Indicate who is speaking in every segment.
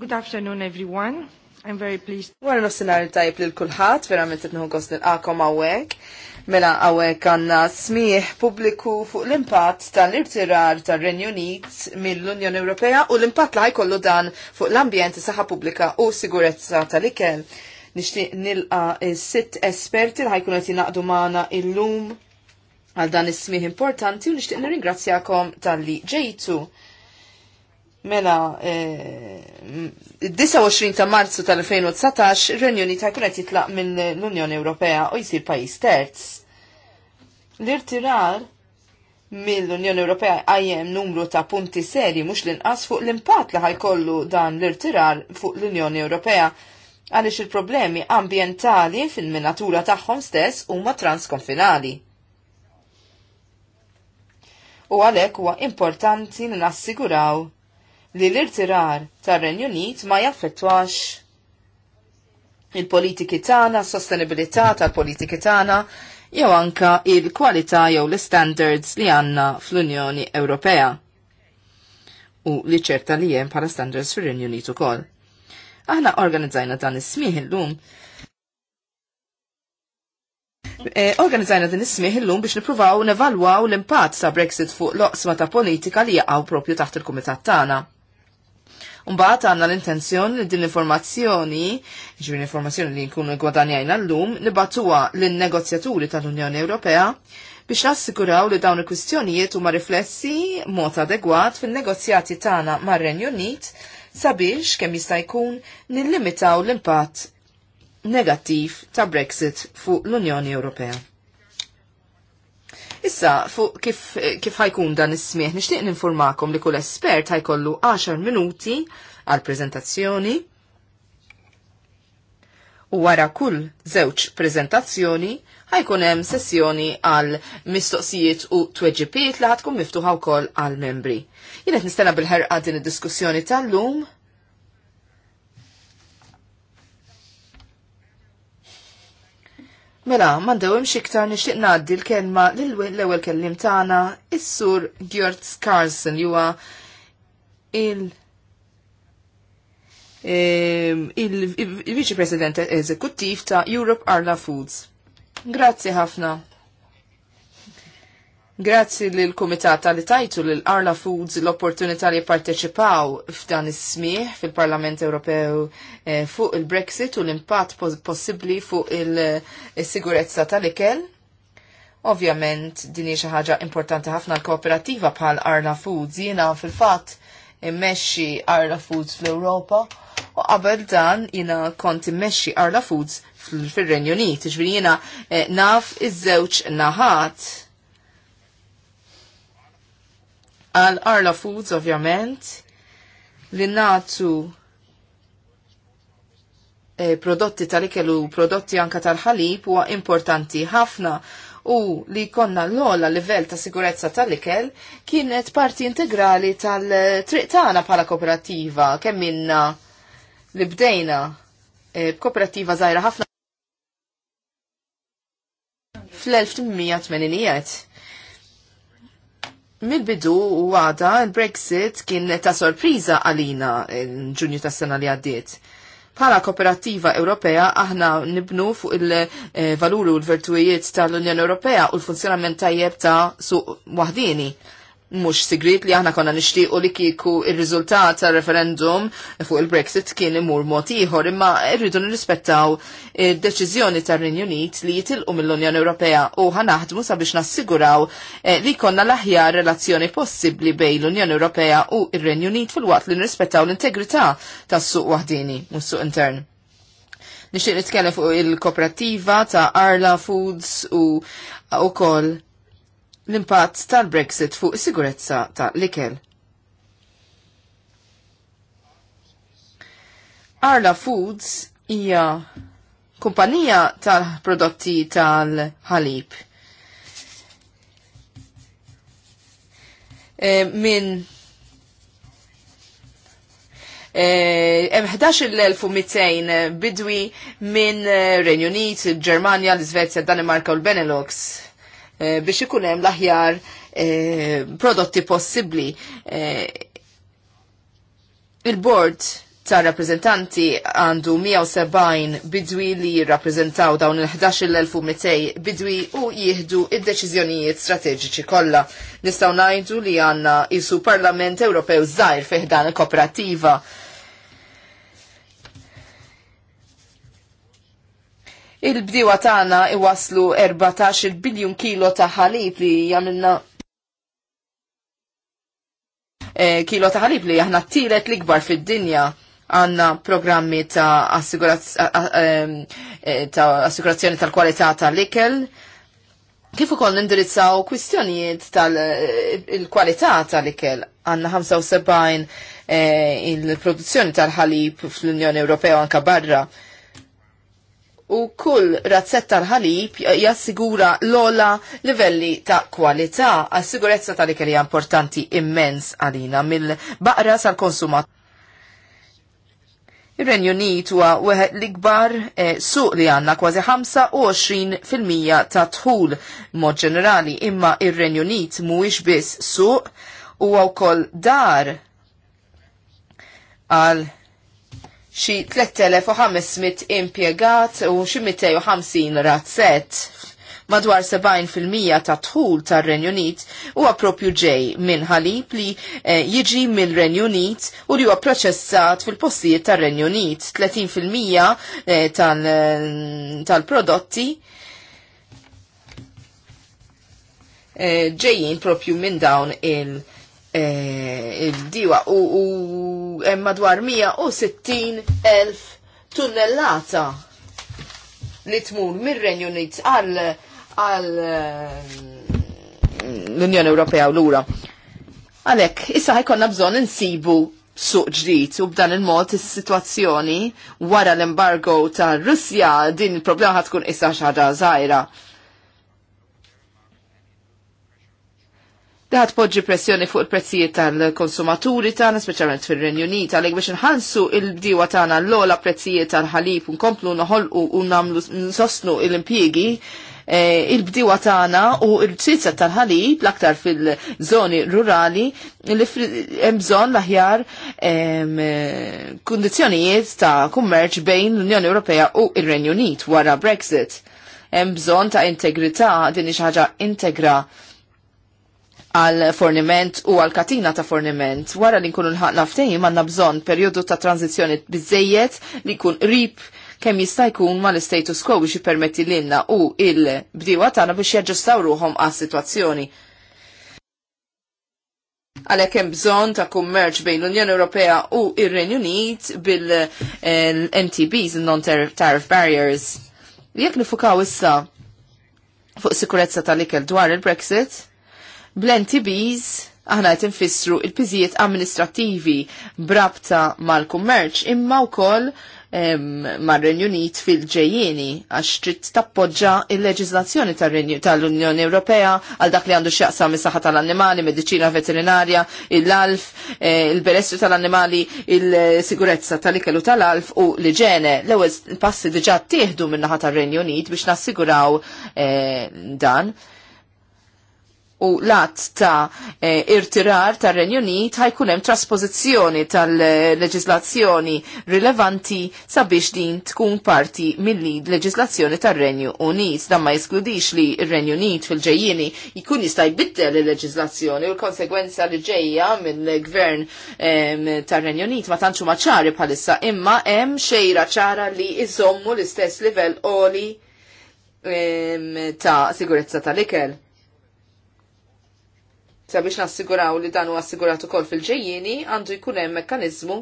Speaker 1: Good afternoon, everyone. I'm very pleased. Wara nofsinhar tajb lil kulħadd, verament qed nħu gost nilqakom hawnhekk. Mela hawnhekk għandna smieħ pubbliku fuq l-impatt tal-irtirar tar-Renju Unit mill-Unjoni Ewropea u l-impatt li ħajkollu dan fuq l-ambjent, is-saħħa pubblika u sigurezza tal-ikel. Nixtieq nilqa' sitt esperti li ħajkunu qed jinaqdu magħna illum għal dan is-smieħ importanti u nixtieq nirringrazzjakom tal-li ġejtu. Mela, eh, il-29 ta' marzu tal-2019, il-Renjoni ta' kunet jitlaq minn l-Unjoni Ewropea u jisir pajis terz. L-irtirar mill-Unjoni Ewropea għajem numru ta' punti seri mux l-inqas fuq l-impat li ħajkollu dan l-irtirar fuq l-Unjoni Ewropea għalix il-problemi ambientali fil-minatura tagħhom stess huma transkonfinali u għalek huwa importanti li nassiguraw li l-irtirar tar-Renju Unit ma jaffettwax il-politiki tagħna, s-sostenibilità tal-politiki tagħna, jew anka il-kwalità jew l-standards li għandna fl-Unjoni Ewropea u li ċerta li jem para standards fir renju Unit ukoll. Aħna organizzajna dan is-smieħ illum. E, organizzajna din is-smieħ illum biex nippruvaw nevalwaw l-impatt ta' Brexit fuq loqsma ta' politika li jaqgħu propju taħt il-kumitat tagħna. Umbaħt għanna l-intenzjon li din l-informazzjoni, ġivin informazzjoni li nkunu gwadanjajna l-lum, nibattuwa l-negozjaturi tal-Unjoni Ewropea biex nassiguraw li dawn il-kwistjonijiet huma riflessi mot adegwat fin-negozjati tagħna mar-Renju Unit sabiex kemm jista' jkun nillimitaw l-impatt negattiv ta' Brexit fuq l-Unjoni Ewropea. Issa, fuq kif, kif ħajkun dan is-smieħ, nixtieq ninformakom li kull espert ħajkollu 10 minuti għal prezentazzjoni u wara kull żewġ prezentazzjoni ħajkun hemm sessjoni għal mistoqsijiet u tweġibiet li ħadkun miftuħa wkoll għal membri. Jien qed nistenna bil-ħerqa din id-diskussjoni tal-lum Mela, mandew hemm xiktar nixtieq ngħaddi l-kelma l-ewwel kellim tagħna is-sur Gjort Skarsen juwa il- il-Viċi President Eżekuttiv ta' Europe Arla Foods. Grazzi ħafna. Grazzi lill kumitat li tajtu lil Arla Foods l-opportunità li parteċipaw f'dan is-smieħ fil-Parlament Ewropew eh, fuq il-Brexit u l-impatt possibbli fuq il-sigurezza tal-ikel. Ovvjament din hija xi ħaġa importanti ħafna l-kooperattiva bħal Arla Foods jiena fil-fatt immexxi Arla Foods fl-Ewropa u qabel dan jiena kont immexxi Arla Foods fil-Renju Unit, ġifieri jiena eh, naf iż-żewġ naħat għal Arla Foods ovvjament li natu e, prodotti tal-ikelu prodotti anka tal-ħalib huwa importanti ħafna u li konna l-ola livell ta' sigurezza tal-ikel kienet parti integrali tal-triq tagħna bħala kooperativa kemm minna li bdejna e, kooperativa żgħira ħafna fl-1880. Mil-bidu u għada il-Brexit kien ta' sorpriza għalina ġunju ta' sena li għaddiet. Bħala kooperativa Ewropea aħna nibnu fuq il-valuru u l-vertujiet tal-Unjoni Ewropea u l-funzjonament tajjeb ta' suq wahdini mux sigrit li aħna konna u li kiku il-rizultat ta' referendum fuq il-Brexit kien imur mod ieħor imma rridu nirrispettaw id-deċiżjoni tar-Renju Unit li jitilqu mill-Unjoni Ewropea u ħanaħdmu sabiex nassiguraw eh, li konna l-aħjar relazzjoni possibbli bejn l-Unjoni Ewropea u il renju Unit fil-waqt li nirrispettaw l-integrità tas-suq wahdini u suq intern. Nixtieq nitkellem fuq il-kooperativa ta' Arla Foods u ukoll l-impatt tal-Brexit fuq sigurezza ta' l-ikel. Arla Foods hija kumpanija tal-prodotti tal-ħalib. E, Minn hemm 11,200 bidwi minn Renju Unit, Ġermanja, l-Iżvezja, Danimarka u l-Benelux Eh, biex ikun hemm l-aħjar eh, prodotti possibbli. Eh, il-board ta' rappresentanti għandu 170 bidwi li jirrappreżentaw dawn il-11.200 bidwi u jihdu id-deċizjonijiet strateġiċi kollha. Nistgħu ngħidu li għandna isu Parlament Ewropew żgħir fih dan il-koperattiva. il koperattiva Il-bdiwa tagħna iwaslu 14 biljun kilo ta' ħalib li jagħmilna eh, kilo ta' ħalib li aħna t-tielet l-ikbar fid-dinja għanna programmi ta' eh, assigurazzjoni tal-kwalità tal-ikel. Kif ukoll nindirizzaw kwistjonijiet tal-kwalità eh, tal-ikel għanna 75 il-produzzjoni tal-ħalib fl-Unjoni Ewropea anka barra u kull razzett tal-ħalib jassigura l-ola livelli ta' kwalità għas-sigurezza tal li hija importanti immens għalina mill-baqra sal-konsumat. Ir-Renju Unit huwa wieħed l-ikbar eh, suq li għandna kważi 25% ta' tħul mod ġenerali, imma ir-Renju Unit mhuwiex biss suq huwa wkoll dar għal xi 3500 impjegat u xi 250 razzett. Madwar 70% ta' tħul tar renju Unit huwa propju ġej minn ħalib li eh, jiġi minn renju Unit u li huwa proċessat fil-postijiet tar renju Unit. 30% eh, eh, tal-prodotti tal eh, ġejjin propju minn dawn il- Eh, il-diwa u madwar 160 elf tunnellata li tmur mir-Renju Unit għal eh, l-Unjoni Ewropea u l-ura. Għalek, issa ħajkonna bżon insibu suq ġdid u b'dan il-mod is-sitwazzjoni wara l-embargo ta' Russja din il-problema ħatkun issa xaġa żgħira. Daħat poġġi pressjoni fuq il-prezzijiet tal-konsumaturi tagħna, speċjalment fir-Renju Unit, għalhekk biex inħallsu il-bdiewa tagħna l-ogħla prezzijiet tal-ħalib nkomplu noħolqu u nagħmlu nsostnu l-impjiegi eh, il-bdiwa tagħna u l-trizza tal-ħalib l-aktar fil-żoni rurali li hemm bżonn l-aħjar kundizzjonijiet ta' kummerċ bejn l-Unjoni Ewropea u r renju Unit wara Brexit. Hemm bżonn ta' integrità din xi ħaġa integra għal forniment u għal katina ta' forniment. Wara li nkunu nħaqna ftejim għandna bżonn perjodu ta' tranzizjoni bizzejiet li jkun rip kemm jista' jkun mal-status quo biex l lilna u il bdiwa tagħna biex jaġġustaw ruhom għas-sitwazzjoni għalhekk hemm bżonn ta' kummerċ bejn l-Unjoni Ewropea u ir-Renju Unit bil-NTBs, non-tariff barriers. Jekk nifukaw issa fuq sikurezza tal-ikel dwar il-Brexit, B'Lenti Bees aħna qed infissru il pizijiet amministrattivi brabta mal-kummerċ imma wkoll mar-Renju Unit fil-ġejjieni għax trid tappoġġa il-leġiżlazzjoni tal-Unjoni Ewropea għal dak li għandu x'jaqsam is-saħħa tal-annimali, mediċina veterinarja, il-alf, eh, il-beressju tal-annimali, il-sigurezza tal-ikel u tal-alf u l-iġene. L-ewwel passi diġà tieħdu min-naħa tar-Renju Unit biex nassiguraw eh, dan u lat ta' eh, irtirar ta' Renjonit ħajkunem traspożizzjoni tal-leġislazzjoni rilevanti sabiex din tkun parti mill-lid leġislazzjoni tar renju Unit. Dan ma jiskludix li renju Unit fil-ġejjini jkun jista' jbiddel il-leġislazzjoni u l-konsegwenza li ġejja mill-gvern eh, tar renju Unit ma tantxu ma ċari bħalissa imma hemm xejra ċara li jżommu l-istess livell oli eh, ta' sigurezza tal-ikel sabiex nassiguraw li dan huwa assigurat ukoll fil ġejjini għandu jkun hemm mekkaniżmu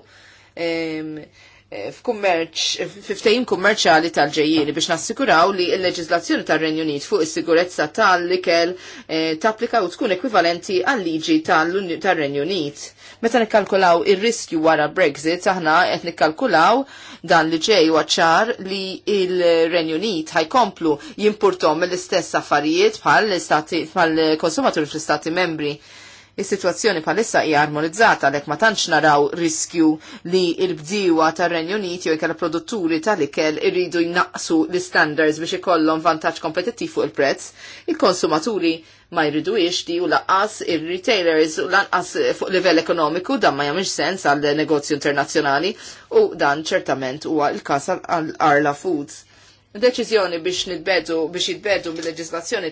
Speaker 1: f'kummerċ, f'ftejim kummerċali tal ġejjini biex nassikuraw li l-leġizlazzjoni tal-Renju Unit fuq is-sigurezza tal-likel eh, tapplika u tkun ekwivalenti għal-liġi tal-Renju Unit. Meta nikkalkulaw ir-riskju wara Brexit, aħna qed nikkalkulaw dan li ġej ċar li il-Renju Unit ħajkomplu jimpurtom mill-istess affarijiet bħal-konsumaturi fl istati membri Is-sitwazzjoni bħalissa hija armonizzata għalhekk ma tantx naraw riskju li l-bdiewa tar-Renju Unit jew ikel produtturi tal-ikel irridu jnaqsu l-standards biex ikollhom vantaġġ kompetittiv fuq il-prezz. Il-konsumaturi ma jridu di u laqqas ir-retailers u lanqas fuq livell ekonomiku dan ma jagħmilx sens għal negozju internazzjonali u dan ċertament huwa l-każ għal Arla Foods deċiżjoni biex nitbedu biex jitbedu bil-leġislazzjoni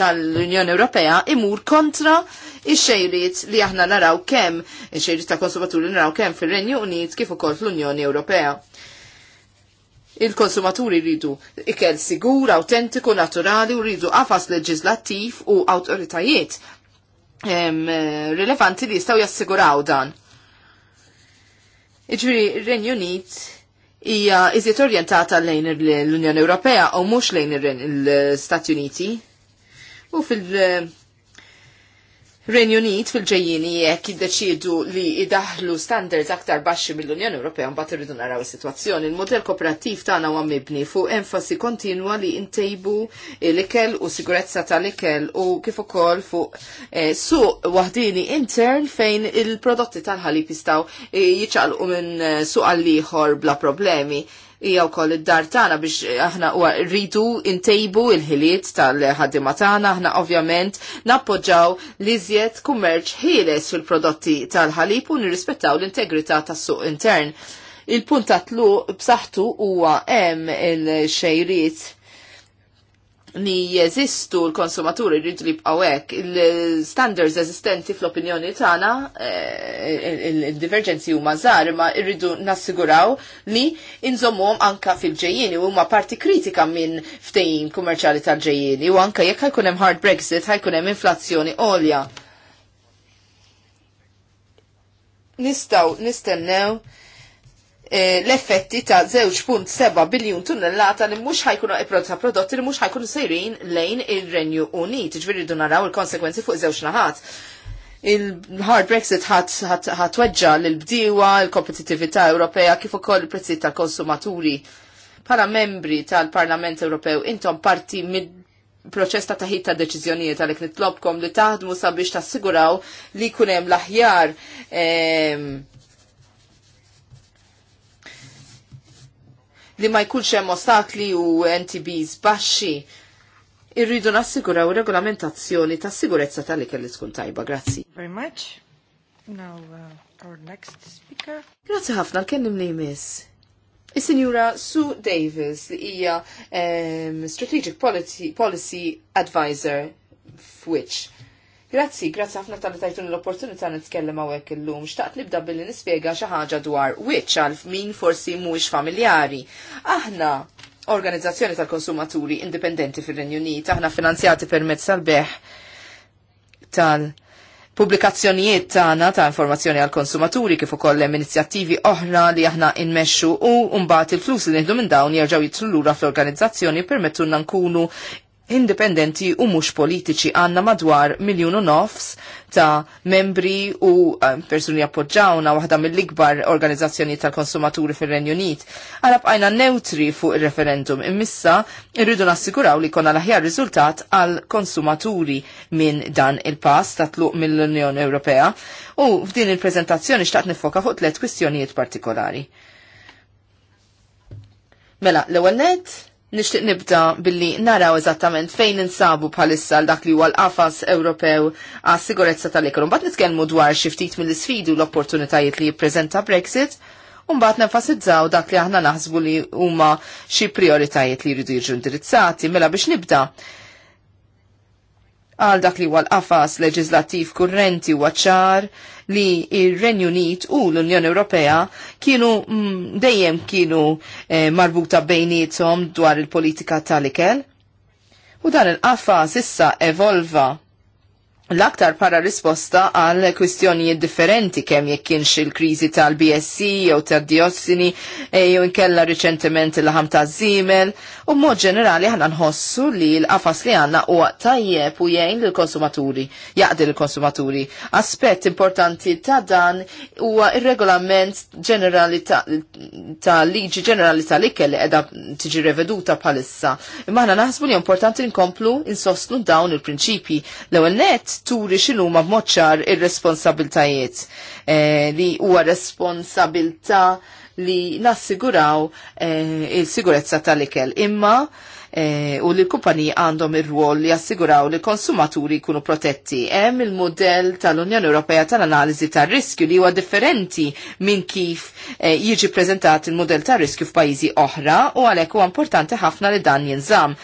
Speaker 1: tal-Unjoni Ewropea imur kontra ix-xejriet li aħna naraw kemm ix-xejriet ta' konsumaturi naraw kemm fir-Renju Unit kif ukoll fl-Unjoni Ewropea. Il-konsumaturi rridu ikel sigur, autentiku, naturali u rridu qafas leġislattiv u awtoritajiet rilevanti li jistgħu jassiguraw dan. Iġviri, Renju Unit hija iżiet orjentata lejn l-Unjoni Ewropea u mhux lejn l-Stati Uniti. U fil- Renjunit fil-ġejjini jekk id-deċidu li idaħlu standards aktar baxxi mill-Unjoni Ewropea mbagħad irridu naraw is-sitwazzjoni. Il-modell kooperattiv tagħna huwa mibni fuq enfasi kontinwa li ntejbu l-ikel u sigurezza tal-ikel u kif ukoll fuq eh, suq waħdini intern fejn il-prodotti tal-ħalib jistgħu eh, jiċċaqlqu minn eh, suq għal ieħor bla problemi hija wkoll id-dar tagħna biex aħna rridu ntejbu il-ħiliet tal-ħaddiema tagħna, aħna ovvjament nappoġġaw liżjed kummerċ ħieles fil-prodotti tal-ħalib u nirrispettaw l-integrità tas-suq intern. Il-puntatlu b'saħħtu huwa hemm il-xejriet li jeżistu l-konsumaturi rridu li jibqgħu hekk. Il-standards eżistenti fl-opinjoni tagħna, eh, il-divergenzi huma żgħar, imma rridu nassiguraw li inżommhom anka fil-ġejjieni u huma parti kritika minn ftehim kummerċjali tal-ġejjieni u anka jekk ħajkun hemm hard Brexit ħajkun hemm inflazzjoni għolja. Nistaw nistennew E, l-effetti ta' 0.7 biljun tunnellata li mhux ħajkunu e, ta' prodotti li mhux ħajkunu sejrin lejn ir-Renju Unit, Ġviri dun naraw il-konsekwenzi fuq żewġ naħat il-hard Brexit weġġa' l bdiwa l-kompetitività Ewropea kif ukoll il-prezzi tal-konsumaturi. Para membri tal-Parlament Ewropew intom parti mid proċess ta' taħit ta' deċiżjonijiet għalhekk nitlobkom li taħdmu sabiex tassiguraw li jkun hemm l-aħjar li ma jkunx hemm ostakli u NTBs baxxi. Irridu nassiguraw regolamentazzjoni ta' sigurezza tal li kelli tkun tajba. Grazzi. Very much. Now uh, our next speaker. Grazzi ħafna l kennim li jmiss. Is-Sinjura Sue Davis li hija um, Strategic Policy, Policy Advisor f'Witch. Grazzi, grazzi ħafna tal tajtun l-opportunità nitkellem hawnhekk illum. Xtaqt nibda billi nispjega xi ħaġa dwar which għal min forsi mhuwiex familjari. Aħna organizzazzjoni tal-konsumaturi indipendenti fir-Renju Unit, aħna finanzjati permezz tal-beħ tal Pubblikazzjonijiet tagħna ta' informazzjoni għal konsumaturi kif ukoll hemm inizjattivi oħra li aħna nmexxu u mbagħad il-flus li nieħdu minn dawn jerġgħu jitlu lura fl-organizzazzjoni permettunna nkunu indipendenti u mhux politiċi għandna madwar miljun u nofs ta' membri u eh, persuni appoġġawna waħda mill-ikbar organizzazzjoni tal-konsumaturi fir-Renju Unit. Għala bqajna neutri fuq ir-referendum immissa irridu nassiguraw li konna l-aħjar riżultat għal konsumaturi minn dan il-pass ta' tluq mill-Unjoni Ewropea u f'din il prezentazzjoni xtaqt nifoka fuq tliet kwistjonijiet partikolari. Mela, l-ewwel net Nixtieq nibda billi naraw eżattament fejn insabu bħalissa l dak li huwa l-qafas Ewropew għas sigurezza tal-ikru. Mbagħad nitkellmu dwar xi ftit mill isfidu l-opportunitajiet li jippreżenta Brexit u mbagħad nenfasizzaw dak li aħna naħsbu li huma xi prioritajiet li jridu jiġu indirizzati mela biex nibda għal dak li huwa l-qafas leġislattiv kurrenti huwa ċar li il renju Unit u l-Unjoni Ewropea kienu mm, dejjem kienu eh, marbuta bejnietom dwar il-politika tal-ikel. U dan il-qafas issa evolva l-aktar para risposta għal kwistjonijiet differenti kemm jekk kienx il-kriżi tal-BSC jew tad-diossini e jew inkella riċentement il-ħam ta' żiemel u mod ġenerali aħna nħossu li l-qafas li għandna huwa tajjeb u jgħin lill-konsumaturi, jaqdi lill-konsumaturi. Aspett importanti ta' dan huwa ir-regolament ġenerali ta' liġi ġenerali ta' likke li qiegħda tiġi reveduta bħalissa. Imma aħna naħsbu li importanti nkomplu insostnu dawn il-prinċipji. L-ewwel turi xinu ma b'moċċar ir-responsabiltajiet eh, li huwa responsabilta li nassiguraw eh, il-sigurezza tal-ikel. Imma eh, u li l għandhom ir-rwol li assiguraw li konsumaturi jkunu protetti. Hemm il-modell tal-Unjoni Ewropea tal-analiżi tar-riskju li huwa differenti minn kif jiġi preżentat il-modell tar-riskju f'pajjiżi oħra u għalhekk huwa importanti ħafna li dan jinżamm.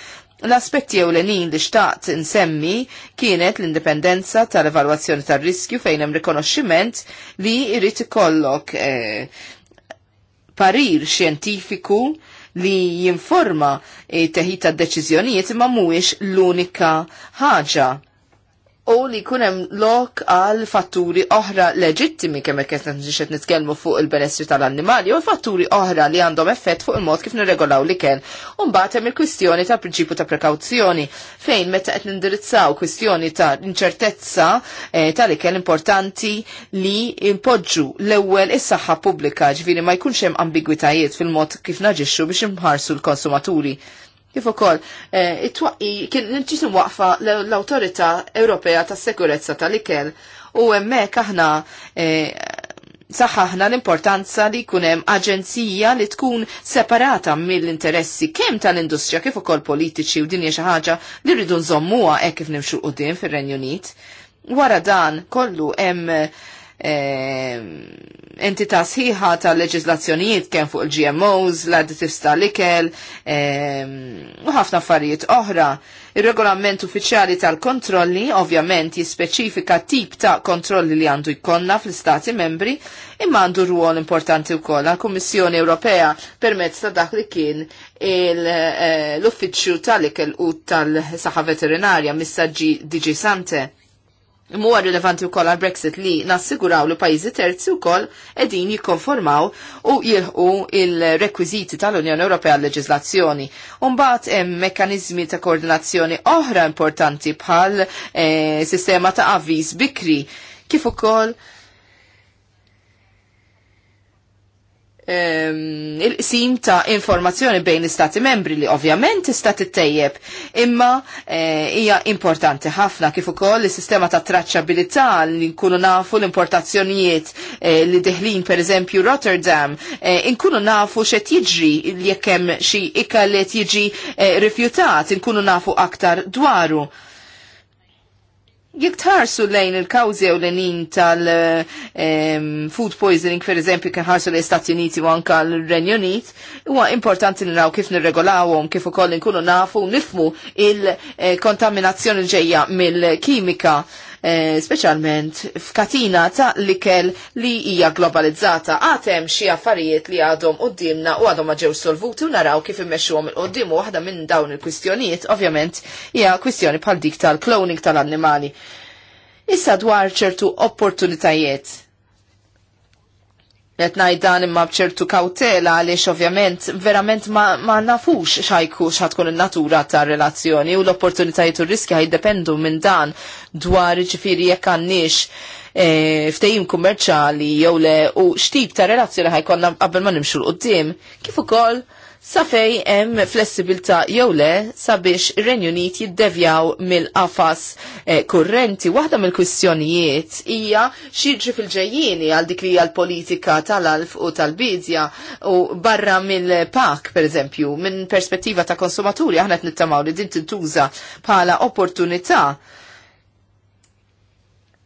Speaker 1: L-aspetti ewlenin li xtaqt insemmi kienet l-indipendenza tal-evalwazzjoni tal-riskju fejn hemm rikonoxximent li jrid ikollok eh, parir xjentifiku li jinforma eh, teħid tad-deċiżjonijiet imma mhuwiex l-unika ħaġa u li kunem lok għal fatturi oħra leġittimi kemm qed nixed nitkellmu fuq il-benessri tal-annimali u fatturi oħra li għandhom effett fuq il-mod kif nirregolaw li kien. mbagħad hemm il-kwistjoni ta' prinċipju ta' prekawzjoni fejn meta qed nindirizzaw kwistjoni ta' inċertezza eh, tal ikel importanti li impoġġu l-ewwel is-saħħa pubblika ġifieri ma jkunx hemm ambigwitajiet fil-mod kif naġixxu biex imħarsu l-konsumaturi. Kif ukoll, eh, it-twaqqi kien ġiet waqfa l-Awtorità Ewropea tas-Sekurezza tal-Ikel u hemmhekk aħna eh, saħħaħna l-importanza li kunem aġenzija li tkun separata mill-interessi kemm tal-industrija kif ukoll politiċi u dinja xi ħaġa li rridu nżommuha hekk kif nimxu qudiem fir-Renju Unit. Wara dan kollu hemm Eh, entità sħiħa ta' leġizlazzjonijiet kemm fuq il-GMOs, l-additives tal-ikel eh, u ħafna affarijiet oħra. Ir-regolament uffiċjali tal-kontrolli ovvjament jispeċifika tip ta' kontrolli li għandu jkollna fl-Stati membri imma għandu rwol importanti wkoll għall-Kummissjoni Ewropea permezz ta' dak li kien eh, l-uffiċċju tal-ikel u tal-saħħa veterinarja Missaġġi Digi Sante Muwa rilevanti u koll għal-Brexit li nassiguraw li pajizi terzi u koll edin jikonformaw u jilħu il-rekwiziti tal-Unjoni Ewropea għal-leġizlazzjoni. Umbat hemm mekanizmi ta' koordinazzjoni oħra importanti bħal eh, sistema ta' avviz bikri kif ukoll koll Ehm, il-qsim ta' informazzjoni bejn l-istati membri li ovvjament tista' tittejjeb imma eh, hija e, importanti ħafna kif ukoll is-sistema ta' traċċabilità li nkunu nafu l-importazzjonijiet e, li deħlin pereżempju Rotterdam e, nkunu nafu x'qed jiġri jekk hemm xi ikel qed jiġi rifjutat nkunu nafu aktar dwaru jek tħarsu lejn il-kawzi u l-nin tal-food poisoning, per eżempju, kien ħarsu l-Istati Uniti u anka l-Renju Unit, huwa importanti naraw kif nirregolawhom, kif ukoll nkunu nafu nifmu il-kontaminazzjoni eh, ġejja mill-kimika Eh, specialment speċjalment f'katina ta' likel li hija globalizzata. Għatem xi affarijiet li għadhom qudiemna u għadhom ġew solvuti u naraw kif immexxuhom il-qudiem u waħda minn dawn il-kwistjonijiet ovvjament hija kwistjoni bħal dik tal-cloning tal-annimali. Issa dwar ċertu opportunitajiet Net najdan imma bċertu kautela għaliex ovvjament verament ma, ma nafux xajku xatkun il-natura ta' relazzjoni u l-opportunitajiet u riski ħajdependu minn dan dwar ġifiri jekk għannix e, ftejim kummerċali jew le u xtib ta' relazzjoni ħajkonna qabel ma nimxu l-qoddim. Kif ukoll? sa fej hemm flessibilità jew le sabiex ir-Renju Unit jiddevjaw mill-qafas eh, kurrenti. Waħda mill-kwistjonijiet hija x'jiġri fil ġejjini għal dik li l-politika tal-alf u tal-bidja u barra mill-pak pereżempju minn perspettiva ta' konsumaturi aħna qed nittamaw li din tintuża bħala opportunità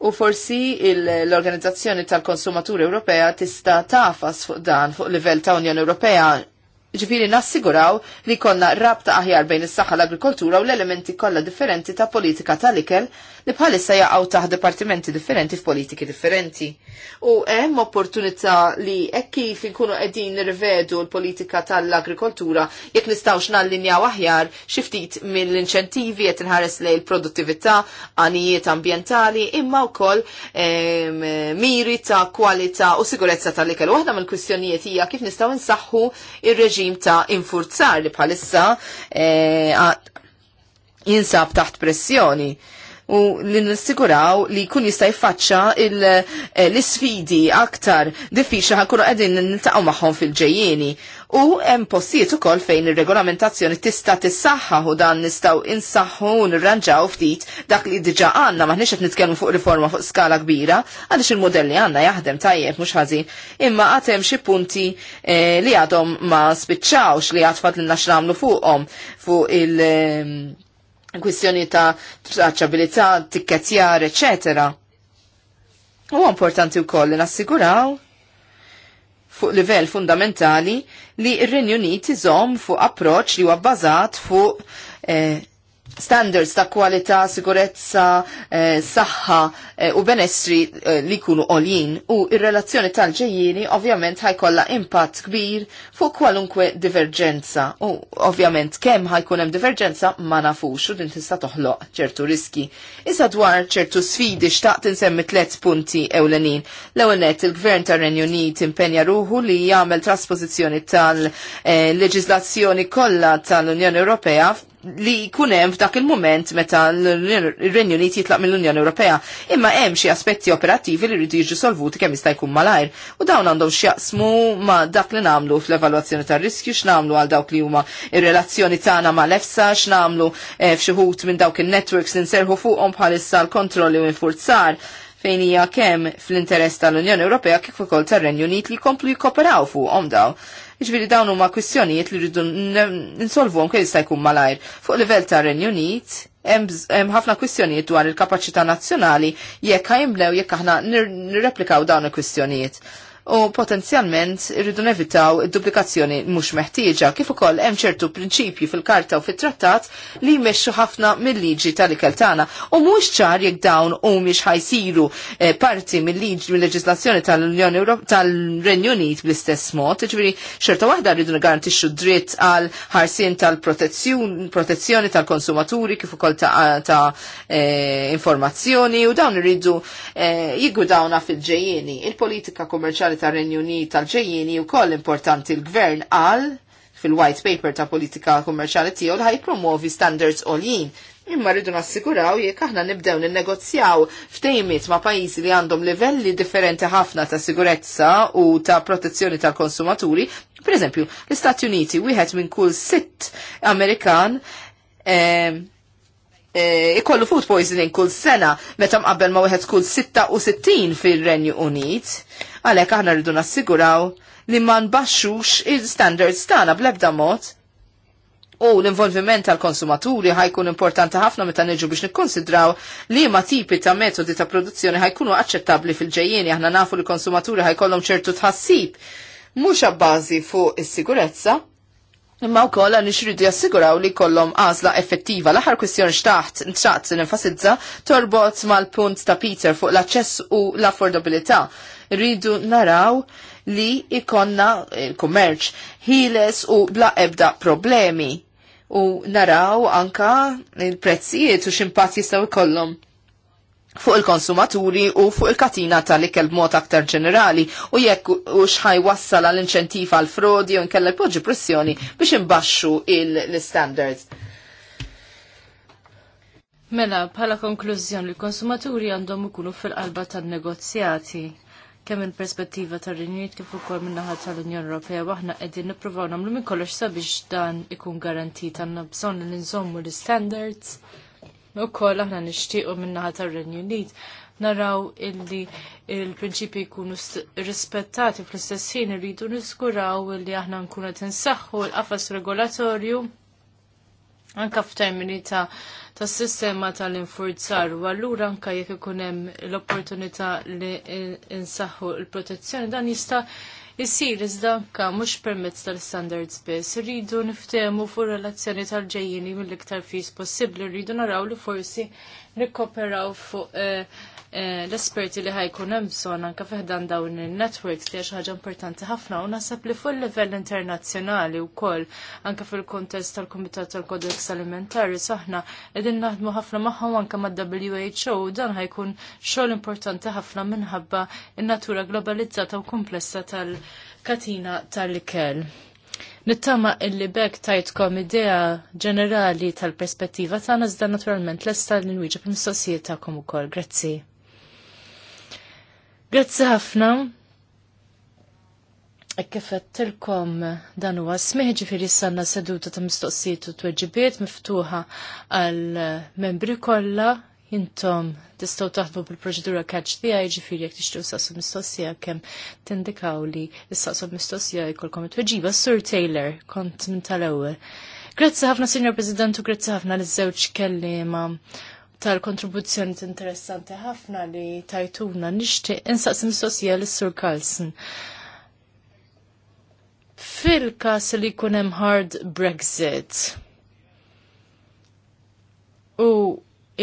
Speaker 1: U forsi l-Organizzazzjoni tal-Konsumatur Ewropea tista' tafas fuq dan fuq livell ta' Unjoni Ewropea ġifiri nassiguraw li konna rabta aħjar bejn is-saħħa l-agrikoltura u l-elementi kollha differenti ta' politika tal-ikel li bħalissa jaqgħu taħt dipartimenti differenti f'politiki differenti. U hemm opportunità li hekk kif inkunu qegħdin nirvedu l-politika tal-agrikoltura jekk nistgħux nallinjaw aħjar xi ftit mill-inċentivi qed inħares lej il-produttività, għanijiet ambjentali imma wkoll miri ta' kwalità u sigurezza tal-ikel. Waħda mill-kwistjonijiet hija kif nistgħu nsaħħu ir-reġim ta' infurzar li bħalissa eh, jinsab taħt pressjoni u li nissiguraw li kun jista' jfaċċa eh, l-isfidi aktar diffiċli ħankunu qegħdin niltaqgħu magħhom fil-ġejjieni. U hemm postijiet ukoll fejn ir-regolamentazzjoni tista' tissaħħaħ u dan nistgħu insaħħu u nirranġaw ftit dak li diġà għandna maħniex qed nitkellmu fuq riforma fuq skala kbira għaliex il-modell li għandna jaħdem tajjeb mhux ħażin. Imma għad hemm xi punti eh, li għadhom ma spiċċawx li għad fadlilna x'nagħmlu fuqhom fuq il- eh, kwistjoni ta' traċabilità, tikketjar, eccetera. U importanti wkoll li nassiguraw fuq livell fundamentali li r-Renju Unit iżomm fuq approċċ li huwa bbażat fuq eh, standards ta' kwalità, sigurezza, eh, saħħa eh, u benessri eh, li kunu olin u ir-relazzjoni tal-ġejjini ovvjament ħajkolla impatt kbir fuq kwalunkwe diverġenza u ovvjament kemm ħajkun hemm diverġenza ma nafux u din tista' toħloq ċertu riski. Issa dwar ċertu sfidi xtaqt insemmi tliet punti ewlenin. L-ewwel net il-Gvern tar-Renju Unit impenja ruħu li jagħmel trasposizzjoni tal-leġiżlazzjoni eh, kollha tal-Unjoni Ewropea li kunem f'dak il-moment meta l-Renju Unit jitlaq mill-Unjoni Ewropea, imma hemm xi aspetti operattivi li rridu jiġu solvuti kemm jista' jkun malajr. U dawn għandhom x'jaqsmu ma' dak li nagħmlu fl-evalwazzjoni tar-riskju, x'namlu għal dawk li huma ir-relazzjoni tagħna mal-EFSA, x'namlu eh, f'xi ħut minn dawk in-networks li nserħu fuqhom bħalissa l-kontrolli u infurzar fejn hija kemm fl-interess tal-Unjoni Ewropea kif ukoll tar-Renju Unit li jkomplu jikkoperaw fuqhom daw. Iġviri dawn huma kwistjonijiet li rridu insolvuhom kien jista' jkun malajr. Fuq livell ta' Renju Unit hemm ħafna kwistjonijiet dwar il-kapaċità nazzjonali jekk ħajmlew jekk aħna nirreplikaw dawn il-kwistjonijiet u potenzjalment irridu nevitaw duplikazzjoni mhux meħtieġa kif ukoll hemm ċertu prinċipji fil-karta u fit-trattat li jmexxu ħafna mill-liġi tal-ikel tagħna u mhux ċar jekk dawn humiex ħajsiru eh, parti mill-liġi mill-leġislazzjoni tal-Unjoni tal-Renju Unit bl-istess mod, jiġifieri xorta waħda rridu nigarantixxu dritt għal ħarsien tal-protezzjoni tal-konsumaturi kif ukoll ta', ta eh, informazzjoni u dawn irridu eh, dawna fil-ġejjieni. Il-politika kummerċjali Nazzjonali tar renju Unit tal-ġejjini u koll importanti l-gvern għal fil-white paper ta' politika kummerċali tiegħu li ħajpromuovi standards għoljin. Imma rridu nassiguraw jekk aħna nibdew ninnegozjaw ftejmiet ma' pajjiżi li għandhom livelli differenti ħafna ta' sigurezza u ta' protezzjoni tal-konsumaturi. Per eżempju, l-Istati Uniti wieħed minn kull sitt Amerikan eh, eh, ikollu food poisoning kull sena meta mqabbel ma wieħed kull 66 fil-Renju Unit għalhekk aħna rridu nassiguraw li ma nbaxxux il-standards tagħna bl-ebda mod u l-involviment tal-konsumaturi ħajkun importanti ħafna meta neġu biex nikkonsidraw li ma tipi ta' metodi ta' produzzjoni ħajkunu aċċettabbli fil-ġejjeni aħna nafu li konsumaturi ħajkollhom ċertu tħassib mhux abbażi fuq is-sigurezza Imma wkoll għan jassiguraw li kollom għażla effettiva. L-aħħar kwistjoni xtaħt ntraqt nenfasizza torbot mal-punt ta' Peter fuq l-aċċess u l-affordabilità. Rridu naraw li ikonna il-kummerċ eh, ħiles u bla ebda problemi u naraw anka il-prezzijiet u ximpat jistaw kollom fuq il-konsumaturi u fuq il-katina tal-ikel b'mod aktar ġenerali u jekk u xħaj wassal għal inċentif għal-frodi u nkella jpoġġi pressjoni biex imbaxxu il-standards.
Speaker 2: Mela, bħala konklużjoni, il-konsumaturi għandhom ikunu fil-qalba tan-negozjati kemm il-perspettiva tar rinjiet kif ukoll min-naħa tal-Unjoni Ewropea waħna qegħdin nippruvaw nagħmlu minn kollox sabiex dan ikun garantit għandna bżonn li nżommu l-standards koll aħna nixtiequ min-naħa tar-Renju Unit naraw illi il-prinċipi jkunu rispettati fl-istess ħin irridu niskuraw illi aħna nkunu qed insaħħu l-qafas regolatorju anka f'termini ta' ta' sistema tal-infurzar u allura anka jekk ikun hemm l-opportunità li insaħħu l-protezzjoni dan jista' Jissir, iżda ka, mhux permezz tal-standards biss, irridu niftemu fuq relazzjoni tal-ġejjini mill-iktar fis possibbli, rridu naraw li forsi nikkoperaw fuq eh, Eh, l-esperti li ħajkun hemm bżonn anke fiħdan dawn in-networks li ħaġa importanti ħafna u naħseb li fuq livell internazzjonali wkoll anke fil-kuntest tal-Kumitat tal-Kodeks Alimentari saħna qegħdin naħdmu ħafna magħha anke mad-WHO dan ħajkun xogħol importanti ħafna minħabba in-natura globalizzata u komplessa tal-katina tal-ikel. Nittama illi bekk tajtkom idea ġenerali tal-perspettiva tagħna iżda naturalment lesta l inwiġeb fil-mistoqsijiet tagħkom ukoll. Grazzi. Grazzi ħafna. Ekkefettilkom dan huwa smih ġifieri sanna seduta ta' mistoqsijiet u tweġibiet miftuħa għal membri kollha intom tistgħu taħdmu bil-proċedura catch the eye ġifieri jekk s-sassu mistoqsija kemm tindikaw li s-sassu mistoqsija jkollkom it-tweġiba Sur Taylor kont minn tal-ewwel. Grazzi ħafna Sinjor President u grazzi ħafna l-żewġ kellima tal-kontribuzzjoni interessanti ħafna li tajtuna nixtieq insaqsim sosja l-Sur Carlson. Fil-kas li jkun hemm hard Brexit u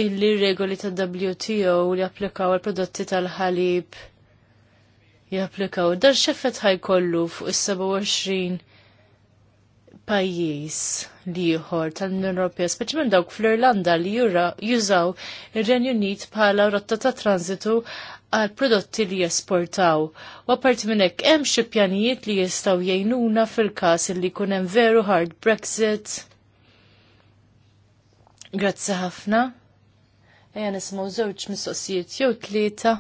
Speaker 2: illi regoli ta' WTO li applikaw għal-prodotti tal-ħalib japplikaw. Dar xeffet ħajkollu fuq is-27 pajjiż liħor tal-Unjoni Ewropea, speċjalment dawk fl-Irlanda li jużaw ir-Renju Unit bħala rotta ta' transitu għal prodotti li jesportaw. U apparti minn hekk hemm xi pjanijiet li jistgħu jgħinuna fil-każ li jkun hemm veru hard Brexit. Grazzi ħafna. Ejja nisimgħu żewġ mistoqsijiet jew tlieta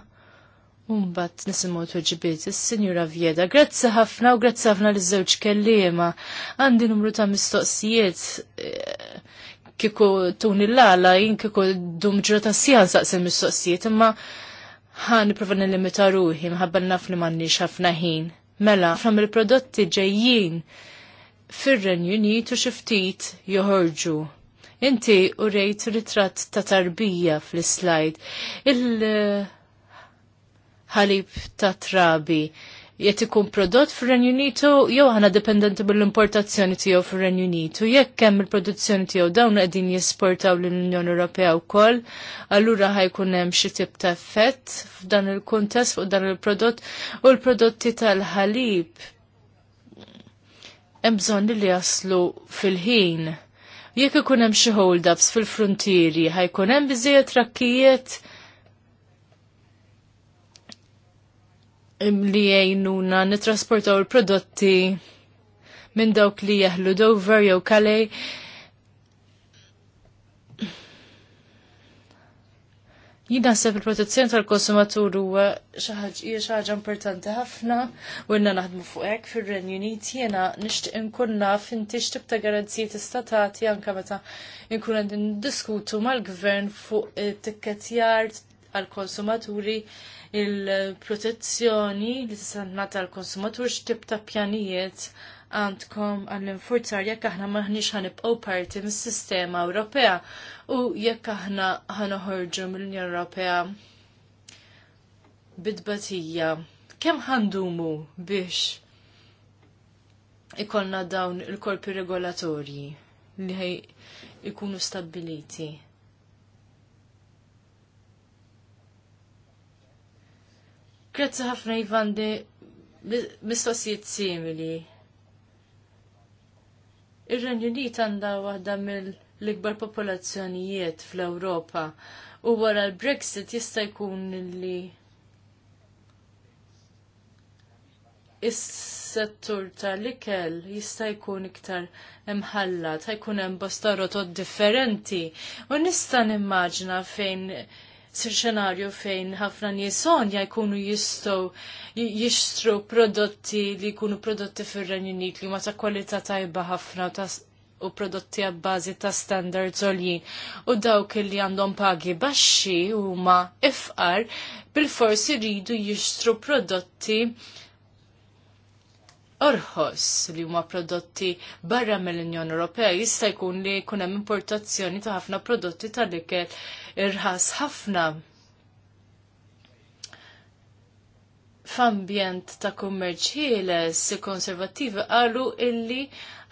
Speaker 2: Umbat nisimu tweġibiet, il-Sinjura Vjeda, grazzi ħafna u grazzi ħafna l żewġ kellima. Għandi numru ta' mistoqsijiet, eh, kiku tuni l-għala, jien kiku dumġra ta' sijan saqsi mistoqsijiet, imma ħan niprofa nilimita ruħi, mħabba naf li m'għandniex ħafna ħin. Mela, fram il-prodotti ġejjin fir-Renju Unit u xi ftit joħorġu Inti u rejt ritratt ta' tarbija fl-slajd. Il- ħalib ta' trabi jett ikun prodott fir-Renju Unitu jew aħna dependenti mill-importazzjoni tiegħu fir-Renju Unitu. Jekk hemm il-produzzjoni tiegħu dawn qegħdin jesportaw lill-Unjoni Ewropea wkoll, allura ħajkun hemm xi tip ta' effett f'dan il-kuntest fuq dan il-prodott u l-prodotti tal-ħalib hemm bżonn li jaslu fil-ħin. Jekk ikun hemm xi hold-ups fil-frontieri, ħajkun hemm biżejjed rakkijiet, li jgħinuna nitrasportaw il-prodotti minn dawk li jeħlu Dover jew Calais Jina sepp il-protezzjoni tal-konsumatur huwa xi ħaġa importanti ħafna u inna naħdmu fuq hekk fir-Renju Unit jiena nixtieq nkunna naf inti ta' garanzijiet tista' anke meta nkun qed diskutu mal-gvern fuq it-tikketjar għall-konsumaturi il-protezzjoni li s-sanna tal-konsumatur x'tib ta' pjanijiet għandkom għall-infurzar jekk aħna maħniex ħanibqgħu parti mis-sistema Ewropea u jekk aħna ħanoħorġu mill-Unjoni Ewropea bidbatija. Kemm ħandumu biex ikollna dawn il-korpi regolatorji li ikunu stabiliti? Grazzi ħafna Ivandi mistoqsijiet simili. Ir-Renju Unit għandha waħda mill-ikbar popolazzjonijiet fl-Ewropa u wara l-Brexit jista' jkun li is-settur tal-ikel jista' jkun iktar imħallat, jkun hemm bosta rotot differenti. U nista' nimmaġna fejn scenarju fejn ħafna nisonja jkunu jistow jixtru prodotti li jkunu prodotti fir-Renju Unit li ma ta' kwalità tajba ħafna u prodotti għabbażi ta' standard zoljin u dawk li għandhom pagi baxxi huma ifqar bil forsi iridu jixtru prodotti orħos li huma prodotti barra mill-Unjoni Ewropea jista' jkun li jkun hemm importazzjoni ta' ħafna prodotti tal-ikel irħas ħafna f'ambjent ta' kummerċ ħieles konservativi qalu illi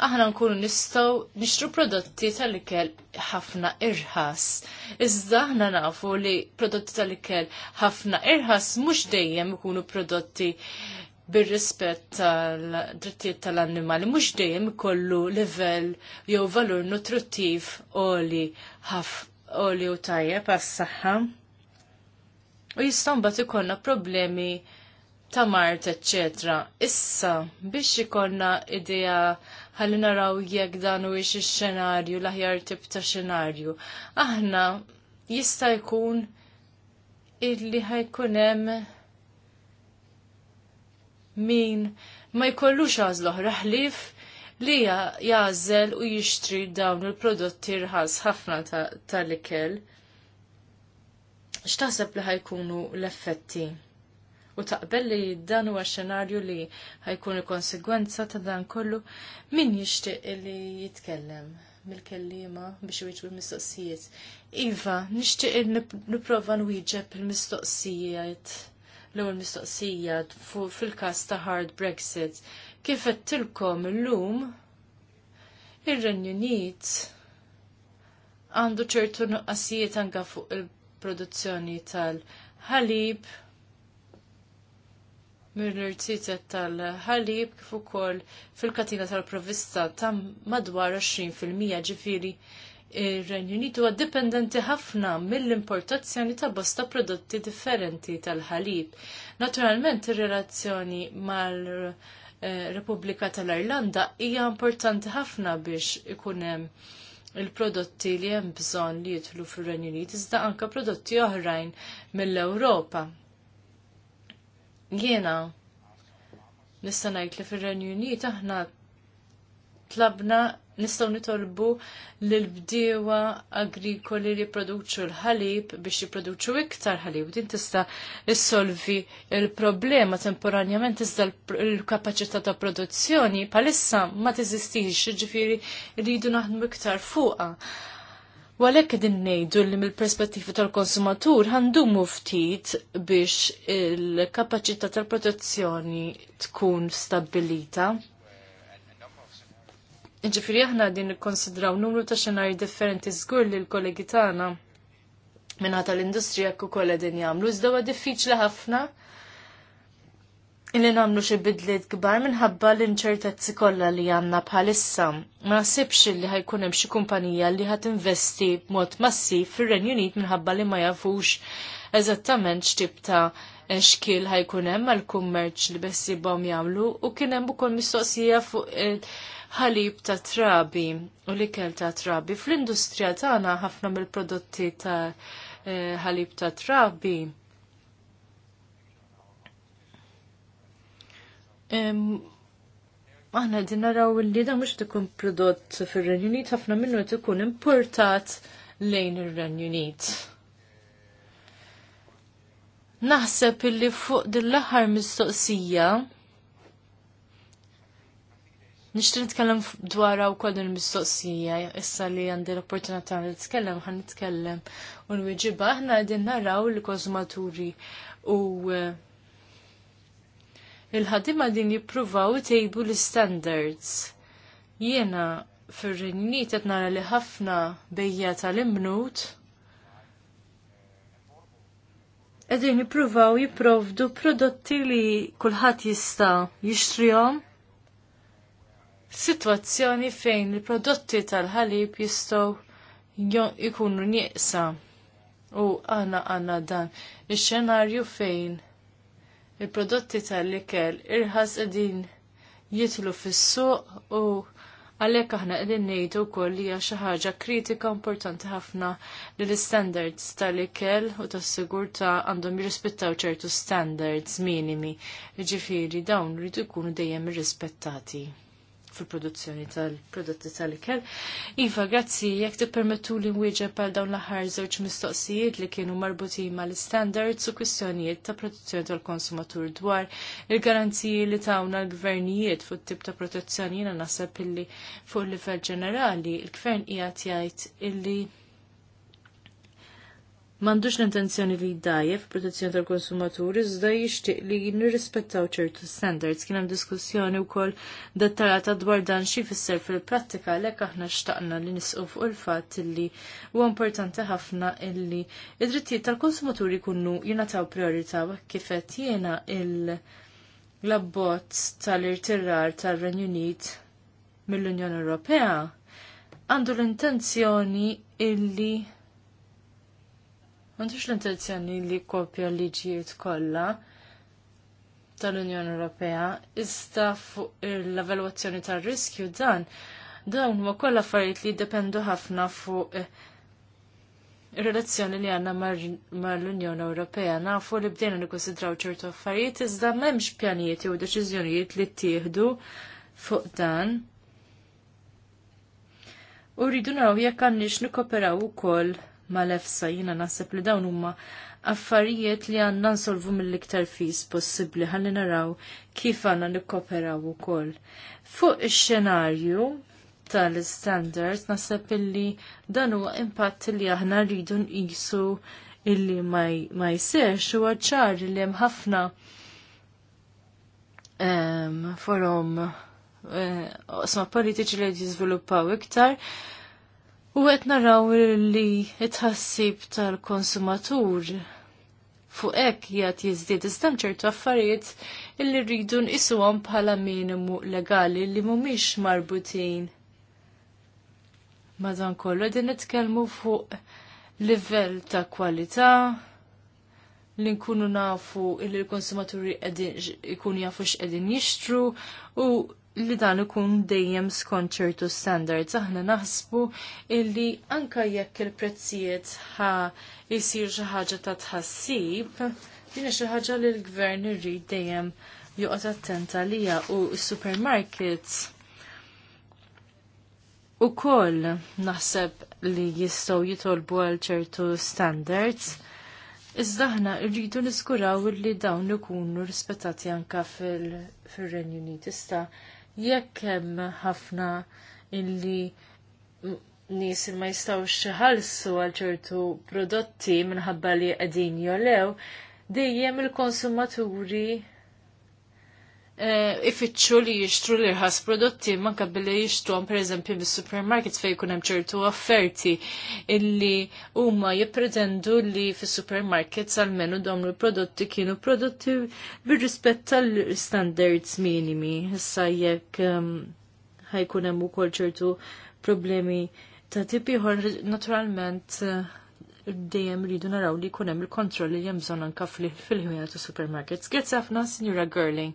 Speaker 2: aħna nkunu nistgħu nixtru prodotti tal-ikel ħafna irħas. Iżda aħna nafu li prodotti tal-ikel ħafna irħas mhux dejjem ikunu prodotti bir-rispett tal-drittijiet tal-annimali mhux dejjem ikollu livell jew valur nutrittiv għoli ħafna olju tajjeb għas-saħħa. U bat ikonna problemi ta' mart, etc. Issa, biex ikonna idea ħalli naraw jekk dan u ix-xenarju, l-aħjar tip ta' xenarju. Aħna jista' jkun illi ħajkun hemm min ma jkollux għażlu oħra li jażel u jixtri dawn il-prodotti rħas ħafna tal-ikel. X'taħseb li ħajkunu l-effetti? U taqbel li dan huwa xenarju li ħajkun il-konsegwenza ta' dan kollu, min jixtieq li jitkellem mill-kellima biex iwieġbu l-mistoqsijiet. Iva, nixtieq nipprova nwieġeb il-mistoqsijiet l-ewwel mistoqsijiet fil-każ ta' hard Brexit Kif għettilkom l-lum, il renjuniet għandu ċertu nuqqasijiet anka fuq il-produzzjoni tal-ħalib, mill-irtitet tal-ħalib kif ukoll fil-katina tal-provista ta' madwar 20% ġifiri il renju Unit huwa dipendenti ħafna mill-importazzjoni ta' bosta prodotti differenti tal-ħalib. Naturalment ir-relazzjoni mal- Eh, Repubblika tal-Irlanda hija importanti ħafna biex ikun hemm il-prodotti li hemm bżonn li jidħlu fir-Renju Unit iżda anke prodotti oħrajn mill-Ewropa. Jiena nista' ngħid li fir-Renju Unit aħna tlabna nistgħu nitolbu l bdiewa agrikoli li jipproduċu l-ħalib biex jipproduċu iktar ħalib. Din tista' issolvi il-problema temporanjament iżda l-kapaċità ta' produzzjoni palissa ma tiżistix, ġifieri rridu naħdmu iktar fuqha. Walek din nejdu li mill-perspettivi tal-konsumatur għandumu ftit biex il-kapacità tal-protezzjoni tkun stabilita Ġifiri aħna din nikkonsidraw numru ta' xenari differenti żgur li l-kollegi tagħna minna tal-industrija jekk ukoll din jagħmlu. Iżda huwa diffiċli ħafna illi nagħmlu xi bidliet kbar minħabba l-inċertezzi kollha li għandna bħalissa. Ma nasibx li ħajkun hemm xi kumpanija li ħad investi b'mod massiv fir-Renju Unit minħabba li ma jafux eżattament x'tib ta' xkil ħajkun hemm għall kummerċ li bess jagħmlu u kien hemm ukoll mistoqsija fuq ħalib ta' trabi u l-ikel ta' trabi. Fl-industrija tagħna ħafna mill-prodotti ta' eh, ħalib ta' trabi. Aħna din naraw li da mhux tikun prodott fir-Renju Unit ħafna minnu tikun ikun importat lejn ir-Renju Unit. Naħseb illi fuq din l-aħħar mistoqsija Nixtri nitkellem dwar wkoll il-mistoqsija, issa li għandi l-opportunità li nitkellem, għan nitkellem u nwieġiba, aħna qegħdin naraw l kozmaturi u eh, il-ħadima din jippruvaw tejbu l-standards. Jiena fir-rinjiniet qed nara li ħafna bejja tal-imnut Għedin jipruvaw jiprovdu prodotti li kullħat jista jixtrihom situazzjoni fejn il-prodotti tal-ħalib jistgħu jkunu nieqsa. U għana għana dan ix-xenarju fejn il-prodotti tal-ikel irħas qegħdin jitlu fis-suq u għalhekk aħna qegħdin ngħidu wkoll li hija xi ħaġa kritika importanti ħafna li l-standards tal-ikel u tas-sigurtà għandhom jirrispettaw ċertu standards minimi. ġifiri dawn rridu jkunu dejjem irrispettati fil-produzzjoni tal-prodotti tal-ikel. Iva, grazzi, jekk permettu li nwieġeb għal dawn l-aħħar żewġ mistoqsijiet li kienu ma l standards u kwistjonijiet ta' protezzjoni tal-konsumatur dwar il-garanziji li tawna l-gvernijiet fuq tip ta' protezzjoni jiena naħseb illi fuq il livell ġenerali il-gvern qiegħed jgħid illi mandux l-intenzjoni li jiddajef protezzjoni tal-konsumaturi iżda jixtieq li nirrispettaw ċertu standards. Kien hemm diskussjoni wkoll dettalata dwar dan xi fisser fil-prattika għalhekk aħna xtaqna li nisqu fuq il-fatt li huwa importanti ħafna illi id-drittijiet tal-konsumaturi kunnu jingħataw priorita kif qed jiena l-abbozz tal irtirrar tal-Renju Unit mill-Unjoni Ewropea għandu l-intenzjoni illi M'għandux l-intenzjoni li kopja liġijiet kollha tal-Unjoni Ewropea, iżda fuq l-evalwazzjoni tar-riskju dan dawn huwa kollha affarijiet li jiddependu ħafna fuq eh, Ir-relazzjoni li għanna mal-Unjoni Ewropea nafu li bdejna nikkonsidraw ċertu affarijiet iżda m'hemmx pjanijiet jew deċiżjonijiet li ttieħdu fuq dan. U rridu naraw jekk għandniex nikkoperaw ukoll mal-efsa jina naħseb li dawn huma affarijiet li għanna nsolvu mill-iktar fis possibli ħalli naraw kif għanna nikkoperaw ukoll. Fuq ix-xenarju tal-standards naħseb illi dan huwa impatt li aħna rridu nqisu illi ma jsirx huwa ċar li hemm ħafna ehm, forom eh, osma politiċi li jiżviluppaw iktar U qed naraw li it-ħassib tal-konsumatur fuq hekk jgħat jiżdied iżda ċertu affarijiet illi rridu nqisuhom bħala minimu legali li mhumiex marbutin. Madankollu din nitkellmu fuq livell ta' kwalità, li nkunu nafu illi l-konsumaturi ikun jafu x'qegħdin jixtru u li dan ikun dejjem skont ċertu standards. Aħna naħsbu illi anka jekk il-prezzijiet ħa jisir xi ħaġa ta' tħassib, din xi ħaġa li l-gvern irrid dejjem joqgħod attenta għalija u s-supermarkets ukoll naħseb li jistgħu jitolbu għal ċertu standards. Iżda aħna rridu niskuraw li dawn ikunu rispettati anka fil-Renju Unit. Issa jekk hemm ħafna illi nies ma jistgħux ħalsu għal ċertu prodotti minħabba li qegħdin jolew, dejjem il-konsumaturi Eh, ifitxu li jixtru l rħas prodotti manka billi jixtru għan per eżempju mis-supermarket fej kun hemm ċertu offerti illi huma jippretendu li fis-supermarkets almenu dom l-prodotti kienu prodotti bir-rispett tal-standards minimi. Issa jekk ehm, ħajkun hemm ukoll ċertu problemi ta' tipi naturalment eh, dejjem rridu naraw li jkun hemm il-kontroll li hemm bżonn anke fil ħwienet ta' supermarkets. Grazzi ħafna, Sinjura Girling.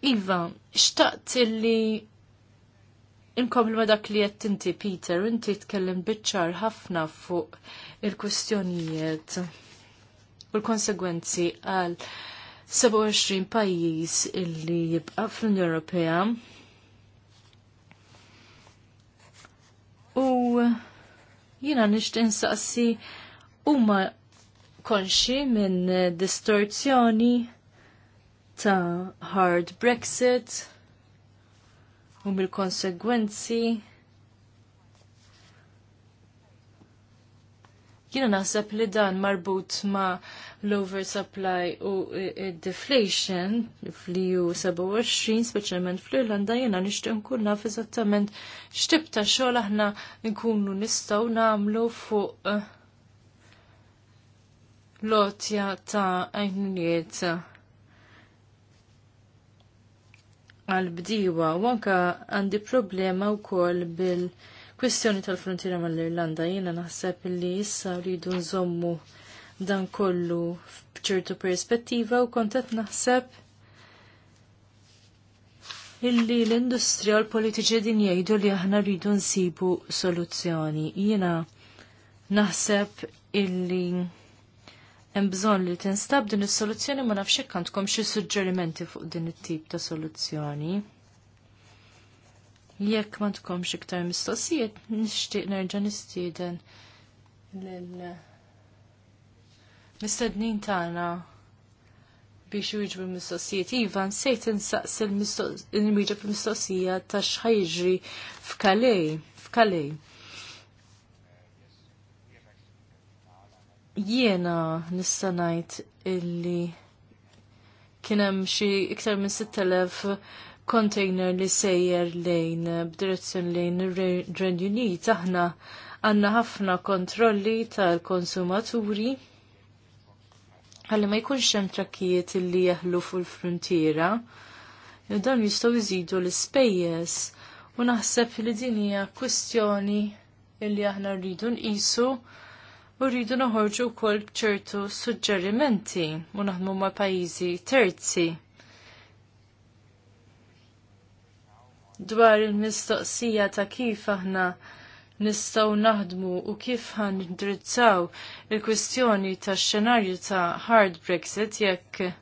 Speaker 2: Iva, xtaqt illi inkomlu ma dak li jett inti, Peter, inti tkellem bitċar ħafna fuq il-kustjonijiet u l-konsegwenzi għal 27 pajjiż illi jibqa fl-Unjoni Ewropea. U jiena nixtieq u huma konxi minn distorzjoni ta' hard Brexit u mill-konsegwenzi Jiena naħseb li dan marbut ma' l-oversupply u deflation fli eu 27, speċjalment fl-Irlanda, jiena nixtieq nkun naf eżattament x'tib ta' xogħol aħna nkunu nistgħu nagħmlu fuq eh, lotja ta' għajnijiet għal-bdiwa u anka għandi problema wkoll bil-kwistjoni tal-frontiera mal-Irlanda jiena naħseb li issa rridu nżommu dan kollu f'ċertu perspettiva u kont qed naħseb illi l-industrija u l-politiċi din jgħidu li aħna rridu nsibu soluzzjoni. Jiena naħseb illi hemm bżonn li tinstab din is-soluzzjoni ma nafx hekk għandkom xi suġġerimenti fuq din it-tip ta' soluzzjoni. Jekk ma tkomx iktar mistoqsijiet, nixtieq nerġa' nistieden lil mistednin tagħna biex jiġbu mistoqsijiet Iva, nsejt nsaqs il-mistoqsija ta' xħajġri f'Kalej, f'Kalej. Jiena nista' ngħid illi kien hemm xi iktar minn 6000 container li sejjer lejn b'direzzjoni lejn ir-Renju Unit aħna għandna ħafna kontrolli tal-konsumaturi għalli ma jkunx hemm trakkijiet li jeħlu fuq il-frontiera. dan jistgħu jżidu l-ispejjeż u naħseb li din hija kwistjoni illi aħna rridu nqisu u rridu noħorġu wkoll bċertu suġġerimenti u naħdmu ma' pajjiżi terzi. Dwar il-mistoqsija ta' kif aħna nistaw naħdmu u kif ħandrizzaw il-kwistjoni ta' xenarju ta' hard Brexit jekk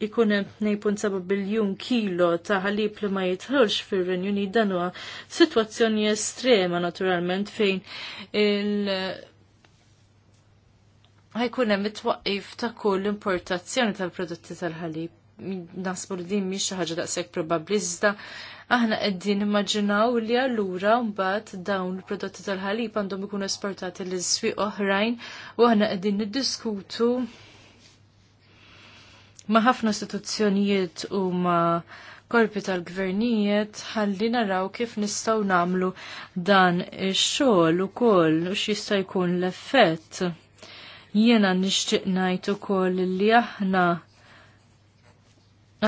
Speaker 2: ikun nejpun sabab biljun kilo ta' ħalib li ma jitħolx fir-Renju dan huwa sitwazzjoni estrema naturalment fejn il ħajkun hemm it-twaqqif ta' kull importazzjoni tal-prodotti tal-ħalib. Nasbu li din mhix xi ħaġa daqshekk probabbli iżda aħna qegħdin immaġinaw li allura mbagħad dawn il-prodotti tal-ħalib għandhom ikunu esportati l-iswieq oħrajn u aħna qegħdin niddiskutu ma' ħafna istituzzjonijiet u ma' korpi tal-gvernijiet ħalli naraw kif nistgħu namlu dan ix-xogħol ukoll u x'jista' jkun l-effett. Jiena nixtieq ngħid ukoll li aħna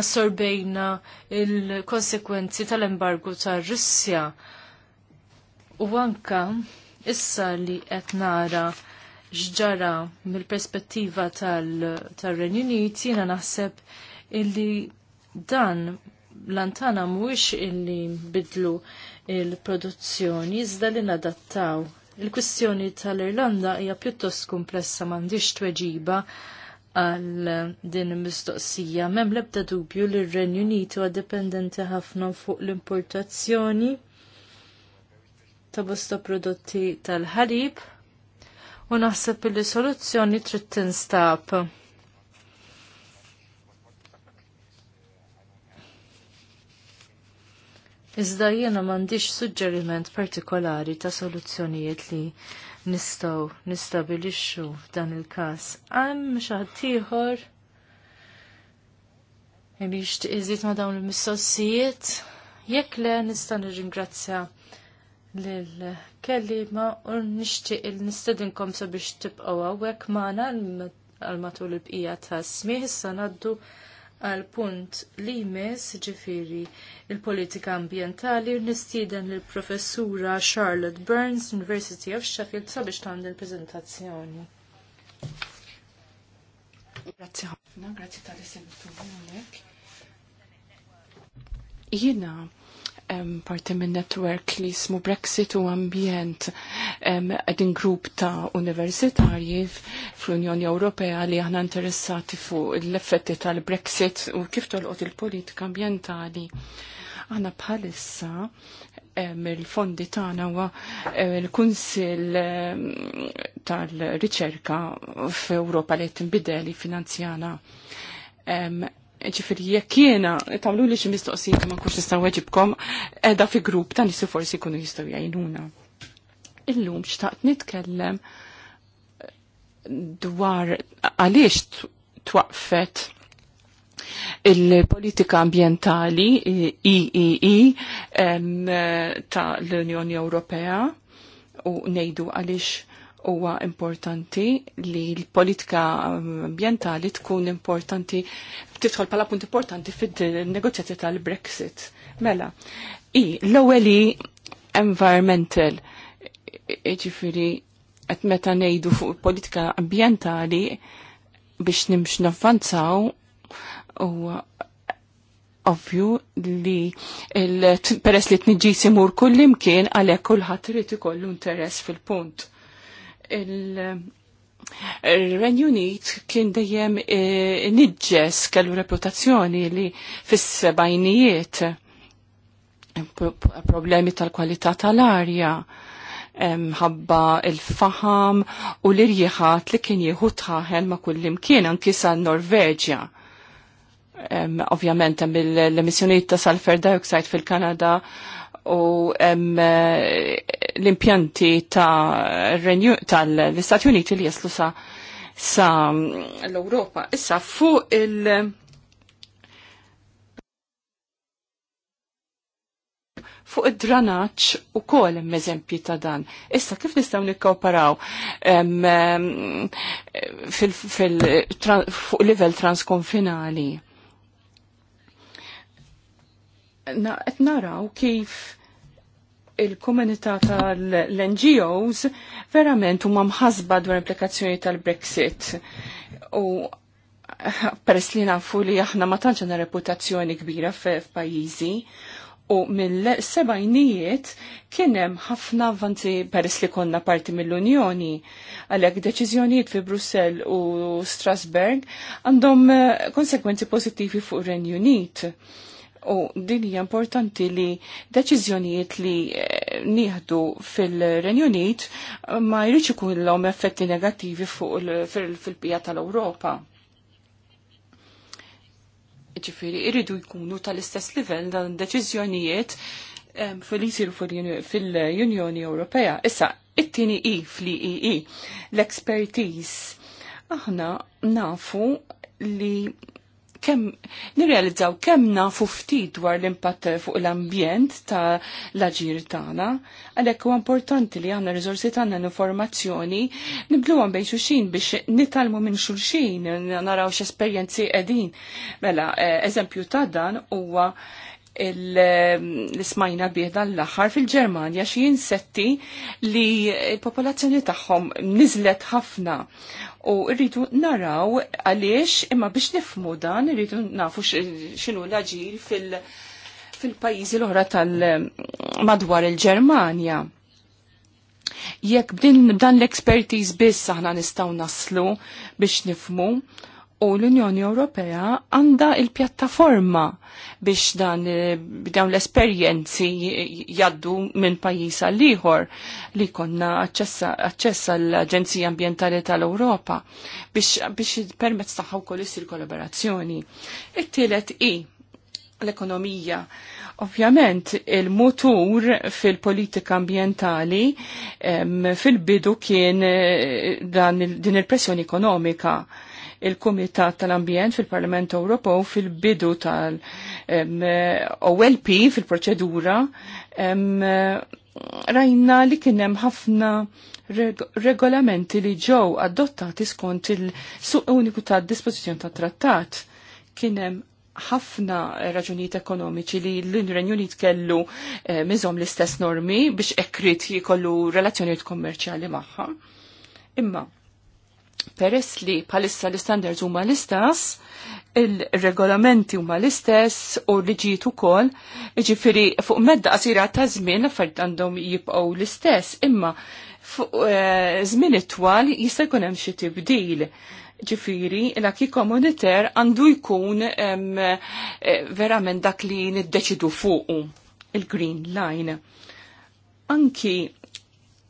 Speaker 2: assorbejna il-konsekwenzi tal-embargu tar-Russja u anka issa li qed nara xġara mill-perspettiva tal-Renju Unit, jina naħseb illi dan l-antana mhuwiex illi bidlu il-produzzjoni iżda li nadattaw. Il-kwistjoni tal-Irlanda hija pjuttost komplessa m'għandix tweġiba għal din il-mistoqsija. Mem lebda dubju li r-Renju Unitu għad-dependenti ħafna fuq l-importazzjoni ta' bosta prodotti tal-ħalib u naħseb li soluzzjoni trid tinstab. Iżda jiena m'għandix suġġeriment partikolari ta' soluzzjonijiet li nistgħu nistabilixxu f'dan il-każ. Hemm xi ħadd ieħor li jixtieq iżid ma' dawn il-mistoqsijiet jekk le nista' nirringrazzja l-kellima u nishtiq il-nistedinkom sabiex tibqaw għawek maħna għal-matul il-bqija ta' smieħ sanaddu għal-punt li jmiss ġifiri il-politika ambientali nistieden l-professura Charlotte Burns, University of Sheffield, sabiex tagħmel il-prezentazzjoni. Grazzi ħafna, grazzi tal-isim tu
Speaker 3: Jiena um, parti minn network li smu Brexit u ambjent um, din grupp ta' universitarji fl-Unjoni Ewropea li aħna interessati fuq l-effetti tal-Brexit u kif tolqot il-politika ambjentali. Aħna bħalissa il-fondi tagħna huwa eh, l-Kunsill eh, tal-Riċerka f'Ewropa li tinbidel finanzjana ċifiri, jekk jiena tamlu li xi mistoqsijiet ma kux nista' weġibkom qiegħda fi grupp ta' nisu forsi jkunu jistgħu jgħinuna. Illum xtaqt nitkellem dwar għaliex twaqfet il-politika ambientali IEE e e, ta' l-Unjoni Ewropea u nejdu għaliex huwa importanti li l-politika ambientali tkun importanti, titħol pala punt importanti fid-negozjati tal-Brexit. Mela, i l-ewwel environmental, ġifiri, qed meta ngħidu fuq politika ambientali biex nimx navvanzaw u ovvju li peress li t nġisimur kullimkien għalek kullħat rriti ikollu interess fil-punt il-Ren Unit kien dejjem eh, nidġes kellu reputazzjoni li fis-sebajnijiet problemi tal-kwalità tal-arja ħabba il-faham u l-irjiħat li kien jieħu tħaħel ma' kullimkien kien ankisa Norveġja. Ovvjament, l-emissjoniet ta' sulfur dioxide fil-Kanada u eh, l-impjanti tal-Istati Uniti li jaslu sa, sa l-Europa. Issa fuq il- fuq id-dranaċ u kol eżempji ta' dan. Issa kif nistaw nikkoparaw fuq livell transkonfinali? qed naraw kif il-komunità tal-NGOs verament huma mħasba dwar implikazzjoni tal-Brexit. U peress li nafu li aħna ma tantx għandna reputazzjoni kbira f'pajjiżi u mill-sebajnijiet kien hemm ħafna avvanti peress li konna parti mill-Unjoni għalhekk deċiżjonijiet fi Brussell u Strasberg għandhom eh, konsekwenzi pożittivi fuq ir-Renju Unit U din hija importanti li deċiżjonijiet li eh, nieħdu fil-Renjunit ma jridx ikullhom effetti negattivi fuq fil-pija tal-Ewropa. Ġifieri jridu jkunu tal-istess livell dan deċiżjonijiet fil jisiru fil-Unjoni Ewropea. Issa, it-tieni i fl i e e, l-expertise. Aħna nafu li kem, nirrealizzaw kem nafu ftit dwar l-impatt fuq l-ambjent ta' l-aġir tagħna, għalhekk huwa importanti li għandna riżorsi tagħna informazzjoni nibluhom bejn xulxin biex nitalmu minn xulxin, naraw esperjenzi qegħdin. Mela, eh, eżempju ta' dan huwa eh, l-ismajna bieda l-axar fil ġermania xie insetti li il-popolazzjoni tagħhom nizlet ħafna U rridu naraw għaliex imma biex nifmu dan rritu nafu xinu l-aġir fil- fil l-oħra tal-madwar il ġermania Jekk b'din dan l-expertise biss aħna nistgħu naslu biex nifmu u l-Unjoni Ewropea għanda il-pjattaforma biex dan eh, dawn l-esperjenzi jaddu minn pajjiż għal ieħor li konna aċċessa l-Aġenzija Ambjentali tal-Ewropa biex, biex permezz tagħha wkoll issir kollaborazzjoni. It-tielet i l-ekonomija. Ovvjament, il-motur fil-politika ambientali fil-bidu kien eh, dan, din il-pressjoni ekonomika il-Kumitat tal-Ambjent fil-Parlament Ewropew fil-bidu tal-OLP fil-proċedura rajna li kienem ħafna regolamenti li ġew adottati skont il-suq uniku ta' dispożizzjoni ta' trattat kienem ħafna raġunijiet ekonomiċi li l-Renju Unit kellu eh, mizom l-istess normi biex ekrit jikollu relazzjonijiet kommerċjali magħha. Imma, peress li palissa l-standards huma l-istess, il-regolamenti huma l-istess u liġijiet ukoll, jiġifieri fuq medda qasira ta' żmien affarijiet għandhom jibqgħu l-istess, imma fuq eh, żmien it-twal jista' jkun hemm xi tibdil. Ġifiri, l aki komuniter għandu jkun eh, verament dak li niddeċidu fuqu il-Green Line. Anki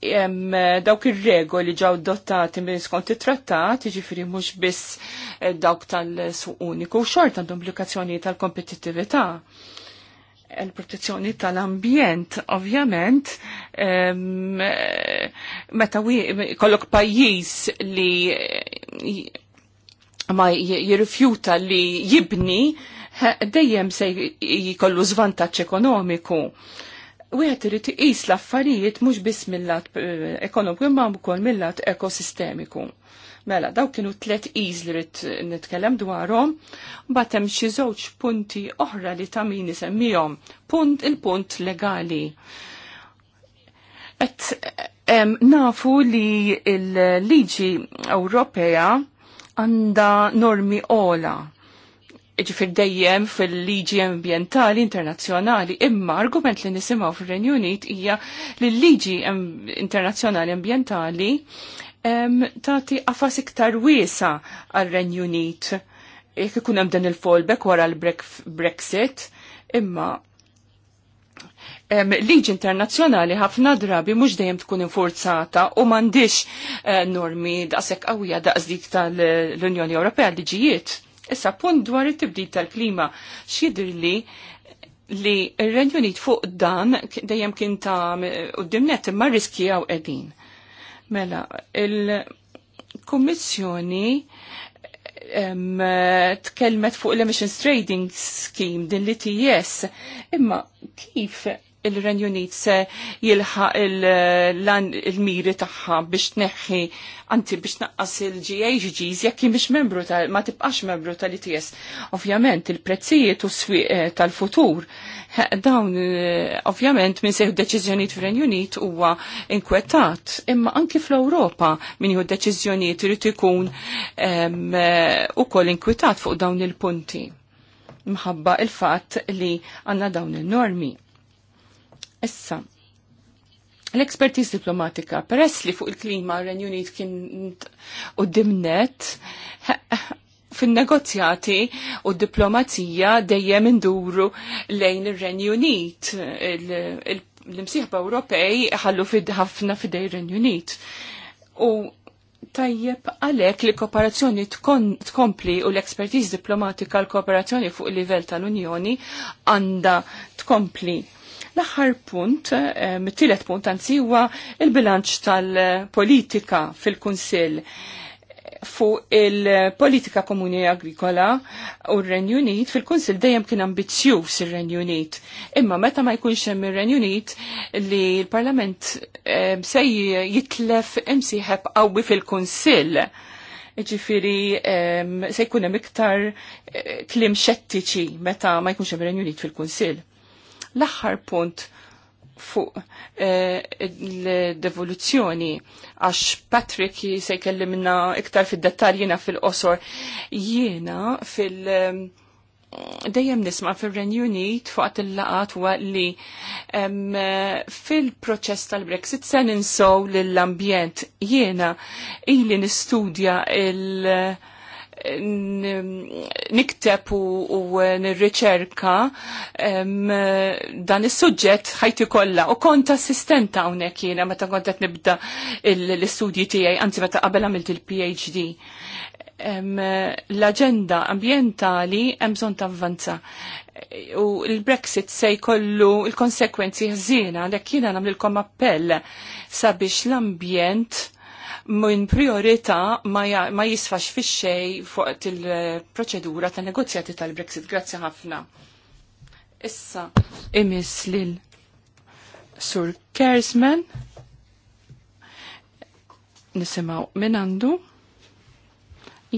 Speaker 3: dawk ir-regoli ġew dottati minn skont it-trattat, jiġifieri mhux biss eh, dawk tal-suq uniku, xort għandhom implikazzjoni tal-kompetittività il-protezzjoni tal-ambjent, ovvjament, meta kollok pajjiż li eh, ma jirrifjuta li jibni, eh, dejjem se jikollu zvantaċ ekonomiku wieħed irid iqis l-affarijiet mhux biss mill eh, ekonomiku imma wkoll mill ekosistemiku. Mela, daw kienu tlet iż li rrit nitkellem dwarhom, batem hemm xi żewġ punti oħra li ta' min isemmihom. Punt il-punt legali. Et em, nafu li l-liġi Ewropea għandha normi ola ġifir dejjem fil-liġi ambientali internazzjonali, imma argument li nisimaw fil-Renju Unit hija li l-liġi internazzjonali ambientali um, tati iktar wiesa għal-Renju Unit. Jek ikun hemm dan il-fallback wara l-Brexit, imma um, liġi internazzjonali ħafna drabi mhux dejjem tkun infurzata u m'għandix eh, normi daqshekk qawwija daqs dik tal-Unjoni Ewropea liġijiet Issa punt dwar it-tibdil tal-klima x'jidhirli li r-Renju Unit fuq dan dejjem kien ta' qudiemnet imma riskjaw qegħdin. Mela, il-Kummissjoni tkellmet fuq l-emissions trading scheme din li TS, imma kif il-Renju Unit se jilħaq il-miri tagħha biex tneħħi anti biex naqqas il-GHGs jekk biex membru tal ma tibqax membru tal-ITS. Ovvjament il-prezzijiet u swieq eh, tal-futur eh, dawn eh, ovvjament minn seħu deċizjoniet fil renju Unit huwa inkwetat, imma anki fl-Ewropa min jħu deċiżjonijiet irid ikun ukoll inkwetat fuq dawn il-punti mħabba il-fatt li għanna dawn il-normi Issa, l ekspertiz diplomatika, peress li fuq il-klima r Unit kien u dimnet, fin-negozjati u diplomazija dejjem induru lejn ir-Renju Unit. L-imsieħba Ewropej ħallu ħafna fidej ir-Renju Unit. U tajjeb għalek li kooperazzjoni tkompli u l-ekspertiż diplomatika l-kooperazzjoni fuq il livell tal-Unjoni għanda tkompli L-aħħar punt, eh, mit-tielet punt anzi huwa il-bilanċ tal-politika fil-Kunsill fuq il-politika komuni agrikola u r-Renju Unit fil-Kunsil dejjem kien ambizzjuż ir-Renju Unit. Imma meta ma jkunx hemm ir-Renju Unit li l-Parlament eh, se jitlef imsieħeb qawwi fil-Kunsill. Ġifiri eh, se jkun hemm iktar klim xettiċi meta ma jkunx hemm ir-Renju Unit fil-Kunsill. L-aħħar punt fuq eh, l-devoluzzjoni, għax Patrick se jkellimna iktar fil-dettal jena fil-qosor, jena fil- eh, dejjem nisma' fir-Renju Unit fuq il-laqat huwa li fil-proċess tal-Brexit se ninsow lill-ambjent jiena ili nistudja il- nikteb u nirriċerka dan is-suġġett ħajti kollha u kont assistenta hawnhekk jiena meta kont qed nibda l-istudji tiegħi anzi meta qabel għamilt il-PhD. L-aġenda ambjentali hemm bżonn tavvanza u l brexit se jkollu l konsekwenzi ħżiena għalhekk jiena nagħmel appell sabiex l-ambjent minn priorità ma, ja, ma jisfax fi xej fuq il-proċedura ta' negozjati tal-Brexit. Grazzi ħafna. Issa imis lil Sur Kersman. Nisimaw minn għandu.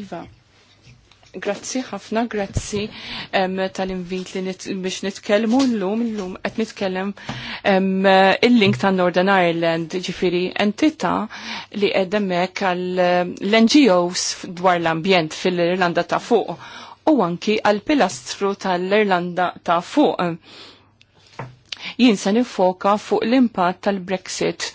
Speaker 3: Iva. Grazzi ħafna, grazzi tal-invit li biex nitkellmu l-lum, l-lum għet nitkellem il-link ta' Northern Ireland, ġifiri entita li għedemmek għall-NGOs dwar l-ambjent fil-Irlanda ta' fuq u anki għal-pilastru tal-Irlanda ta' fuq. Jien se nifoka fuq l-impatt tal-Brexit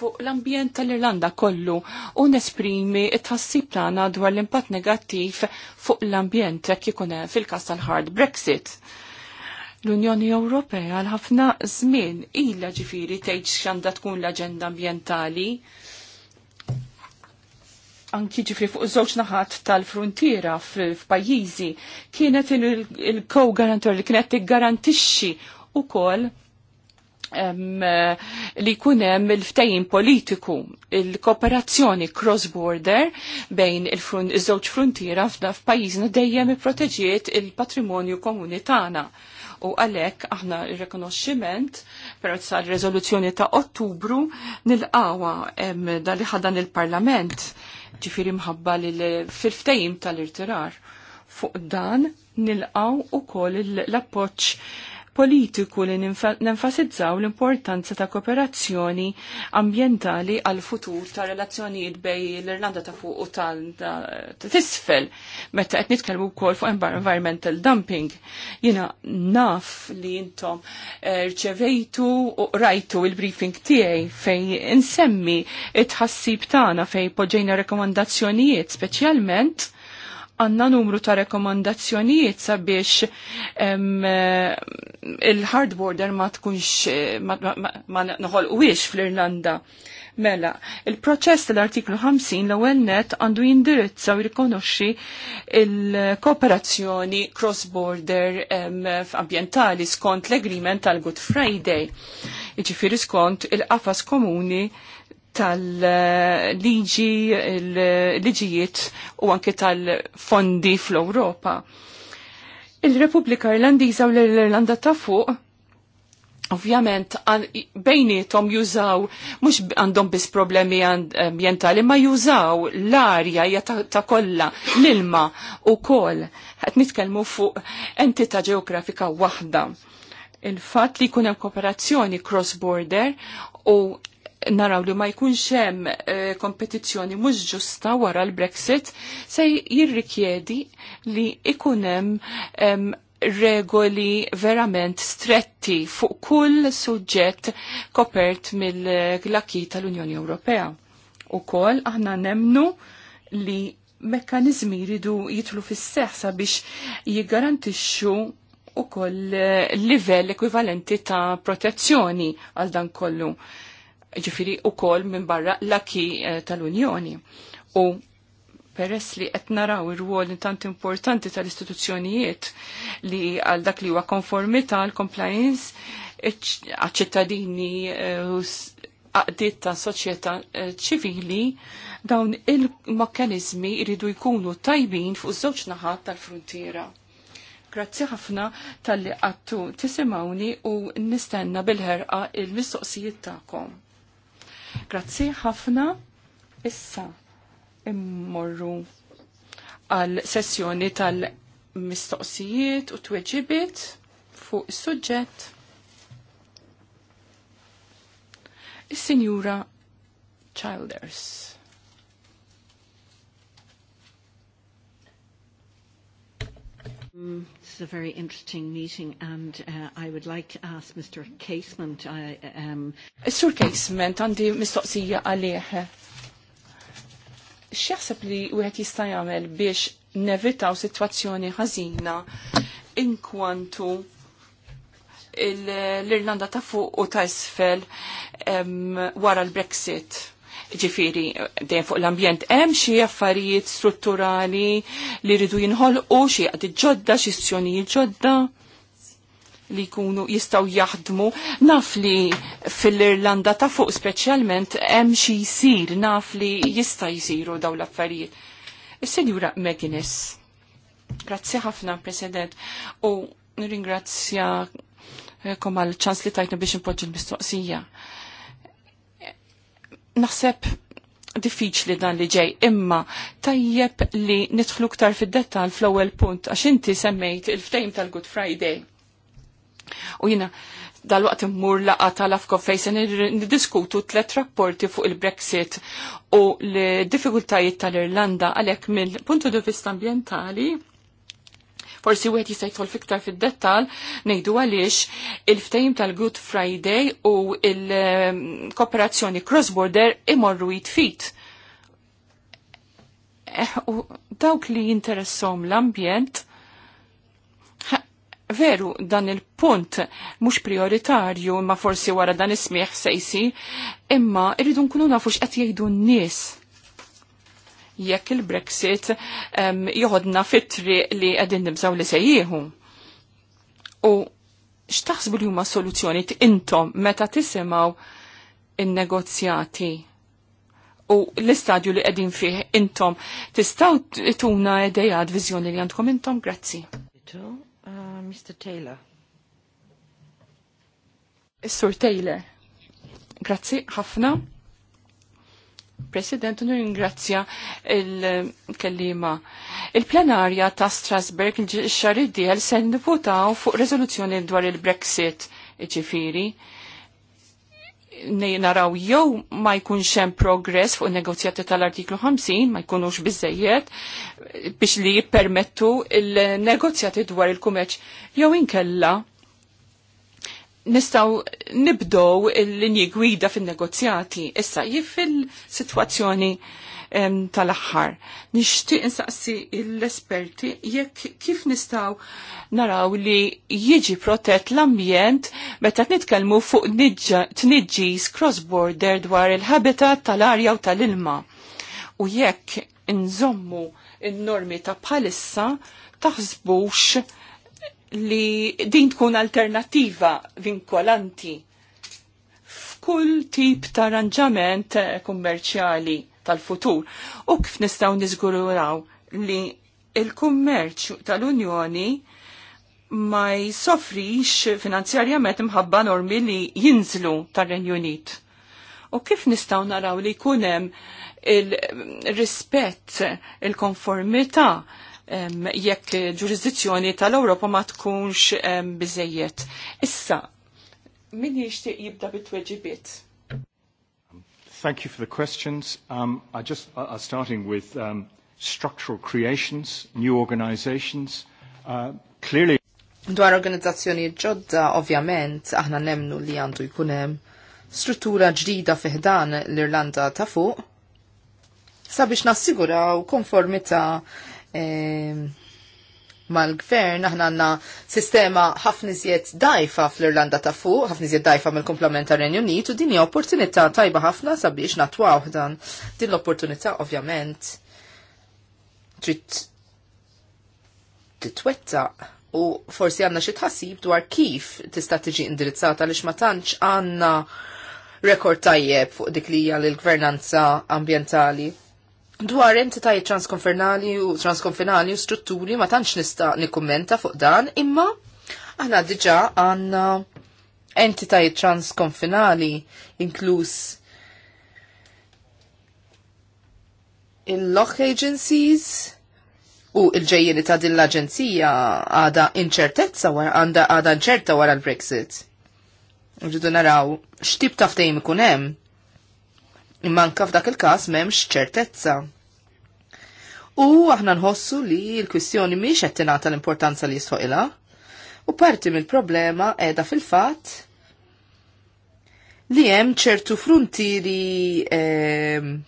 Speaker 3: fuq l-ambjent tal-Irlanda kollu u nesprimi it tħassib tagħna dwar l-impatt negattiv fuq l-ambjent jekk ikun fil-każ tal-hard Brexit. L-Unjoni Ewropea għal ħafna żmien ilha ġifieri tgħid x'għandha tkun l-aġenda ambjentali anki ġifri fuq żewġ naħat tal-frontiera f'pajjiżi kienet il-co-garantor li kienet tiggarantixxi ukoll Eh, li kunem il-ftejn politiku il-kooperazzjoni cross-border bejn iż-żewġ frontiera f'pajjiżna dejjem ipproteġiet il-patrimonju komuni tagħna. U għalhekk aħna r-rekonoxximent per tal ta' Ottubru nilqawa dali ħadan il-Parlament ġifiri mħabba fil-ftejim tal-irtirar. Fuq dan u koll l-appoġġ politiku li nenfasizzaw l-importanza ta' kooperazzjoni ambientali għal futur ta' relazzjonijiet bej l-Irlanda ta' fuq u tal-tisfel, meta qed nitkellmu wkoll fuq environmental dumping. Jiena naf li intom eh, rċevejtu u rajtu il-briefing tiegħi fej insemmi it-ħassib tagħna fej poġġejna rekomandazzjonijiet speċjalment għanna numru ta' rekomandazzjonijiet sabiex eh, il-hard border ma tkunx eh, ma, ma, ma noħolqwiex fl-Irlanda. Mela, il-proċess tal-artiklu 50 l ewwel net għandu jindirizza u jirkonoxxi il-kooperazzjoni cross-border ambientali skont l-agreement tal-Good Friday. Iġifieri skont il-qafas komuni tal-liġi, l-liġijiet u anke tal-fondi fl-Europa. Il-Repubblika Irlandiża u l-Irlanda ta' fuq ovvjament bejnietom jużaw, mux għandhom bis problemi ambientali, ma jużaw l-arja ta' kolla, l-ilma u kol. Għet nitkelmu fuq entita ġeografika wahda. Il-fat li kunem kooperazzjoni cross-border u naraw li ma jkunx hemm eh, kompetizzjoni mhux ġusta wara l-Brexit se jirrikjedi li ikun hemm regoli verament stretti fuq kull suġġett kopert mill glaki tal-Unjoni Ewropea. U koll aħna nemnu li mekkanizmi jridu jitlu fis-seħ sabiex jiggarantixxu u koll eh, livell ekvivalenti ta' protezzjoni għal dan kollu ġifiri u kol minn barra l-aki eh, tal-Unjoni. U peress li qed naraw ir-rwol intant importanti tal-istituzzjonijiet li għal dak li huwa konformità għal compliance għaċ-ċittadini eh, u għaqdiet ta' soċjetà eh, ċivili dawn il-mekkanizmi jridu jkunu tajbin fuq żewġ naħat tal-frontiera. Grazzi ħafna tal-li għattu tisimawni u nistenna bil-ħerqa il-mistoqsijiet ta'kom. Grazzi ħafna. Issa immorru għal sessjoni tal-mistoqsijiet u tweġibiet fuq is-suġġett. Is-Sinjura Childers. Mm was a very interesting meeting and uh, I would like to ask Mr. Casement. I, uh, um... Sur Casement, għandi mistoqsija għalieħ. Xieħseb li u għet jista jagħmel biex nevitaw situazzjoni in inkwantu l-Irlanda ta' fuq u ta' isfel wara l-Brexit ġifiri dejjem fuq l-ambjent hemm xi affarijiet strutturali li rridu jinħolqu xi qed ġodda xi sjonijiet ġodda li jkunu jistaw jaħdmu naf li fil-Irlanda ta' fuq speċjalment hemm xi jsir naf li jista' jsiru daw l-affarijiet. Is-Senjura McGuinness. Grazzi ħafna, President, u nirringrazzja kom għal ċans li tajtna biex nipoġġi l-mistoqsija naħseb diffiċli dan li ġej, imma tajjeb li nidħlu ktar fid-dettal fl-ewwel punt għax inti semmejt il-ftejm tal-Good Friday. U jina dal-waqt immur laqa tal-afko fejsen niddiskutu tlet rapporti fuq il-Brexit u l-diffikultajiet tal-Irlanda għalhekk mill-puntu di vista ambjentali forsi wieħed jista' jidħol fiktar fid-dettal ngħidu għaliex il-ftehim tal-Good Friday u il-kooperazzjoni cross-border imorru jitfit. Eh, u dawk li jinteressom l-ambjent veru dan il-punt mhux prioritarju ma forsi wara dan ismiħ se imma irridu nkunu fux għet jgħidu n-nies jekk il-Brexit um, joħodna fitri li għedin nibżaw li sejjieħu. U xtaħsbu li huma soluzzjoni intom meta tisimaw il negozjati u l-istadju li qegħdin fih intom tistaw tuna idejat vizjoni li għandkom intom grazzi.
Speaker 1: Mr. Uh, Taylor.
Speaker 3: sur Taylor. Grazzi ħafna. President, ringrazzja il-kellima. Il-plenarja ta' Strasberg xaridi għal sen votaw fuq rezoluzzjoni dwar il-Brexit ġifiri. Nej naraw jew ma jkunx hemm progress fuq negozjati tal-artiklu 50 ma jkunux biżejjed biex li jippermettu il-negozjati dwar il-kumeċ jew inkella nistaw nibdow il-linji gwida fil-negozjati. Issa, jif fil-situazzjoni tal-axħar. Nishtiq insaqsi l-esperti jekk kif nistaw naraw li jiġi protett l-ambjent meta nitkellmu fuq tniġġis cross-border dwar il-habitat tal-arja u tal-ilma. U jekk nżommu il normi ta' bħalissa taħsbux li din tkun alternativa vinkolanti f'kull tip ta' arranġament eh, kummerċjali tal-futur u kif nistgħu niżguraw li il-kummerċ tal-Unjoni ma jsofrix finanzjarjament imħabba normi li jinżlu tar-Renju Unit. U kif nistgħu naraw li jkun hemm il-rispett, il-konformità, il rispett il il rispett il konformità jekk ġurisdizzjoni tal-Ewropa ma tkunx biżejjed. Issa, min jixtieq jibda bit-tweġibiet?
Speaker 2: Thank you for the questions.
Speaker 1: Um, I just uh, starting with um, structural creations, new organizations. Uh, clearly Dwar organizzazzjoni ġodda, ovvjament, aħna nemnu li għandu jkunem struttura ġdida fiħdan l-Irlanda ta' fuq sabiex nassiguraw konformita mal-gvern, aħna għanna sistema ħafna iżjed dajfa fl-Irlanda ta' fuq, ħafna iżjed dajfa mill-komplement tar Renju Unit u din hija opportunità tajba ħafna sabiex natwaw dan. Din l-opportunità ovvjament trid titwetta u forsi għanna xi tħassib dwar kif tista' tiġi indirizzata għaliex ma tantx għandna rekord tajjeb fuq dik li hija l-gvernanza ambjentali Dwar entitajiet transkonfernali u transkonfinali u strutturi ma tantx nista' nikkummenta fuq dan, imma aħna diġà għandna entitajiet transkonfinali inkluż il-lock agencies u il-ġejjeni ta' din l-aġenzija għada inċertezza għanda għada ċerta wara l-Brexit. Ġidu naraw, xtib taftajm ikun hemm Manka f'dak il-każ m'hemmx ċertezza. U aħna nħossu li l-kwistjoni mhix qed tingħata l-importanza li jisħoqilha. U parti mill-problema qiegħda fil-fatt li hemm ċertu frontieri ehm,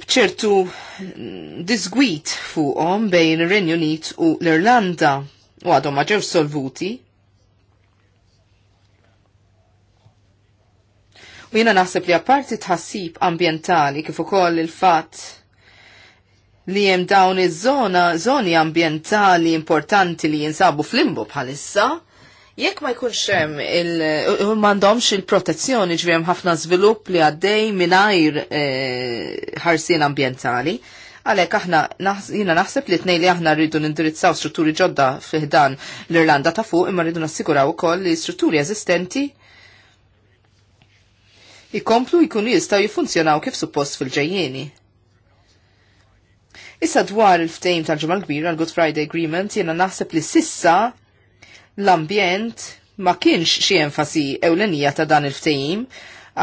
Speaker 1: bċertu disgwit fuqhom bejn ir-Renju Unit u l-Irlanda u għadhom ma ġew solvuti U jina naħseb li apparti tħassib ambientali kif ukoll il-fatt li hemm dawn iż-żona, żoni ambientali importanti li jinsabu flimbu bħalissa, jekk ma jkunx hemm il m'għandhomx il-protezzjoni ġbiem ħafna żvilupp li għaddej mingħajr eh, ħarsien ambientali, ambjentali, għalhekk aħna jiena naħseb li tnej li aħna rridu nindirizzaw strutturi ġodda fiħdan l-Irlanda ta' fuq imma rridu nassiguraw ukoll li strutturi eżistenti ikomplu jkunu jistaw jifunzjonaw kif suppost fil-ġejjeni. Issa dwar il-ftejm tal-ġemal kbir għal Good Friday Agreement jena naħseb li sissa l-ambjent ma kienx xie enfasi ewlenija ta' dan il-ftejm,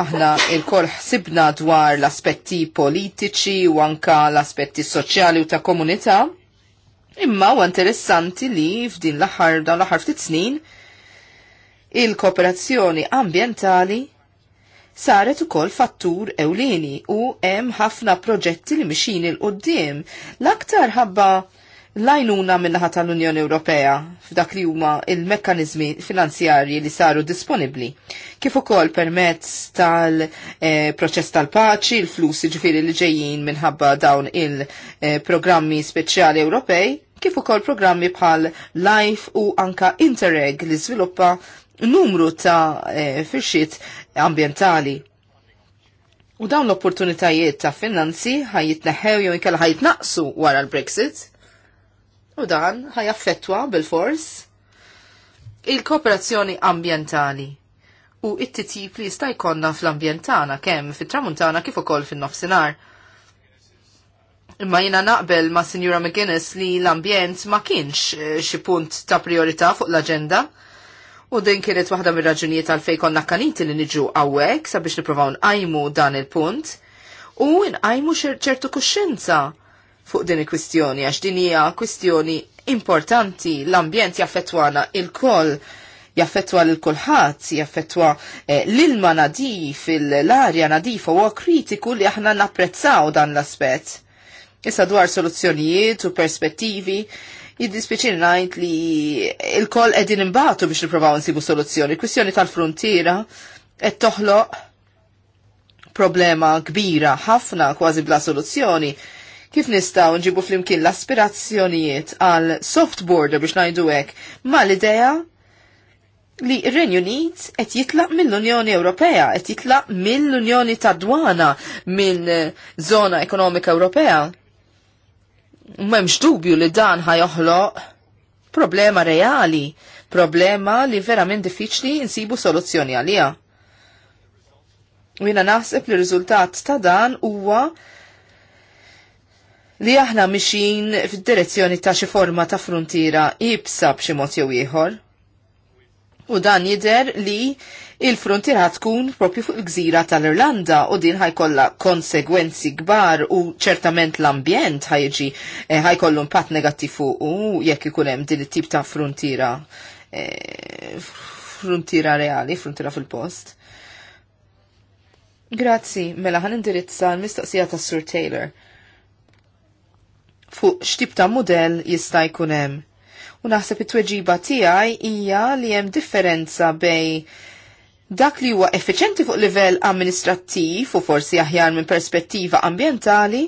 Speaker 1: aħna il-kol ħsibna dwar l-aspetti politiċi u anka l-aspetti soċjali u ta' komunità. Imma u interessanti li f'din l-aħħar dawn l-aħħar ftit snin il-kooperazzjoni ambientali saret ukoll fattur ewlieni u hemm ħafna proġetti li mixin il qoddim L-aktar ħabba lajnuna minnaħa tal-Unjoni Ewropea f'dak li huma il-mekkanizmi finanzjarji li saru disponibbli. Kif ukoll permezz tal-proċess eh, tal-paċi, il-flus ġifiri li ġejjin minħabba dawn il-programmi eh, speċjali Ewropej, kif ukoll programmi bħal Life u anka Interreg li żviluppa numru ta' eh, firxiet ambientali. U dawn l-opportunitajiet ta' finanzi ħajitneħħew jew inkella jitnaqsu wara l-Brexit. U dan affettwa bil-fors il-kooperazzjoni ambientali u it-titjib li jista' jkollna fl-ambjentana kemm fit-tramuntana kif ukoll fin-nofsinhar. Imma jina naqbel ma' Sinjura McGuinness li l-ambjent ma kienx eh, xi punt ta' priorità fuq l-aġenda U din kienet waħda mir raġunijiet għal fej konna kaniti li niġu għawek sabiex niprofaw nqajmu dan il-punt u nqajmu ċertu kuxenza fuq din il-kwistjoni għax din hija kwistjoni importanti l-ambjent jaffettwana il-koll jaffettwa l kulħadd jaffettwa eh, l-ilma nadif, l-arja nadifa u kritiku li aħna napprezzaw dan l-aspett. Issa dwar soluzzjonijiet u perspettivi, jiddispiċin najt li il-koll edin imbatu biex niprofaw nsibu soluzzjoni. Kwistjoni tal-frontiera qed toħloq problema kbira ħafna kważi bla soluzzjoni. Kif nistaw nġibu flimkien l-aspirazzjonijiet għal soft border biex najdu hekk mal-idea li r-Renju Unit qed jitlaq mill-Unjoni Ewropea, qed jitlaq mill-Unjoni tad-dwana minn zona ekonomika Ewropea memx dubju li dan ħajoħloq problema reali, problema li verament diffiċli insibu soluzzjoni għalija. U jina naħseb li riżultat ta' dan huwa li aħna mixin fid-direzzjoni ta' xi forma ta' frontiera ibsa b'xi mod jew ieħor. U dan jider li il-frontiera tkun propju fuq il-gżira tal-Irlanda u din ħajkolla konsegwenzi kbar u ċertament l-ambjent ħajġi eh, ħajkollu impatt negattiv fuq u jekk ikun hemm din it-tip ta' frontiera eh, frontiera reali, frontiera fil-post. Grazzi, mela ħan indirizza l-mistoqsija tas Sur Taylor. Fuq x'tip ta' mudell jista' jkun hemm U naħseb it-tweġiba tiegħi hija li hemm differenza bej dak li huwa effiċenti fuq livell amministrattiv u forsi aħjar minn perspettiva ambientali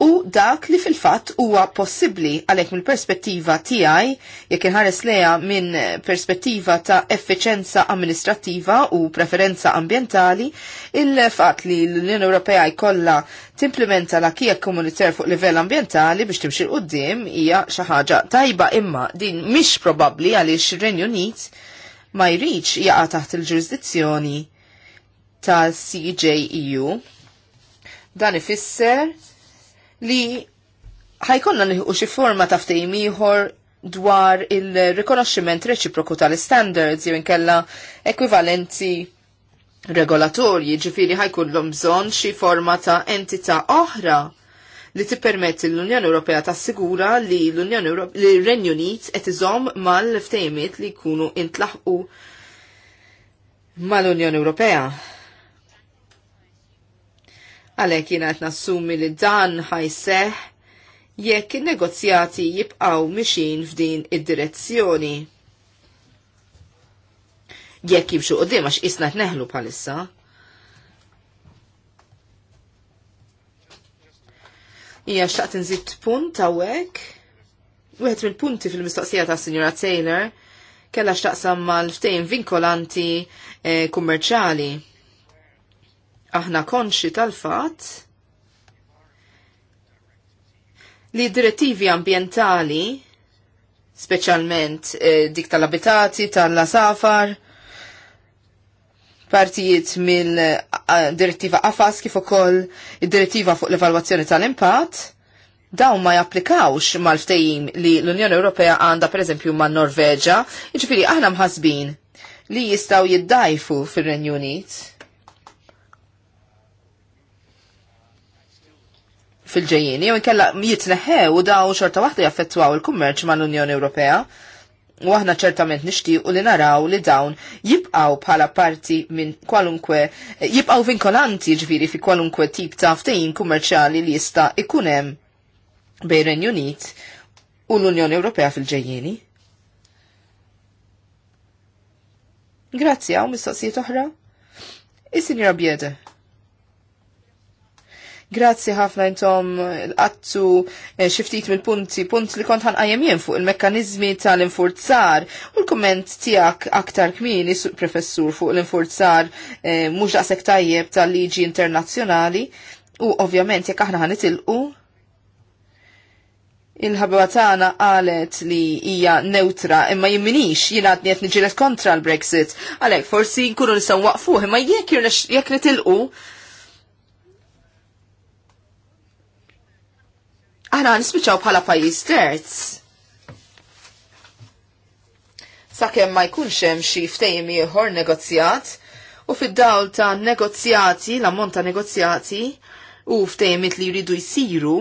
Speaker 1: u dak li fil-fatt huwa possibbli għalhekk mill-perspettiva tiegħi jekk inħares leja minn perspettiva ta' effiċenza amministrattiva u preferenza ambientali, il-fatt li l-Unjoni Ewropea jkollha timplementa la kija komunitar fuq livell ambientali biex timxi qudiem hija xi ħaġa tajba imma din mhix probabbli għaliex ir-Renju Unit ma jridx jaqa' taħt il-ġurisdizzjoni tal-CJEU. Dan ifisser li ħajkonna nħu xi forma ta' ftehim ieħor dwar il-rikonoxximent reċiproku tal-standards jew inkella ekwivalenti regolatorji, ġifiri l bżonn xi forma ta' entità oħra li tippermetti l-Unjoni Ewropea ta sigura li l-Unjoni Ewropea li renju Unit qed iżomm mal-ftehimiet li jkunu intlaħqu mal-Unjoni Ewropea. Għalhekk jiena qed nassumi li dan ħajseħ jekk in-negozjati jibqgħu mixin f'din id-direzzjoni. Jekk jibxu u dimax isna neħlu bħalissa. Hija xtaqt nżid punt hawnhekk. Wieħed mill-punti fil-mistoqsija ta' Sinjora Taylor kella xtaqsam mal-ftejn vinkolanti eh, kummerċali. E, aħna konxi tal-fat li direttivi ambientali, specialment eh, dik tal-abitati, tal-lasafar, partijiet mill-direttiva eh, AFAS kif ukoll id-direttiva fuq l-evalwazzjoni tal-impatt, dawn ma japplikawx mal-ftejim li l-Unjoni Ewropea għandha pereżempju man Norveġa, jiġifieri aħna mħasbin li jistgħu jiddajfu fir-Renju Unit fil-ġejjini, jew inkella jitneħew daw xorta waħda jaffettwaw il-kummerċ mal-Unjoni Ewropea. U aħna ċertament nixtiequ li naraw li dawn jibqaw bħala parti minn kwalunkwe, jibqaw vinkolanti ġviri fi kwalunkwe tip ta' ftejn kummerċjali li jista' ikunem hemm bejn Renju Unit u l-Unjoni Ewropea fil-ġejjini. Grazzi għaw mistoqsijiet oħra. Is-Sinjora Bjede. Grazzi ħafna intom l-qattu eh, xiftit mill-punti, punt li kont ħanqajem jien fuq il-mekkanizmi tal-infurzar u l-komment tijak aktar kmini professur fuq l-infurzar eh, muġa sektajjeb tajjeb tal-liġi internazzjonali u ovvjament jek aħna ħanitilqu il-ħabba tagħna qalet li hija neutra imma jimminix jien għadni qed niġilet kontra l-Brexit. Għalhekk forsi nkunu nistgħu waqfuh imma jekk jekk nitilqu aħna nispiċaw bħala pajjiż terz. Sakemm ma jkunx hemm xi ftehim ieħor negozjat u fid-dawl ta' negozjati, l-ammont ta' negozjati u ftehimiet li jridu jsiru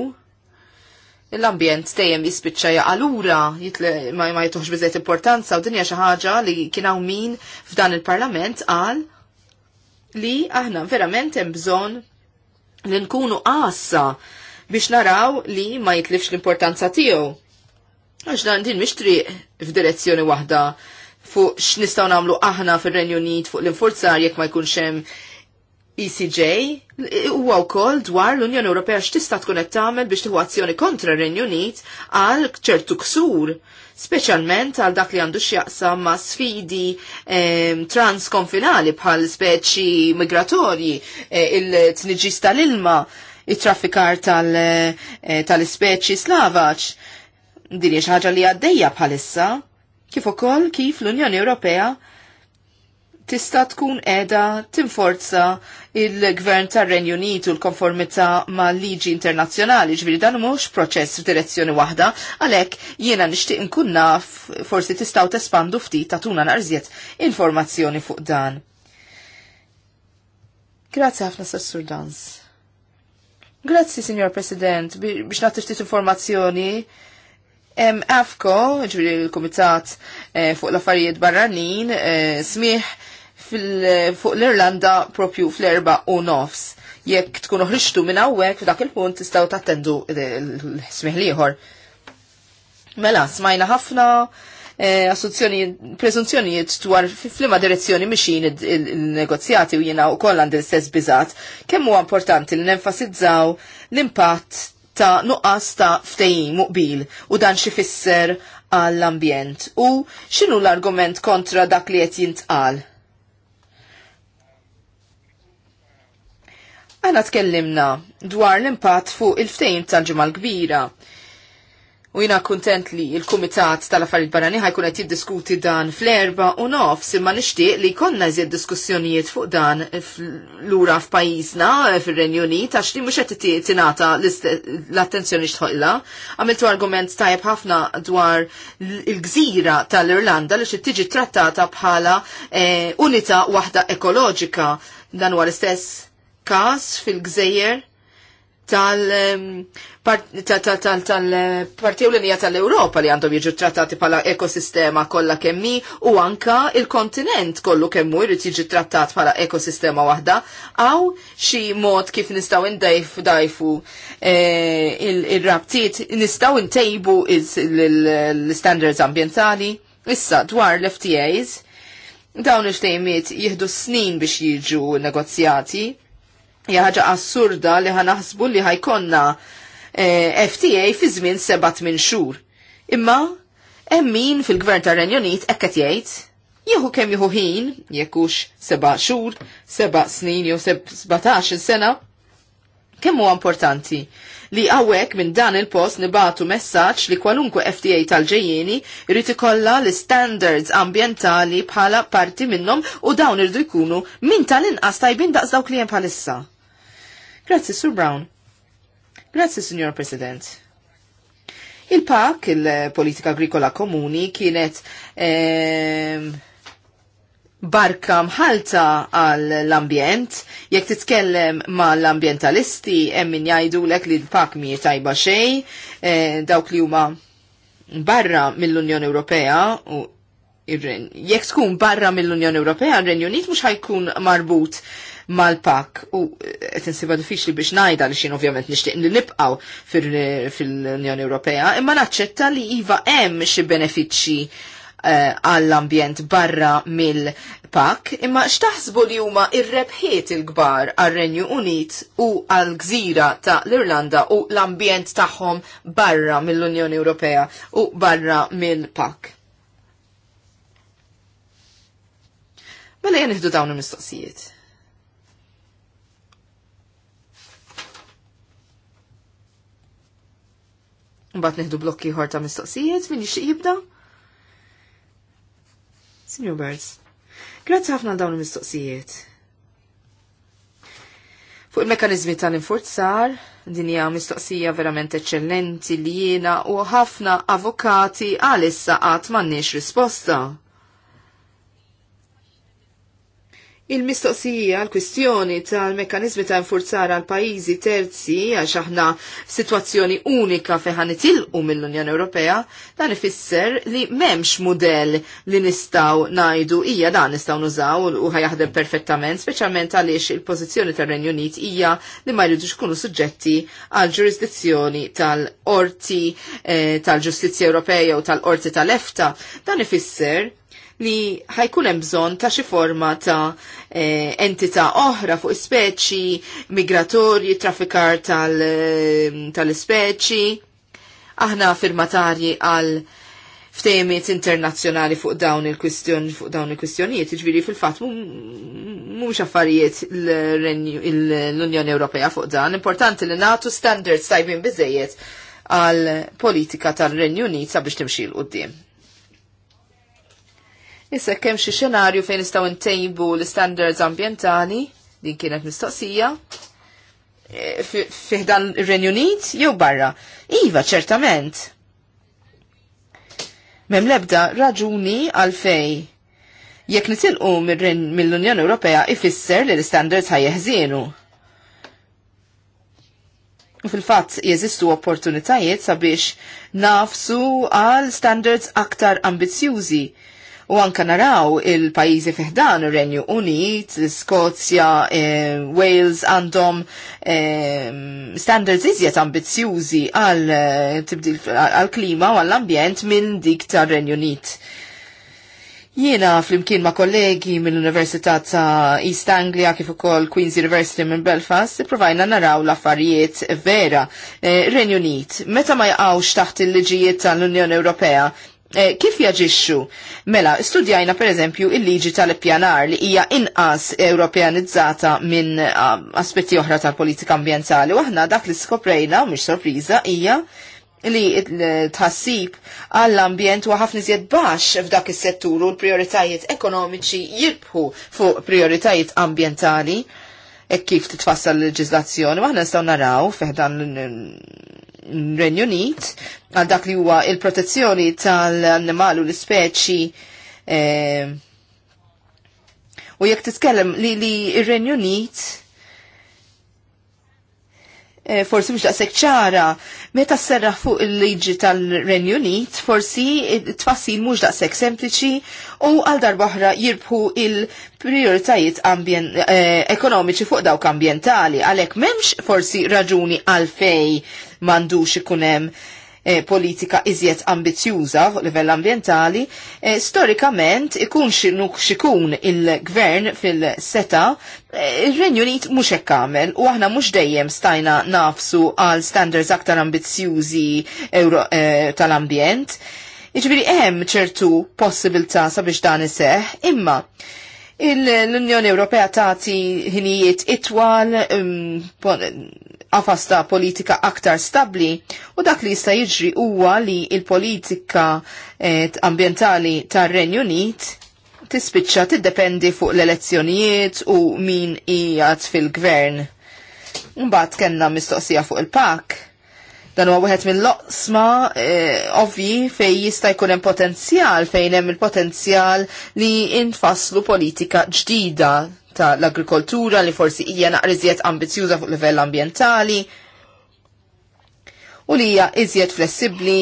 Speaker 1: l-ambjent dejjem jispiċċa jaqalura, ma, ma jitoħx biżejt importanza u dinja xi ħaġa li kien hawn min f'dan il-Parlament qal li aħna verament hemm bżonn li nkunu qassa biex naraw li ma jitlifx l-importanza tiegħu. Għax dan din mhix triq f'direzzjoni waħda fuq x'nistgħu nagħmlu aħna fir-Renju Unit fuq l-infurzar jekk ma jkunx hemm ECJ huwa wkoll dwar l-Unjoni Ewropea x'tista' tkun qed tagħmel biex tieħu azzjoni kontra r-Renju Unit għal ċertu ksur, speċjalment għal dak li għandu x'jaqsam ma' sfidi transkonfinali bħal speċi migratorji, eh, il-tniġis tal-ilma, it-traffikar eh, tal-ispeċi tal slavaċ. Din hija xi ħaġa li għaddejja bħalissa kif ukoll kif l-Unjoni Ewropea tista' tkun qiegħda tinforza il-Gvern tar-Renju Unit u l-konformità mal liġi internazzjonali, ġifieri dan mhux proċess f'direzzjoni waħda, għalhekk jiena nixtieq nkun naf forsi tistgħu tespandu ftit tagħtuna narżiet informazzjoni fuq dan. Grazzi ħafna Sassur Dans. Grazzi, Signor President, biex nagħti ftit informazzjoni. Afko, ġviri l-Komitat eh, fuq l-affarijiet barranin, eh, smieħ fuq l-Irlanda propju fl-erba u nofs. Jekk tkunu ħriġtu minn hawnhekk f'dak il-punt tistaw tattendu l-smieħ liħor. Mela, smajna ħafna, Eh, presunzjonijiet dwar flima direzzjoni mixin il-negozjati u jina u koll għand il bizat, kemm huwa importanti li nenfasizzaw l-impatt ta' nuqqas ta' ftejim muqbil u dan xifisser għall-ambjent u x'inhu l-argument kontra dak li qed jintqal. Għana tkellimna dwar l-impatt fuq il-ftejim tal-ġemal kbira U jina kontent li il-Kumitat tal-Affarijiet Barani ħajkun qed jiddiskuti dan fl-erba u nofs imma nixtieq li jkollna iżjed diskussjonijiet fuq dan lura f'pajjiżna fir-Renju Unit għax li mhux qed tingħata l-attenzjoni x'tħollha. Għamiltu argument tajjeb ħafna dwar il-gżira tal-Irlanda li xi tiġi trattata bħala eh, unità waħda ekoloġika dan wara l-istess każ fil-Gżejjer tal-partijolonija tal-Europa li għandhom jiġu trattati pala ekosistema kolla kemmi u anka il-kontinent kollu kemmu jrid jiġi trattat pala ekosistema waħda għaw xi mod kif nistaw indajf dajfu e, il-rabtiet nistaw intejbu l-standards ambientali issa dwar l-FTAs dawn il-ftejmiet jihdu snin biex jiġu negozjati ħaġa assurda li ħanaħsbu li ħajkonna eh, FTA fi żmien sebat minn xhur. Imma hemm min fil-Gvern tar-Renju Unit hekk jgħid jieħu kemm jieħu ħin, jekk hux seba' xhur, seba' snin jew sebatax sena, kemm huwa importanti li għawek minn dan il-post nibatu messaċ li kwalunkwe FTA tal-ġejjeni irrid ikollha l-standards ambientali bħala parti minnhom u dawn irdu jkunu minn tal-inqas tajbin daqs dawk li hemm bħalissa. Grazzi, Sur Brown. Grazzi, Signor President. il pac il-Politika Agrikola Komuni, kienet eh, barka mħalta għal l-ambjent, jekk titkellem ma l-ambientalisti, emmin jajdu lek li l pac mi tajba xej, eh, dawk li huma barra mill-Unjoni Ewropea, u jekk tkun barra mill-Unjoni Ewropea, r renjonit Unit mux ħajkun marbut mal-pak u eh, qed insiba diffiċli biex ngħidha li xin ovvjament nixtieq li nibqgħu fil-Unjoni Ewropea, imma naċċetta li iva hemm xi benefiċċji eh, għall-ambjent barra mill-pak, imma xtaħsbu li huma ir-rebħiet il-kbar għal-Renju Unit u għal-gżira ta' l-Irlanda u l-ambjent tagħhom barra mill-Unjoni Ewropea u barra mill-pak. Mela jen dawn il-mistoqsijiet. Mbagħad neħdu blokki ieħor ta' mistoqsijiet minni jixtieq jibda? Sinjur Birds, grazzi ħafna dawn il-mistoqsijiet. Fuq il-mekanizmi tal-infurzar, din hija mistoqsija verament eċċellenti li jiena u ħafna avukati għalissa qatt m'għandniex risposta. Il-mistoqsija għal kwistjoni tal mekanizmi ta' infurzar għal pajjiżi terzi għax aħna situazzjoni unika feħan itilqu mill-Unjoni Ewropea, dan ifisser li m'hemmx mudell li nistgħu ngħidu hija dan nistgħu nużaw u ħajaħdem perfettament, speċjalment għaliex il-pożizzjoni tar-Renju Unit hija li ma jridux kunu suġġetti għal ġurisdizzjoni tal-Orti eh, tal-Ġustizzja Ewropea u tal-Orti tal-EFTA. Dan ifisser li ħajkun hemm bżonn ta' xi forma ta' eh, entità oħra fuq ispeċi migratorji, traffikar eh, tal-ispeċi. Tal Aħna firmatarji għal ftejmiet internazzjonali fuq dawn il-kwistjoni fuq dawn il-kwistjonijiet, ġviri jiġifieri fil-fatt mhux affarijiet l-Unjoni Ewropea fuq dan, importanti li nagħtu standards tajbin biżejjed għal politika tal-Renju Unit sabiex timxi l qudiem Issa kemm xi xenarju fejn nistgħu ntejbu l-standards ambjentali, din kienet mistoqsija, e, fiħdan ir-Renju Unit jew barra. Iva, ċertament. Mem lebda raġuni fej. Jekk nitilqu mill-Unjoni Ewropea ifisser li l-standards jeħżienu. U fil-fatt jeżistu opportunitajiet sabiex nafsu għal standards aktar ambizjużi U anka naraw il-pajizi fiħdan, Renju Unit, Skozja, eh, Wales għandhom eh, standards iżjed ambizzjużi għal-klima eh, u għall-ambjent minn dik ta' Renju Unit. Jiena flimkien ma' kollegi mill-Università ta' East Anglia kif ukoll Queen's University minn Belfast provajna naraw l-affarijiet vera. Eh, Renju Unit, meta ma jaqgħux taħt il-liġijiet tal-Unjoni Ewropea, Eh, kif jaġixxu? Mela, studjajna per eżempju il-liġi tal-ippjanar li hija inqas europeanizzata minn um, aspetti oħra tal-politika ambjentali Waħna aħna dak li skoprejna mhix sorpriża hija li tħassib għall-ambjent huwa ħafna iżjed baxx f'dak is-settur u l-prioritajiet ekonomiċi jirbħu fuq prioritajiet ambjentali e kif titfassal l leġizlazzjoni waħna nistgħu naraw fiħdan renju Unit għal dak li huwa il-protezzjoni tal-annimal u l-ispeċi eh, u jekk titkellem li li ir-Renju Unit eh, forsi mhux daqshekk ċara, meta serraħ fuq il-liġi tal-Renju Unit, forsi tfassil mhux daqshekk sempliċi u għal darba oħra jirbħu il-prioritajiet eh, ekonomiċi fuq dawk ambjentali, għalhekk m'hemmx forsi raġuni għalfej mandux ikunem E, eh, politika iżjed ambizjuża fuq livell ambientali, e, storikament ikun xinuk xikun il-gvern fil-seta, eh, il-Renju Unit mhux hekk għamel u aħna mhux dejjem stajna nafsu għal standards aktar ambizjużi tal-ambjent. Iġbiri hemm ċertu possibilità sabiex dan iseħ, imma l-Unjoni Ewropea tati ħinijiet itwal, um, għafasta politika aktar stabli u dak li jista' jiġri huwa li il-politika eh, ambjentali tar-Renju Unit tispiċċa tiddependi fuq l-elezzjonijiet u min qiegħed fil-gvern. Mbagħad kellna mistoqsija fuq il-pak. Dan huwa wieħed mill-loqsma eh, ovvji fejn jista' jkun hemm potenzjal fejn hemm il-potenzjal li infaslu politika ġdida ta' l-agrikoltura li forsi hija naqriżiet ambizjuża fuq livell ambjentali u li hija iżjed flessibbli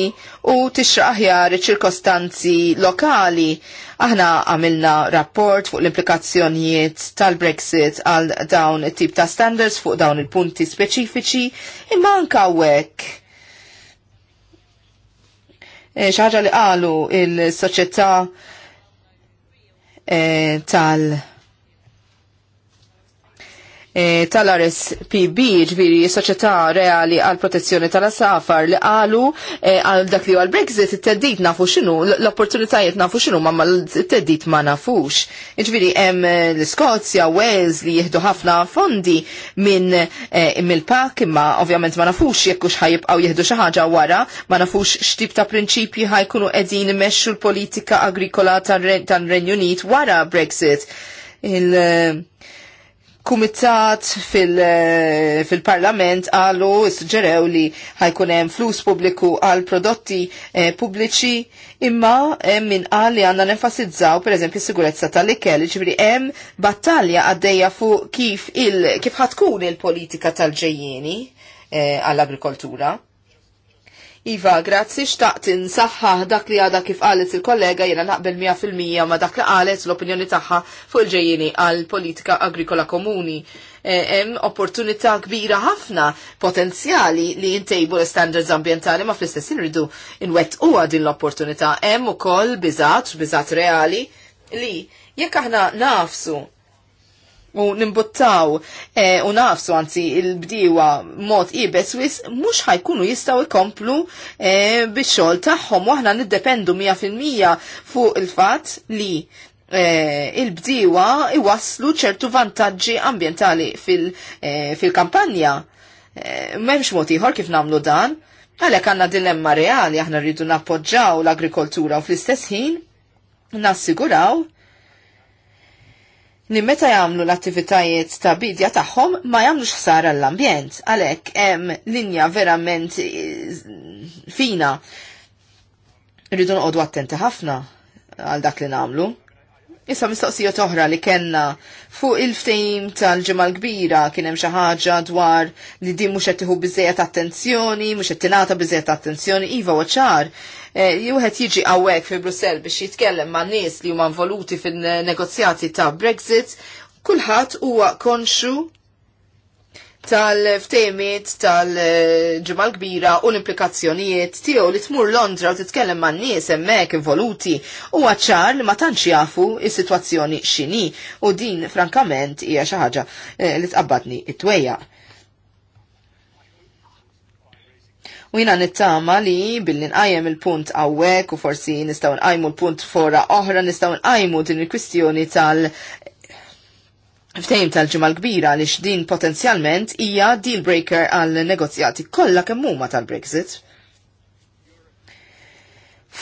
Speaker 1: u tixra aħjar ċirkostanzi lokali. Aħna għamilna rapport fuq l-implikazzjonijiet tal-Brexit għal dawn it-tip ta' standards fuq dawn il-punti speċifiċi imma anka hekk e, xaħġa li qalu il soċjetà e, tal- tal- E, tal-RSPB, ġviri Soċjetà Reali għal Protezzjoni tal-Asafar li qalu e, għal dak li għal Brexit it-teddit nafu xinu, l-opportunitajiet nafu xinu, ma t teddit ma nafux. Ġviri hemm e, l-Skozja, Wales li jihdu ħafna fondi minn e, mill-pak, imma ovvjament ma nafux jekk hux ħajibqgħu jieħdu xi ħaġa wara, ma nafux x'tip ta' prinċipji ħajkunu qegħdin imexxu l-politika agrikola tan-Renju Unit wara Brexit. Il- kumitat eh, fil-parlament fil għallu suġġerew li ħajkunem flus publiku għal prodotti eh, pubbliċi imma eh, min għal li għanna nenfasizzaw per eżempju sigurezza tal-ikel ġibri hemm battalja għaddeja fuq kif il kif ħatkun il-politika tal-ġejjeni eh, għall-agrikoltura. Eh, Iva, grazzi xtaqt insaħħa dak li għada kif qalet il-kollega jena naqbel 100% ma dak li qalet l-opinjoni tagħha fuq il-ġejjini għal politika agrikola komuni. Hemm e, opportunità kbira ħafna potenzjali li jintejbu l-standards ambientali ma fl-istess irridu inwet u din l-opportunità. Hemm ukoll biżat, biżat reali li jekk aħna nafsu u nimbuttaw e, u nafsu għanzi il-bdiwa mod ibes wis mux ħajkunu jistaw ikomplu e, biex taħħom u aħna niddependu 100% fuq il-fat li e, il-bdiwa iwaslu ċertu vantaġġi ambientali e, fil-kampanja. Fil e, Memx mod ieħor kif namlu dan, għalhekk għandna dilemma reali aħna rridu nappoġġaw l-agrikoltura u fl-istess ħin nassiguraw li meta jagħmlu l-attivitajiet ta' bidja tagħhom ma jagħmlux ħsara l-ambjent, għalhekk hemm linja verament fina. Rridu noqogħdu attenti ħafna għal dak li nagħmlu. Issa mistoqsija toħra li kellna fuq il-ftehim tal-ġemal kbira kien hemm xi ħaġa dwar li din mhux qed tieħu biżejjed attenzjoni, mhux qed tingħata biżejjed attenzjoni, iva huwa ċar. E, wieħed jiġi hawnhekk fi Brussell biex jitkellem ma' nies li huma involuti fin-negozjati ta' Brexit, kulħadd huwa konxu tal-ftemiet tal-ġemal kbira u l-implikazzjonijiet tiegħu li tmur Londra u titkellem man nies hemmhekk involuti u ċar li ma tantx jafu s sitwazzjoni x'inhi u din frankament hija xi ħaġa eh, li tqabbadni it-twejja. U jina nittama li billi nqajjem il-punt għawek u forsi nistaw nqajmu l-punt fora oħra nistaw nqajmu din il-kwistjoni tal- ftejm tal-ġimgħa l-kbira li din potenzjalment hija deal breaker għal negozjati kollha kemm huma tal-Brexit.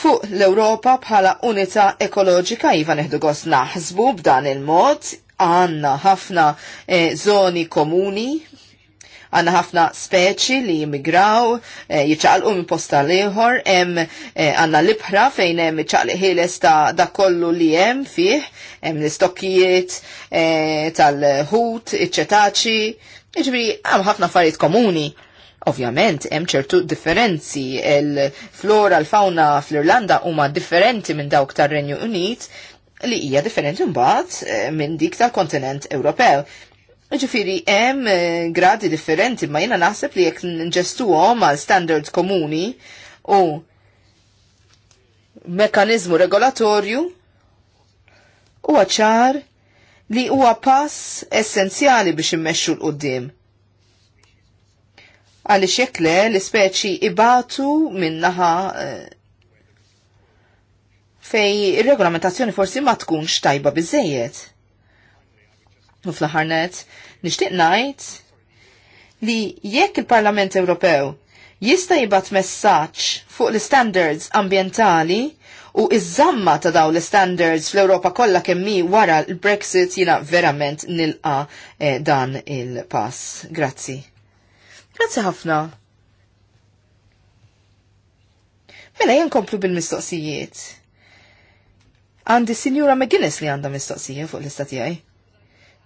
Speaker 1: Fuq l-Ewropa bħala unità ekoloġika iva neħdu gost naħsbu b'dan il-mod għanna ħafna eh, zoni komuni Għanna ħafna speċi li jimigraw, eh, jiċaqalqu minn posta liħor, hemm eh, għanna libħra fejn hemm iċaqli ħieles ta' dak kollu li hemm fih, hemm l-istokkijiet eh, tal-ħut, iċ-ċetaċi, jiġri għam ħafna affarijiet komuni. Ovvjament, hemm ċertu differenzi, il-flora, l-fauna fl-Irlanda huma differenti minn dawk tar-Renju Unit, li hija differenti mbagħad minn dik tal-kontinent Ewropew. Ġifiri, hemm eh, gradi differenti, ma jena naħseb li jek nġestu għom għal standards komuni u mekanizmu regolatorju u għacċar li huwa pass essenzjali biex immexxu l-qoddim. Għaliex xekle le l-ispeċi ibatu minnaħa eh, fej ir-regolamentazzjoni forsi ma tkunx tajba bizzejiet. U fl-ħarnet, nishtiq najt li jekk il-Parlament Ewropew jista' jibgħat messaġġ fuq l-standards ambientali u iż-żamma ta' daw l-standards fl-Ewropa kollha kemm mi wara l-Brexit jiena verament nilqa eh, dan il-pass. Grazzi. Grazzi ħafna. Mela jien komplu bil-mistoqsijiet. Għandi Sinjura McGuinness li għandha mistoqsija fuq l-istatijaj.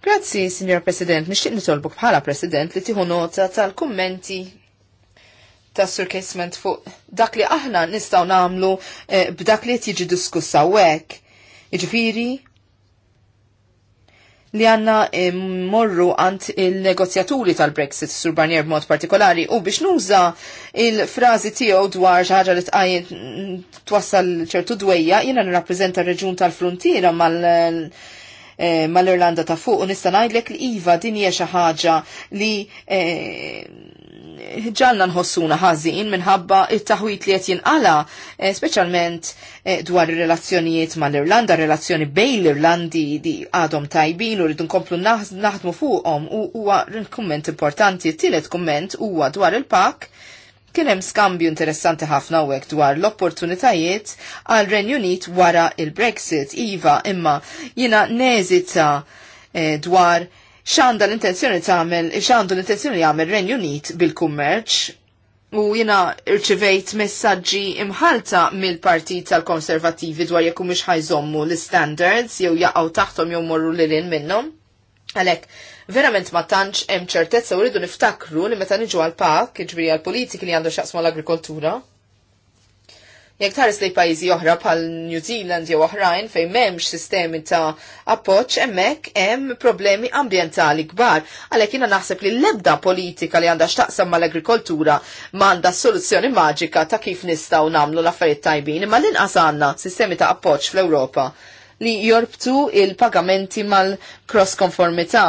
Speaker 1: Grazzi, Signor President, nixtieq nitolbuk bħala President li tieħu nota tal-kummenti ta' surkisment fuq dak li aħna nistgħu nagħmlu eh, b'dak li tiġi diskussa hekk. Jiġifieri li għanna eh, morru għant il-negozjaturi tal-Brexit sur Barnier b'mod partikolari u biex nuża il-frazi tiegħu dwar xaġa li tqajjed twassal ċertu dwejja jiena nirrappreżenta r reġun tal frontiera mal- Eh, mal-Irlanda ta' fuq u nista' ngħidlek li iva din hija xi ħaġa li eh, ġalna nħossuna ħażin minħabba it-taħwit li qed jinqala, eh, speċjalment dwar ir-relazzjonijiet mal-Irlanda, relazzjoni bejn l-Irlandi di għadhom tajbin u rridu nkomplu naħdmu fuqhom u huwa kumment importanti. Tielet kumment huwa dwar il-pak Kien hemm skambju interessanti ħafna hekk dwar l-opportunitajiet għal Renju Unit wara il-Brexit, iva, imma jiena neżita eh, dwar x'għandha l-intenzjoni tagħmel x'għandu l-intenzjoni jagħmel Renju Unit bil-kummerċ u jina irċivejt messaġġi imħalta mill-partit tal-konservativi dwar jekk mhux ħajżommu l-standards jew jaqgħu taħtom jew morru lil minnhom. Għalhekk verament ma tantx hemm ċertezza u rridu niftakru li meta niġu għal pak, ġbiri jiġifieri għal politiki li għandu xaqsmu l-agrikoltura. Jekk tħares li pajjiżi oħra pal New Zealand jew oħrajn fejn m'hemmx sistemi ta' appoġġ hemmhekk hemm problemi ambjentali kbar. Għalhekk jiena naħseb li l-ebda politika li għandha x'taqsam mal-agrikoltura m'għandha soluzzjoni maġika ta' kif nistgħu nagħmlu l-affarijiet tajbin, imma l-inqas għandna sistemi ta' appoġġ fl-Ewropa li jorbtu il-pagamenti mal-cross konformità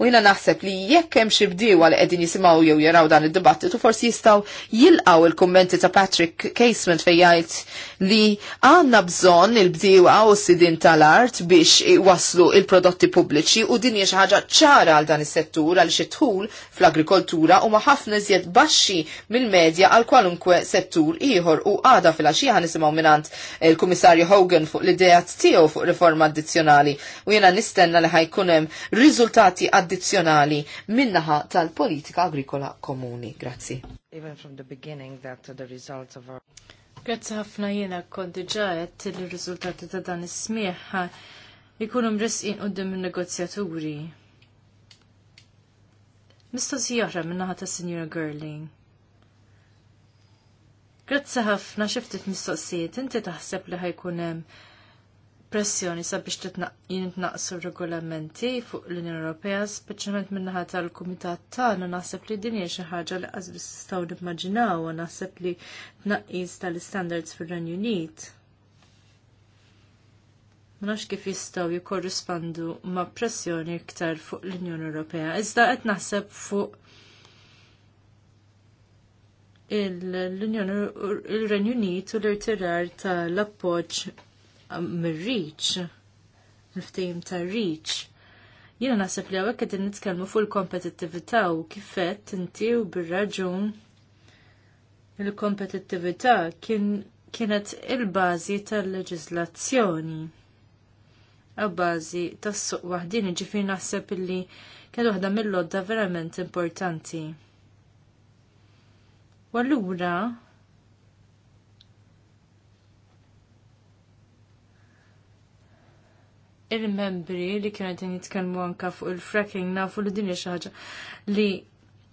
Speaker 1: U jina naħseb li jekk hemm xi bdiewa li qegħdin jisimgħu jew jaraw dan id-dibattitu forsi jistgħu jilqgħu il-kummenti ta' Patrick Casement fejn jgħid li għandna bżonn il-bdiewa u s-sidin tal-art biex waslu il-prodotti pubbliċi u din hija xi ħaġa ċara għal dan is-settur għal xi tħul fl-agrikoltura huma ħafna iżjed baxxi mill-medja għal kwalunkwe settur ieħor u għada fil-għaxija ħanisimgħu minant il-Kummissarju Hogan fuq l-idea tiegħu fuq riforma addizzjonali u jiena nistenna li ħajkun hemm riżultati addizzjonali minnaħa tal-politika agrikola komuni. Grazzi. Even from the beginning that the results of our... Grazzi ħafna
Speaker 2: jiena konti diġa qed il-riżultati ta' dan is-smieħ jkunu mresqin qudiem in-negozjaturi. Mistoqsija oħra minnaħa ta' Sinjura Girling. Grazzi ħafna xi ftit mistoqsijiet, inti taħseb li ħajkun hemm pressjoni sabiex jintnaqsu regolamenti fuq l-Unjoni Ewropea, speċjalment min-naħa tal-Kumitat tagħna naħseb li din hija xi ħaġa li qas nistgħu nimmaġinaw u naħseb li tnaqqis tal-istandards fir-Renju Unit. Ma nafx kif jistgħu jikkorrispandu ma' pressjoni iktar fuq l-Unjoni Ewropea. Iżda qed naħseb fuq il-Renju Unit u l-irtirar tal-appoġġ mir reach miftejim ta' reach Jiena naħseb li għawek għedin nitkellmu fuq il-kompetittività u kifet inti u bir-raġun il-kompetittività kien kienet il-bazi tal-leġizlazzjoni. Għabbażi tas-suq waħdin ġifin jiġifieri naħseb illi kien waħda mill-lodda verament importanti. U allura il-membri li kienu qegħdin jitkellmu anke fuq il-fracking nafu li din xi ħaġa li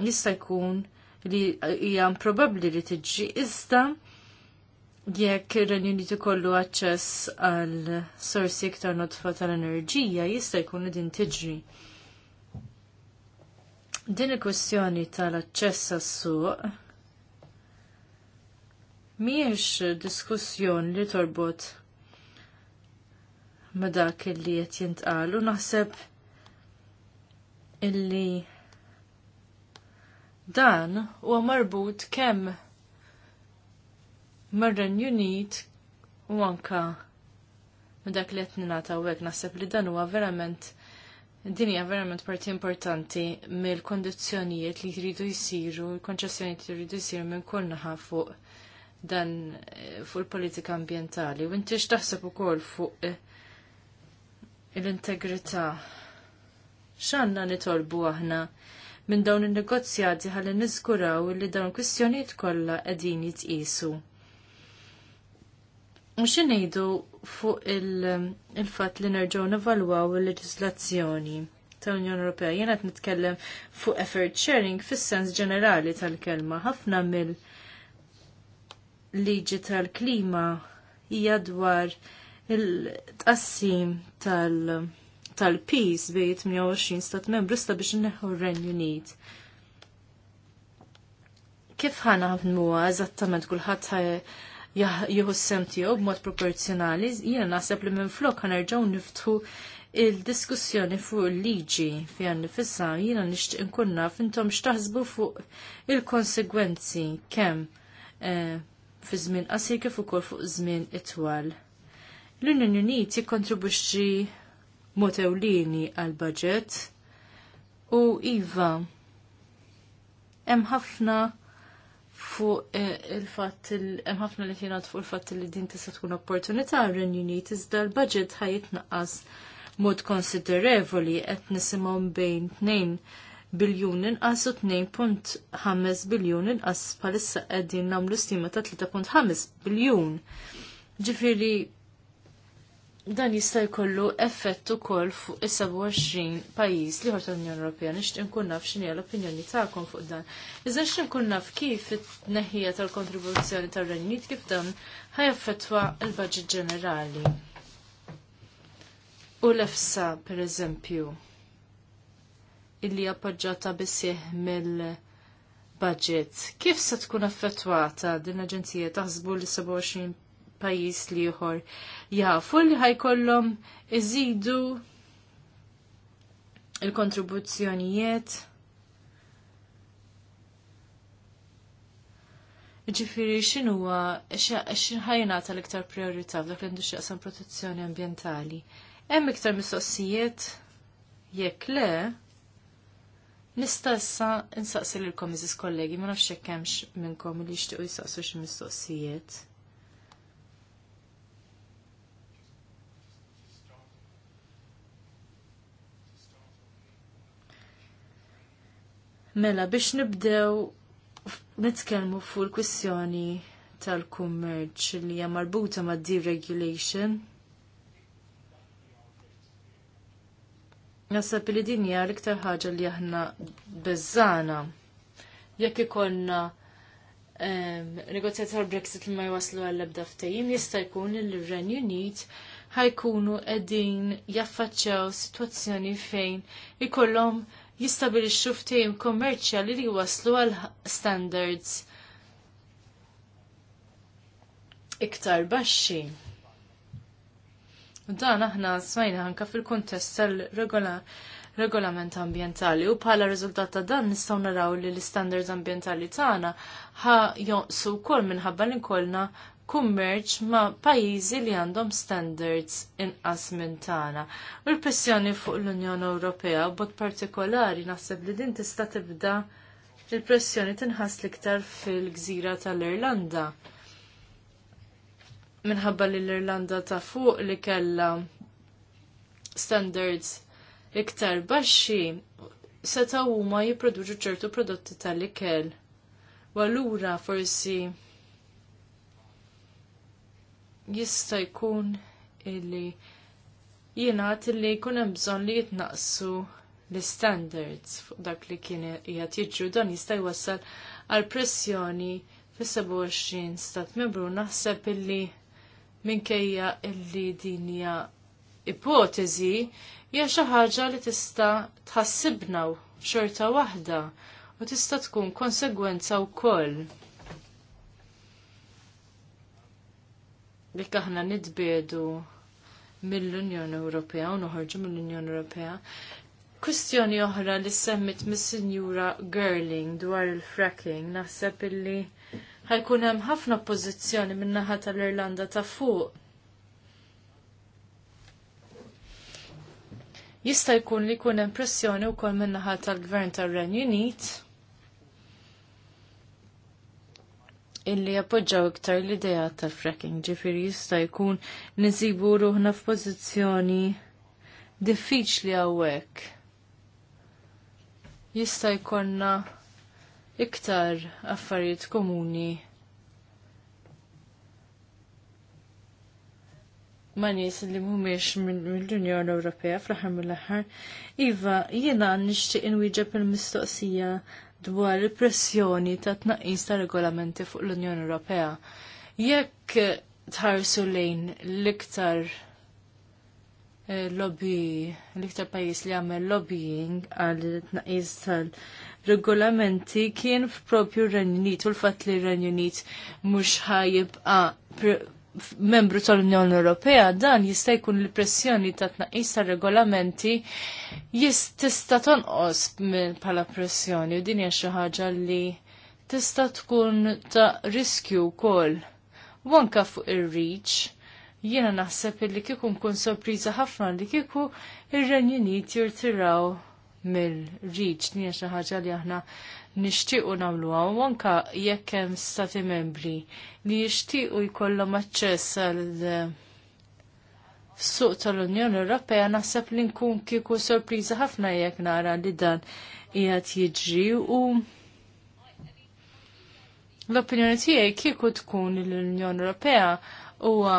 Speaker 2: jista' jkun li hija probabbli li tiġi iżda jekk ir-Renjuniti kollu aċċess għal sorsi iktar notfa tal-enerġija jista' jkun li din tiġri. Din il-kwestjoni tal-aċċess għas-suq mhijiex diskussjoni li torbot ma' dak illi qed naħseb illi dan huwa marbut kemm mar-Renju Unit u anka ma' dak li qed u hekk naħseb li dan huwa verament Din hija verament parti importanti mill-kondizzjonijiet li jridu jsiru, l-konċessjonijiet li jridu jsiru minn kunnaħa fuq dan eh, fuq il-politika ambientali. U inti x'taħseb ukoll fuq eh, il integrità X'għandna nitolbu aħna minn dawn in-negozjati ħalli niżguraw li dawn kwistjonijiet kollha qegħdin jitqisu. Mux ngħidu fuq il-fatt li nerġgħu nevalwaw il-leġislazzjoni ta' Unjoni Ewropea. Jena qed nitkellem fuq effort sharing fis-sens ġenerali tal-kelma. Ħafna mill liġi tal-klima hija dwar il-tqassim tal-peace bej 28 stat membru sta biex neħu r-Renju Unit. Kif ħana ħafnuwa eżattament kullħat jieħu s u tiegħu b'mod proporzjonali, jiena naħseb li minn flok ħanerġgħu niftu il-diskussjoni fuq il-liġi għan nifissa jiena nixtieq inkunna naf intom x'taħsbu fuq il-konsegwenzi kemm eh, fi żmien qasir kif ukoll fuq żmien itwal. L-Unjoni Uniti kontribuxxi mod ewlieni għal budget u iva hemm ħafna fuq eh, il-fatt hemm ħafna li jingħad fuq il-fatt li din tista' tkun opportunità għar-Renju Unit iżda l-budget ħajitnaqqas mod konsiderevoli qed nisimgħu bejn 2 biljun inqas u 2.5 biljun inqas bħalissa qegħdin nagħmlu stima ta' 3.5 biljun. Ġifieri dan jista' jkollu effett ukoll fuq is-27 pajjiż li ħorta l-Unjoni Ewropea nixtieq nkun naf x'inhi l-opinjoni tagħkom fuq dan. Iżda nixtieq nkun naf kif it-tneħħija tal-kontribuzzjoni tar-Renju Unit kif dan ħajaffettwa l-budget ġenerali. U l-efsa, pereżempju, illi appoġġata bisih mill-budget, kif se tkun affettwata din l-Aġenzija taħsbu l-27 pajjiż liħor. Jafu li ħajkollhom iżidu il-kontribuzzjonijiet. Ġifiri, xinuwa, xinħajna tal-iktar priorità f'dak l-industrija san protezzjoni ambientali. Hemm iktar mistoqsijiet jekk le, nista' issa insaqsi lilkom iżis kollegi ma nafx hekk hemmx minnkom li jixtiequ jistaqsu xi mistoqsijiet. Mela biex nibdew nitkellmu fuq il-kwistjoni tal-kummerċ li hija marbuta ma' deregulation. Nasab li din hija l-iktar ħaġa li aħna beżana. Jekk ikollna negozjat tal-Brexit li ma jwaslu għall-ebda ftehim jista' jkun li r-Ren Unit ħajkunu qegħdin jaffaċċjaw sitwazzjoni fejn ikollhom jistabilixxu ftehim kommerċjali li waslu għal standards iktar baxxi. Dan aħna smajna anka fil-kuntest tal-regolament ambjentali u bħala riżultat ta' dan nistaw naraw li l-istandards ambjentali tagħna ħa jonqsu wkoll minħabba li nkollna kummerċ ma' pajjiżi li għandhom standards inqas minn tagħna. U l-pressjoni fuq l-Unjoni Ewropea b'mod partikolari naħseb li din tista' tibda l pressjoni tinħass l-iktar fil-gżira tal-Irlanda. Minħabba li l-Irlanda ta' fuq li kellha standards iktar baxxi seta' huma jipproduċu ċertu prodotti tal-ikel. U allura forsi jista' jkun illi jingħad illi jkun hemm bżonn li jitnaqsu l-standards fuq dak li kien qiegħed jiġru dan jista' jwassal għal pressjoni fi 27 stat membru naħseb illi minkejja illi din hija ipotezi hija xi ħaġa li tista' tħassibna xorta waħda u tista' tkun konsegwenza wkoll li aħna nitbiedu mill-Unjoni Ewropea u noħorġu mill-Unjoni Ewropea. Kustjoni oħra li semmit mis-Sinjura Girling dwar il-fracking naħseb illi ħajkun hemm ħafna oppożizzjoni min-naħa tal-Irlanda ta' fuq. Jista' jkun li jkun hemm pressjoni wkoll min-naħa tal-Gvern tar-Renju Unit illi jappoġġaw iktar l-idea tal-fracking ġifiri jista' jkun nisibu ruħna f'pożizzjoni diffiċli hawnhekk. Jista' jkollna iktar affarijiet komuni ma' nies li mhumiex mill-Unjoni Ewropea fl-aħħar mill-aħħar. Iva, jiena nixtieq inwieġeb il-mistoqsija dwar il-pressjoni ta' tnaqqis ta' regolamenti fuq l-Unjoni Ewropea. Jekk tħarsu lejn l-iktar eh, lobby, l-iktar pajis li għamel lobbying għal tnaqqis tal-regolamenti kien f'propju Renju Unit u l-fatt li Renju Unit mhux ħajibqa' membru tal-Unjoni Ewropea dan jista' jkun il-pressjoni ta' tnaqqis tar regolamenti tista' tonqos bħala pressjoni u din hija xi ħaġa li tista' tkun ta' riskju wkoll. Wanka fuq ir-reach jiena naħseb li kieku nkun sorpriża ħafna li kieku ir-Renju Unit jirtiraw mill-reach din hija xi ħaġa li aħna nixtiequ nagħmluha u anke jekk hemm stati membri li jixtiequ jkollhom aċċess għal eh, suq tal-Unjoni Ewropea naħseb li nkun kieku sorpriża ħafna jekk nara li dan qiegħed jiġri u l-opinjoni tiegħi kieku tkun l-Unjoni Ewropea huwa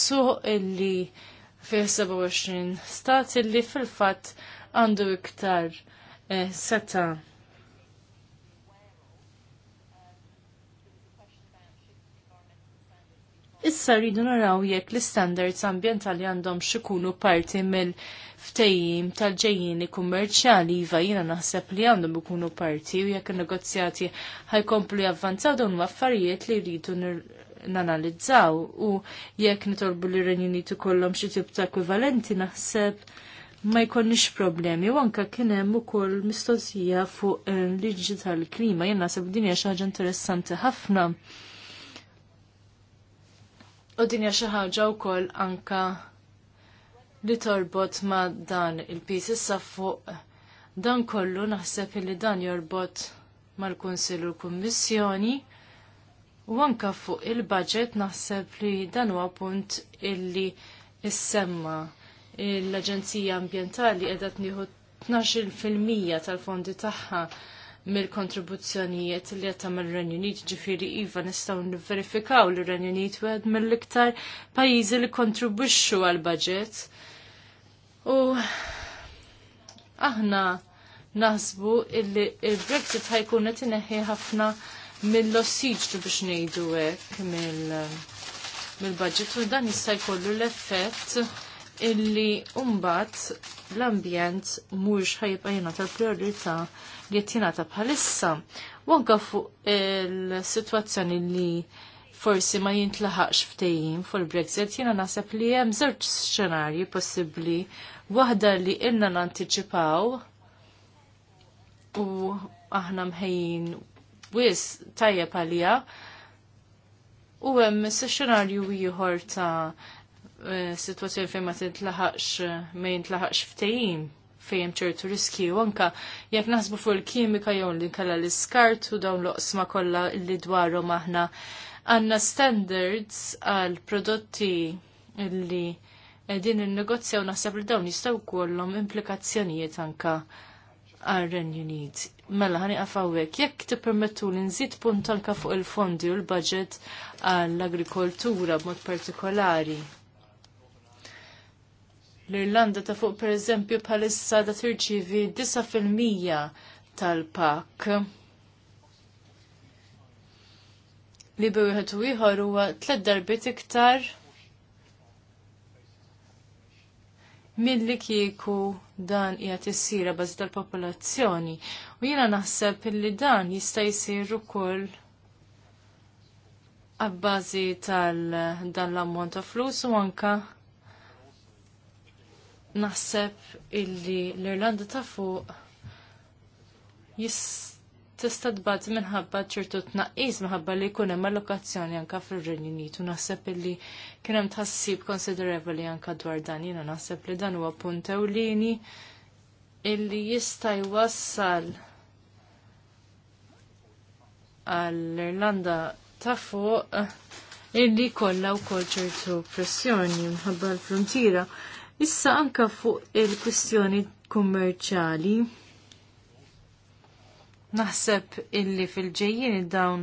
Speaker 2: suq illi fih 27 stat illi fil-fatt għandu iktar eh, seta' Issa rridu naraw jekk l-standards ambjentali għandhom xikunu parti mill-ftejjim tal-ġejjini kummerċjali iva jiena naħseb li għandhom ikunu parti u jekk il negozjati ħajkomplu javvanzaw dawn l-affarijiet li rridu nanalizzaw u jekk nitolbu li r-Renjuniti kollhom xi tip ta' ekwivalenti naħseb ma jkollniex problemi. U anka kien hemm ukoll mistoqsija fuq eh, l-liġi tal-klima. Jien naħseb din hija xi ħaġa interessanti ħafna. U dinja xi ħaġa wkoll anka li torbot ma' dan il-pis issa fuq dan kollu naħseb li dan jorbot mal-Kunsill u l-Kummissjoni u anka fuq il-budget naħseb li dan huwa punt illi issemma l-Aġenzija Ambjentali qiegħda tnieħu 12% tal-fondi tagħha mill-kontribuzzjonijiet li qed mill renju Unit, ġifieri iva nistgħu nivverifikaw li renju Unit wieħed mill-iktar pajjiżi li kontribuxxu għal budget. U aħna naħsbu illi il-Brexit ħajkun qed ineħħi ħafna mill-ossiġġu biex ngħidu hekk mill-budget u dan jista' jkollu l-effett illi umbat l-ambjent mhux ħajbqa jingħata priorità li jtjenata bħalissa. Wanka fuq il-situazzjoni li forsi ma jintlaħax ftejjim fuq il-Brexit, jiena nasab li hemm żewġ xenarji possibbli. Waħda li ilna nantiċipaw, u aħna mħejjin wis tajja palija u hemm xenarju ieħor ta' eh, situazzjoni fejn ma tintlaħax ma jintlaħax ftejjim. Fejjem ċertu riski u anka jekk naħsbu fuq il-kimika jew li nkella l-iskart u dawn l-oqsma kollha li dwarhom aħna għandna standards għal prodotti li din il-negozja u naħseb li dawn jistgħu kollhom implikazzjonijiet anka għal-Ren Unit. Mela ħani għafawek, jekk tippermettu li nżid punt anka fuq il-fondi u l-budget għall-agrikoltura b'mod partikolari L-Irlanda ta' fuq pereżempju bħalissa da tirċivi 9% tal-pak. Li wieħed u ieħor huwa tliet darbiet iktar milli kieku dan qiegħed issira bażi tal-popolazzjoni. U jiena naħseb li dan jista' jsir ukoll għabbażi tal-dan l-ammont ta' flus u anka naħseb illi l-Irlanda ta' fuq tista' tbad minħabba ċertu tnaqqis minħabba li jkun hemm allokazzjoni anke fir-Renju Unit u naħseb illi kien hemm tħassib konsiderevoli anke dwar dan jiena naħseb li dan huwa punt ewlieni illi jista' jwassal għall-Irlanda ta' fuq illi kollha wkoll ċertu pressjoni minħabba l-frontiera. Issa anka fuq il-kwistjoni kummerċali. Naħseb illi fil-ġejjien dawn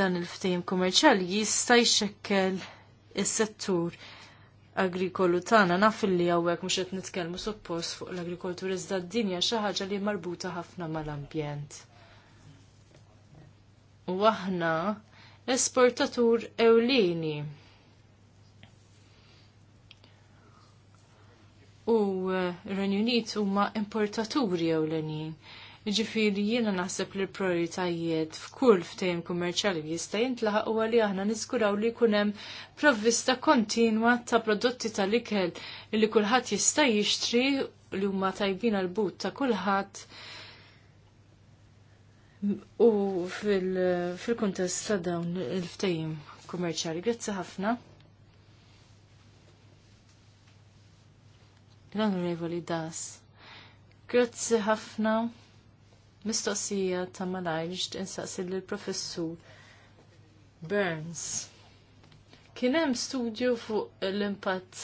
Speaker 2: dan il-ftehim kummerċali jista' jxekkel is-settur agrikolu tagħna naf illi hawnhekk mhux qed nitkellmu suppost fuq l-agrikoltur iżda d-dinja xi ħaġa li marbuta ħafna mal-ambjent. U aħna esportatur ewlieni u r-Renju eh, Unit huma importaturi ewlenin. Ġifiri jiena naħseb li prioritajiet f'kull ftehim kummerċali jista' jintlaħaq huwa li aħna niskuraw li jkun hemm provvista kontinwa ta' prodotti tal-ikel li kulħadd jista' jixtri li huma tajbin għal but ta' kulħadd u fil-kuntest ta' dawn il-ftehim kummerċali. Grazzi ħafna. l-Onorevoli Das. Grazzi ħafna mistoqsija ta' malajġt insaqsi l-professur Burns. Kien hemm studju fuq l-impatt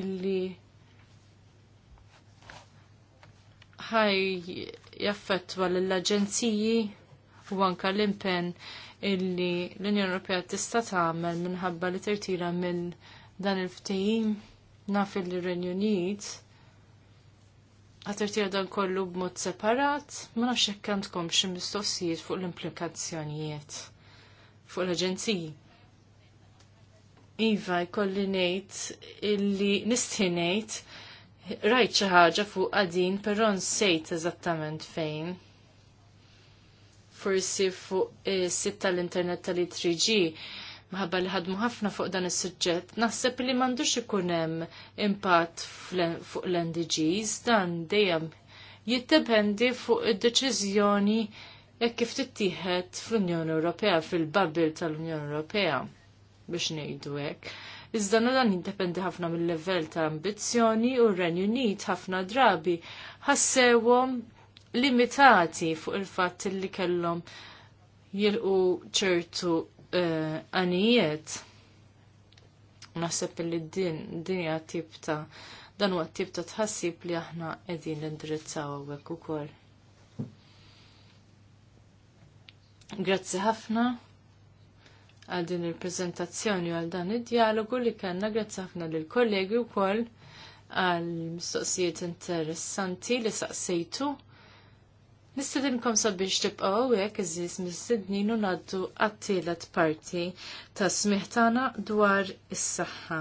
Speaker 2: illi ħaj jaffettwa l-aġenziji u anka l-impen illi l-Unjoni Ewropea tista' tagħmel minħabba li tirtira minn dan il-ftehim naf il-Renju Unit għatirtira dan kollu b'mod separat, ma nafx hekk għandkom xi mistoqsijiet fuq l-implikazzjonijiet fuq l-aġenziji. Iva, jkolli ngħid illi nisti rajt xi ħaġa fuq għadin, però nsejt eżattament fejn. Forsi fuq eh, sitta l tal-internet tal-3G maħabba li ħadmu ħafna fuq dan is-suġġett, naħseb li m'għandux ikun hemm impatt fuq l-NDGs, dan dejjem jiddependi fuq id-deċiżjoni jekk kif tittieħed fl-Unjoni Ewropea fil-babil tal-Unjoni Ewropea biex ngħidu hekk. Iżda dan jiddependi ħafna mill-level ta' ambizzjoni u r-Renju Unit ħafna drabi ħassewhom limitati fuq il-fatt li kellhom jilqu ċertu Eh, għanijiet. Naħseb li din, dinja tip ta' dan huwa tip ta' tħassib li aħna qegħdin nindirizzaw hawnhekk ukoll. Grazzi ħafna għal din il-prezentazzjoni għal dan id-dialogu li kanna grazzi ħafna lil kollegi wkoll għal mistoqsijiet interessanti li saqsejtu Nistedinkom sabiex tibqaw hekk iżis mis-sidnin u ngħaddu għat-tielet parti ta' smiħtana dwar is-saħħa.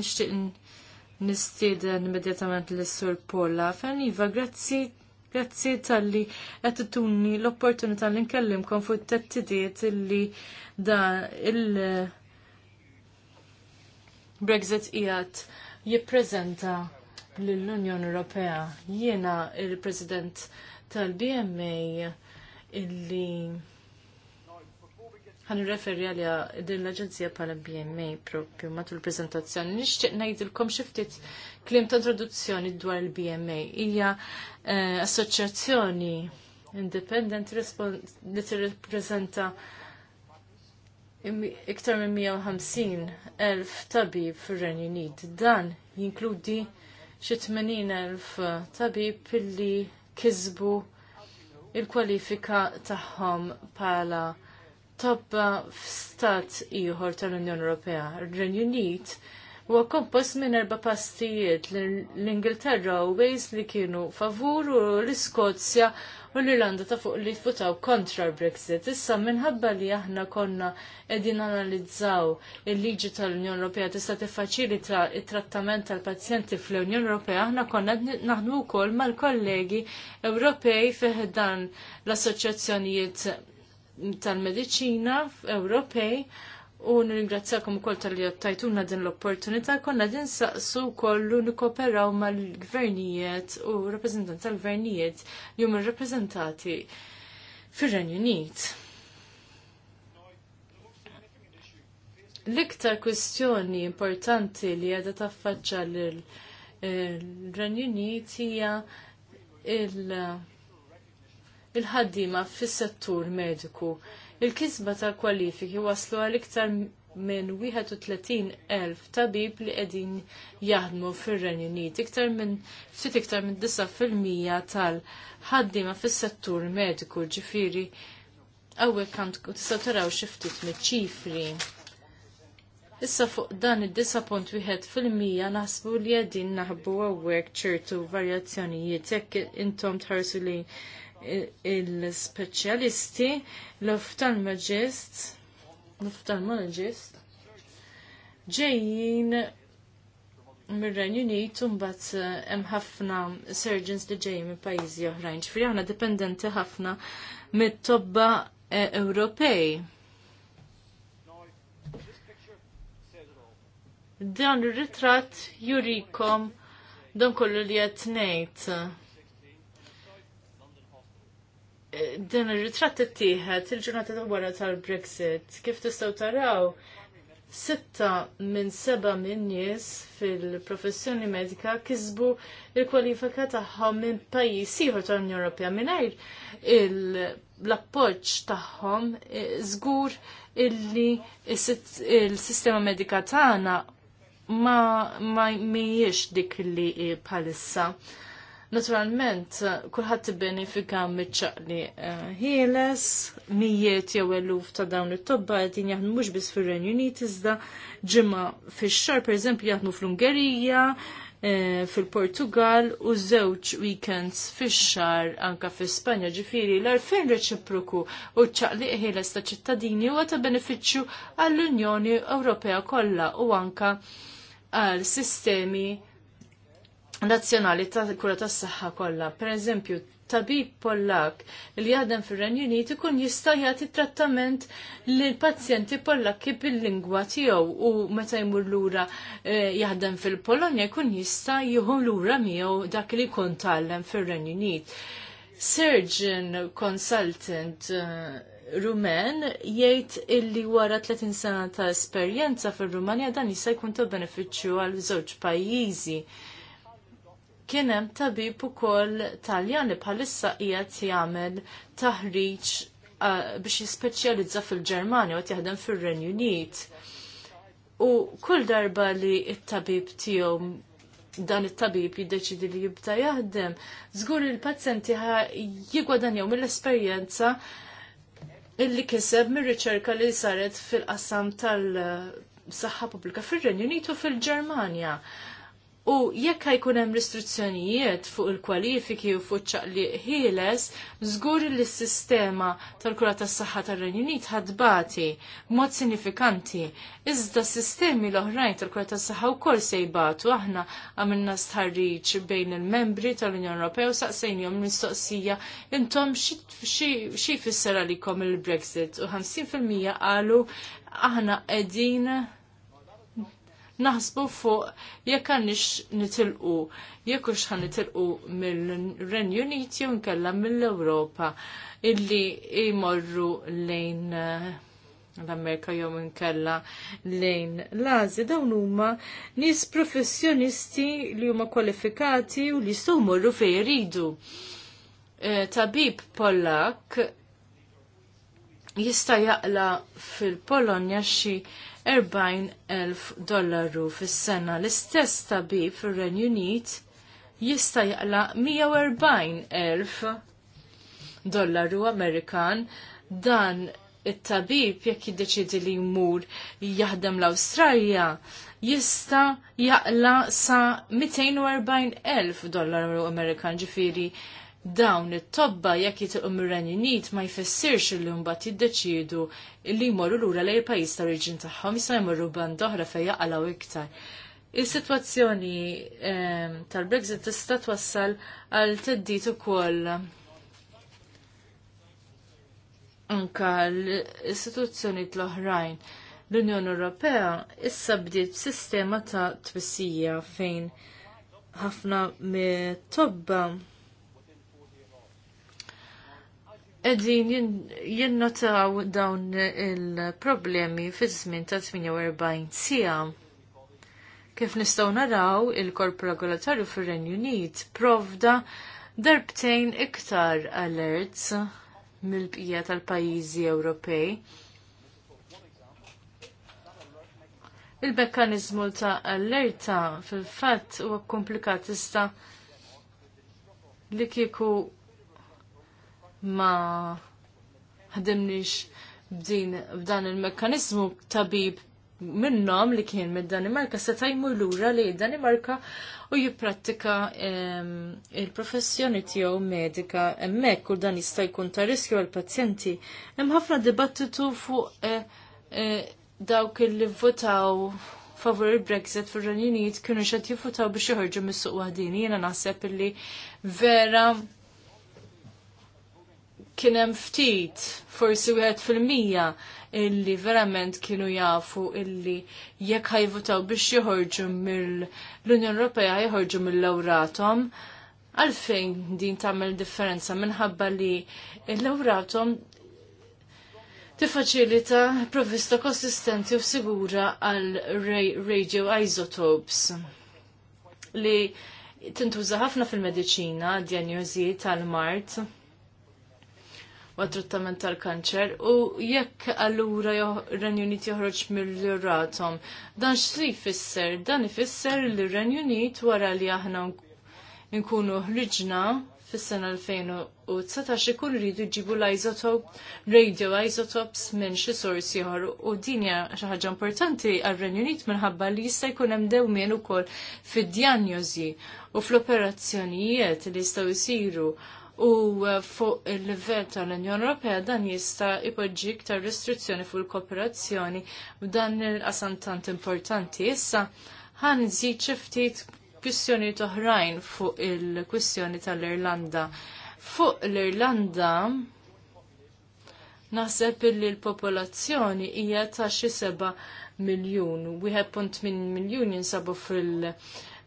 Speaker 2: Nixtieq nistieden immedjatament lis sur Pola fejn iva grazzi Grazzi tal-li għattituni l-opportunità li nkellimkom fuq t-tettidiet illi da il-Brexit ijat jipprezenta l-Unjoni Ewropea. Jiena il-President tal-BMA illi ħan referi għalja din l-Aġenzija bħala BMA propju matul prezentazzjoni. Nixtieq ngħidilkom xi ftit kliem ta' introduzzjoni dwar il-BMA. Hija eh, assoċjazzjoni independent li tirrepreżenta iktar minn 150 elf tabib fir-Renju Unit. Dan jinkludi xi 80,000 uh, tabib illi kizbu il-kwalifika tagħhom bħala tobba f'stat ieħor tal-Unjoni Ewropea. Ir-Renju Unit huwa kompost minn erba pastijiet l-Ingilterra u Wales li kienu favur u l-Iskozja u l-Irlanda ta' fuq li jfutaw kontra brexit Issa minħabba li aħna konna edin analizzaw il-liġi tal-Unjon Ewropea tista' tiffaċilita it-trattament tal-pazjenti fl-Unjon Ewropea, aħna konna naħdmu wkoll mal-kollegi Ewropej fiħdan l-assoċjazzjonijiet tal-medicina Ewropej u nirringrazzjakom ukoll tal-li tajtuna din l-opportunità konna din saqsu kollu nikoperaw mal-gvernijiet u rappresentanti tal-gvernijiet li huma rappresentati fir-Renju Unit. L-iktar kwistjoni importanti li għadha taffaċċa eh, l-Renju Unit hija il- ħaddima fis-settur mediku. Il-kisba tal-kwalifiki waslu għal iktar minn 31,000 tabib li qegħdin jaħdmu fir-Renju Unit, iktar minn ftit iktar minn 9% tal-ħaddiema fis-settur mediku ġifiri hawnhekk kant tistgħu taraw xi ftit miċ-ċifri. Issa fuq dan id-9.1 fil-mija naħsbu li qegħdin naħbu għawek ċertu varjazzjonijiet jekk intom tħarsu li il-speċjalisti l-oftalmologist l-oftalmologist ġejjin mir-Renju Unit mbagħad eh, hemm ħafna surgeons li ġejjin minn pajjiżi oħrajn. Ġifieri aħna dipendenti ħafna mit-tobba eh, Ewropej. Dan ir-ritratt jurikom dan kollu li qed ngħid din ir-ritratt ittieħed il-ġurnata ta' wara tal-Brexit. Kif tistgħu taraw, sitta minn seba' minn nies fil-professjoni medika kisbu il-kwalifika tagħhom minn pajjiż ieħor tal-Unjoni Ewropea mingħajr l-appoġġ tagħhom eh, żgur illi il-sistema medika tagħna ma, mhijiex dik li bħalissa. E, Naturalment, kulħadd benefika miċċaqli eh, ħieles, mijiet jew eluf ta' dawn it-tobba qegħdin jaħdmu mhux biss fir-Renju Unit iżda ġimgħa fix-xar pereżempju jaħdmu fl-Ungerija, eh, fil-Portugal u żewġ weekends fix-xar anka fl-Ispanja ġifiri l-arfejn reċiproku u ċ-ċaqli ħieles ta' ċittadini huwa ta' benefiċċju għall-Unjoni Ewropea kollha u anka għal sistemi nazzjonali ta' kura tas saħħa kollha. Pereżempju, tabib Pollak li jaħdem fir-Renju Unit ikun jista' jagħti trattament lil pazjenti Pollakki bil-lingwa tiegħu u meta jmur lura eh, jaħdem fil-Polonja jkun jista' jieħu lura miegħu dak li jkun tgħallem fir-Renju Unit. Surgeon consultant eh, Rumen jgħid illi wara 30 sena ta' esperjenza fir-Rumanja dan jista' jkun ta' benefiċċju għal żewġ pajjiżi kien hemm tabib ukoll taljani bħalissa qiegħed jagħmel taħriġ uh, biex jispeċjalizza fil-Ġermanja u jaħdem fir-Renju Unit. U kull darba li it-tabib tiegħu dan it-tabib jiddeċidi li jibda jaħdem, żgur il-pazzenti jigwadanjaw mill-esperjenza illi kiseb mir-riċerka li saret fil-qassam tal-saħħa pubblika fir-Renju Unit u fil-Ġermanja. fil fil ġermanja U jekk ħajkun hemm restrizzjonijiet fuq il-kwalifiki u fuq ċaqli ħieles, żgur li s-sistema tal-kura tas-saħħa tar-Renju Unit ħadbati b'mod sinifikanti. Iżda s-sistemi l-oħrajn tal-kura tas-saħħa wkoll se jbatu aħna għamilna stħarriġ bejn il-membri tal-Unjoni Ewropea u saqsejnihom mistoqsija intom xi jfisser għalikom il-Brexit u 50% qalu aħna qegħdin naħsbu fuq jekk għandix nitilqu, jekk hux ħan nitilqu mill-Renju Uniti jew nkella mill-Ewropa illi jmorru lejn eh, l-Amerika jew nkella lejn l-Azja dawn huma nies professjonisti li huma kwalifikati u li jistgħu jmorru fejn jridu. Eh, tabib Pollak jista' jaqla fil-Polonja xi 40.000 dollaru fis-sena. L-istess tabib fir-Renju Unit jista' jaqla' 140.000 dollaru Amerikan dan it-tabib jekk jiddeċidi li jmur jaħdem l-Awstralja jista jaqla sa 240.000 dollaru Amerikan ġifiri dawn it-tobba jekk jitilqu mir-Renju Unit ma jfissirx illi mbagħad jiddeċiedu li jmorru lura lejn il-pajjiż ta' oriġin tagħhom jista' jmorru band oħra fejn jaqalgħu iktar. Is-sitwazzjoni ehm, tal-Brexit tista' twassal għal teddit ukoll anka l-istituzzjoni l-oħrajn. L-Unjoni Ewropea issa bdiet sistema ta' twissija fejn ħafna mit tobba Edin jinnotaw dawn il-problemi fi żmien ta' 48 sija. Kif nistgħu naraw il-Korp Regolatorju fir-Renju Unit provda darbtejn iktar alerts mill-bqija tal-pajjiżi Ewropej. il mekkaniżmu ta' allerta fil-fatt huwa komplikat issa li kieku ma ħdimniex b'din b'dan il-mekkanizmu tabib minnom li kien mid danimarka se tajmu lura li danimarka u jipprattika il-professjoni tiegħu medika hemmhekk u dan jista' jkun ta' riskju għall pazjenti. Hemm ħafna dibattitu fuq eh, eh, dawk li votaw favur il-Brexit fir-Renju Unit kienu xed jifutaw biex joħorġu mis-suq waħdin. Jiena naħseb illi vera kienem ftit, forsi wieħed fil-mija illi verament kienu jafu illi jekk ħajvutaw biex joħorġu mill-Unjoni Ewropea jħorġu mill-lawratom. Għalfejn din tagħmel differenza minħabba li l-lawratom tiffaċilita provvista konsistenti u sigura għal radio isotopes li tintuża ħafna fil għad diagnosi tal-mart u trattament tal-kanċer u jekk allura Renju Unit joħroġ mill-ratom. Dan xri fisser? Dan ifisser li Renju Unit wara li aħna nkunu ħriġna fis-sena 2019 ikun rridu jġibu l-izotop, radio isotopes minn xi sorsi ieħor u din hija xi ħaġa importanti għar-Renju Unit minħabba li jista' jkun hemm dewmien ukoll fid-djanjosi u fl-operazzjonijiet li jistgħu jsiru u uh, fuq il-livell tal-Unjoni Ewropea dan jista' ipoġġi iktar restrizzjoni fuq il-kooperazzjoni b'dan il-qasam tant importanti. Issa ħan nżid xi ftit kwistjonijiet oħrajn fuq il-kwistjoni tal-Irlanda. Fuq l-Irlanda naħseb li l-popolazzjoni hija ta' xi seba' miljun, wieħed punt minn miljun jinsabu fil-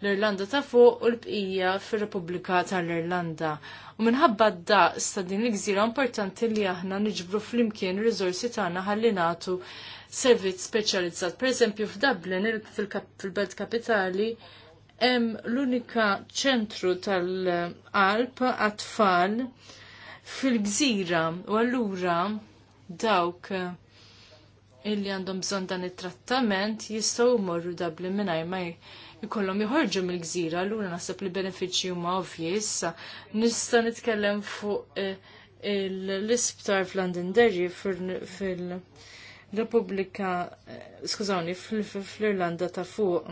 Speaker 2: l-Irlanda ta' fuq u l-bqija fir-Repubblika tal-Irlanda. U minħabba da daqs ta' din l-gżira importanti li aħna niġbru fl-imkien rizorsi tagħna ħalli nagħtu servizz speċjalizzat. Pereżempju f'Dublin fil-Belt Kapitali hemm l-unika ċentru tal-qalb għat-tfal fil-gżira u allura dawk illi għandhom bżon dan it-trattament jistgħu jmorru Dublin mingħajr ma jkollhom joħorġu mill-gżira, allura naħseb li benefiċċji huma ovvji issa. Nista' nitkellem fuq eh, l-isptar fl fil-Repubblika, eh, skużawni, fl-Irlanda ta' fuq.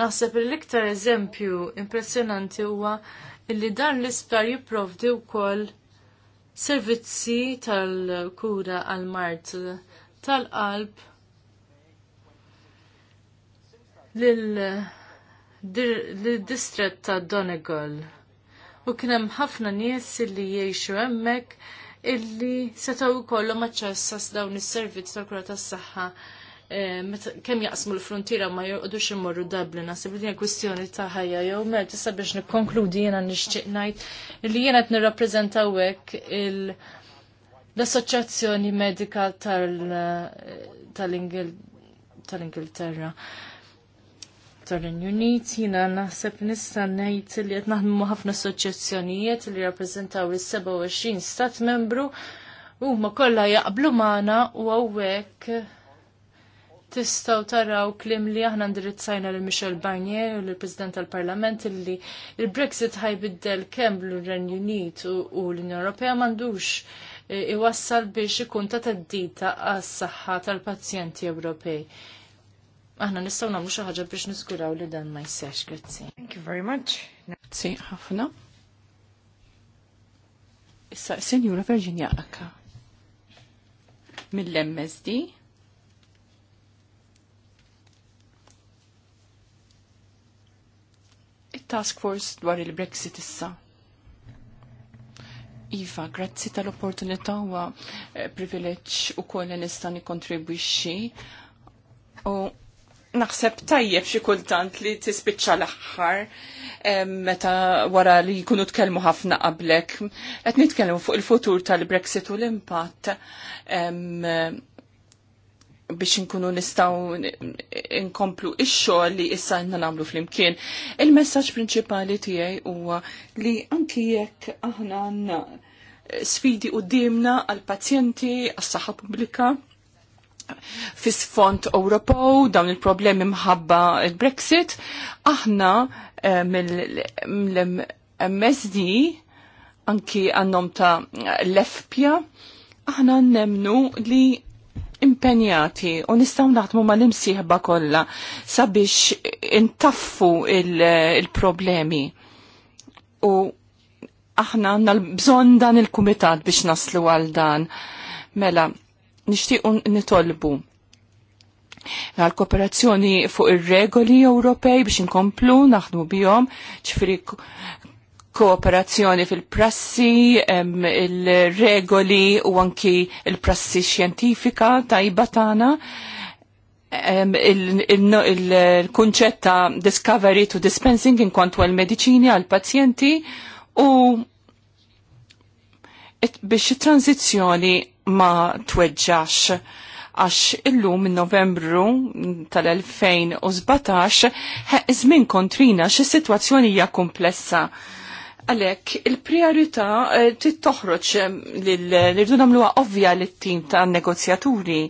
Speaker 2: Naħseb li l-iktar eżempju impressjonanti huwa li dan l-isptar jipprovdi wkoll servizzi tal-kura għal-mart tal-qalb l-distret ta' Donegal. U kienem ħafna nies li jiexu emmek illi setaw maċċessa s dawn is-servizz tal-kura tas-saħħa eh, kemm jaqsmu l-frontiera ma jorqodux immorru Dublin, għasib li kwistjoni ta' ħajja jew mel tista' biex nikkonkludi jiena nixtieq ngħid li jiena qed nirrappreżentaw hekk l-Assoċjazzjoni Medika eh, tal-Ingilterra tar-Renju Unit, jiena naħseb nista' ngħid li qed naħdmu ħafna assoċjazzjonijiet li rappreżentaw is-27 stat membru huma kollha jaqblu magħna u hawnhekk tistaw taraw klim li aħna ndirizzajna l Michel Barnier u l-President tal-Parlament li il-Brexit ħajbiddel kemm l-Renju Unit u l-Unjoni Ewropea m'għandux eh, iwassal biex ikun ta' teddita għas saħħa tal-pazjenti Ewropej aħna nistgħu nagħmlu xi ħaġa biex niskuraw li dan ma jsirx. Grazzi. Thank you very much. Grazzi ħafna.
Speaker 3: Issa Sinjura Virginia Akka mill-MSD. task force dwar il-Brexit issa. Iva, grazzi tal-opportunità u eh, privileġġ ukoll li nista' nikkontribwixxi u naħseb tajjeb xi kultant li tispiċċa l-aħħar meta wara li jkunu tkellmu ħafna qablek. Qed nitkellmu fuq il-futur tal-Brexit u l-impatt biex nkunu nistaw nkomplu ix-xogħol li issa għandna nagħmlu flimkien. Il-messaġġ prinċipali tiegħi huwa li anki jekk aħna sfidi qudiemna għall-pazjenti, għas-saħħa pubblika, fis-font Ewropew dawn il-problemi mħabba il-Brexit, aħna eh, mill-MSD anki għannom ta' l fpa aħna nemnu li impenjati u nistaw naħdmu ma l-imsieħba kollha sabiex intaffu il-problemi. u aħna għanna l-bżon dan il-kumitat biex naslu għal dan. Mela, nixtiequ nitolbu għal-kooperazzjoni fuq ir-regoli Ewropej biex inkomplu naħdmu bihom, ċifri kooperazzjoni fil-prassi, il-regoli u anki il-prassi xjentifika tajba tagħna il-kunċett ta' discovery to dispensing kontu għal-medicini għal-pazjenti u biex it ma tweġġax għax illum novembru tal-2017 żmien kontrina xi sitwazzjoni hija komplessa. Għalek, il-priorità eh, tittoħroġ eh, l-irdu nagħmluha ovvja l tim ta' negozjaturi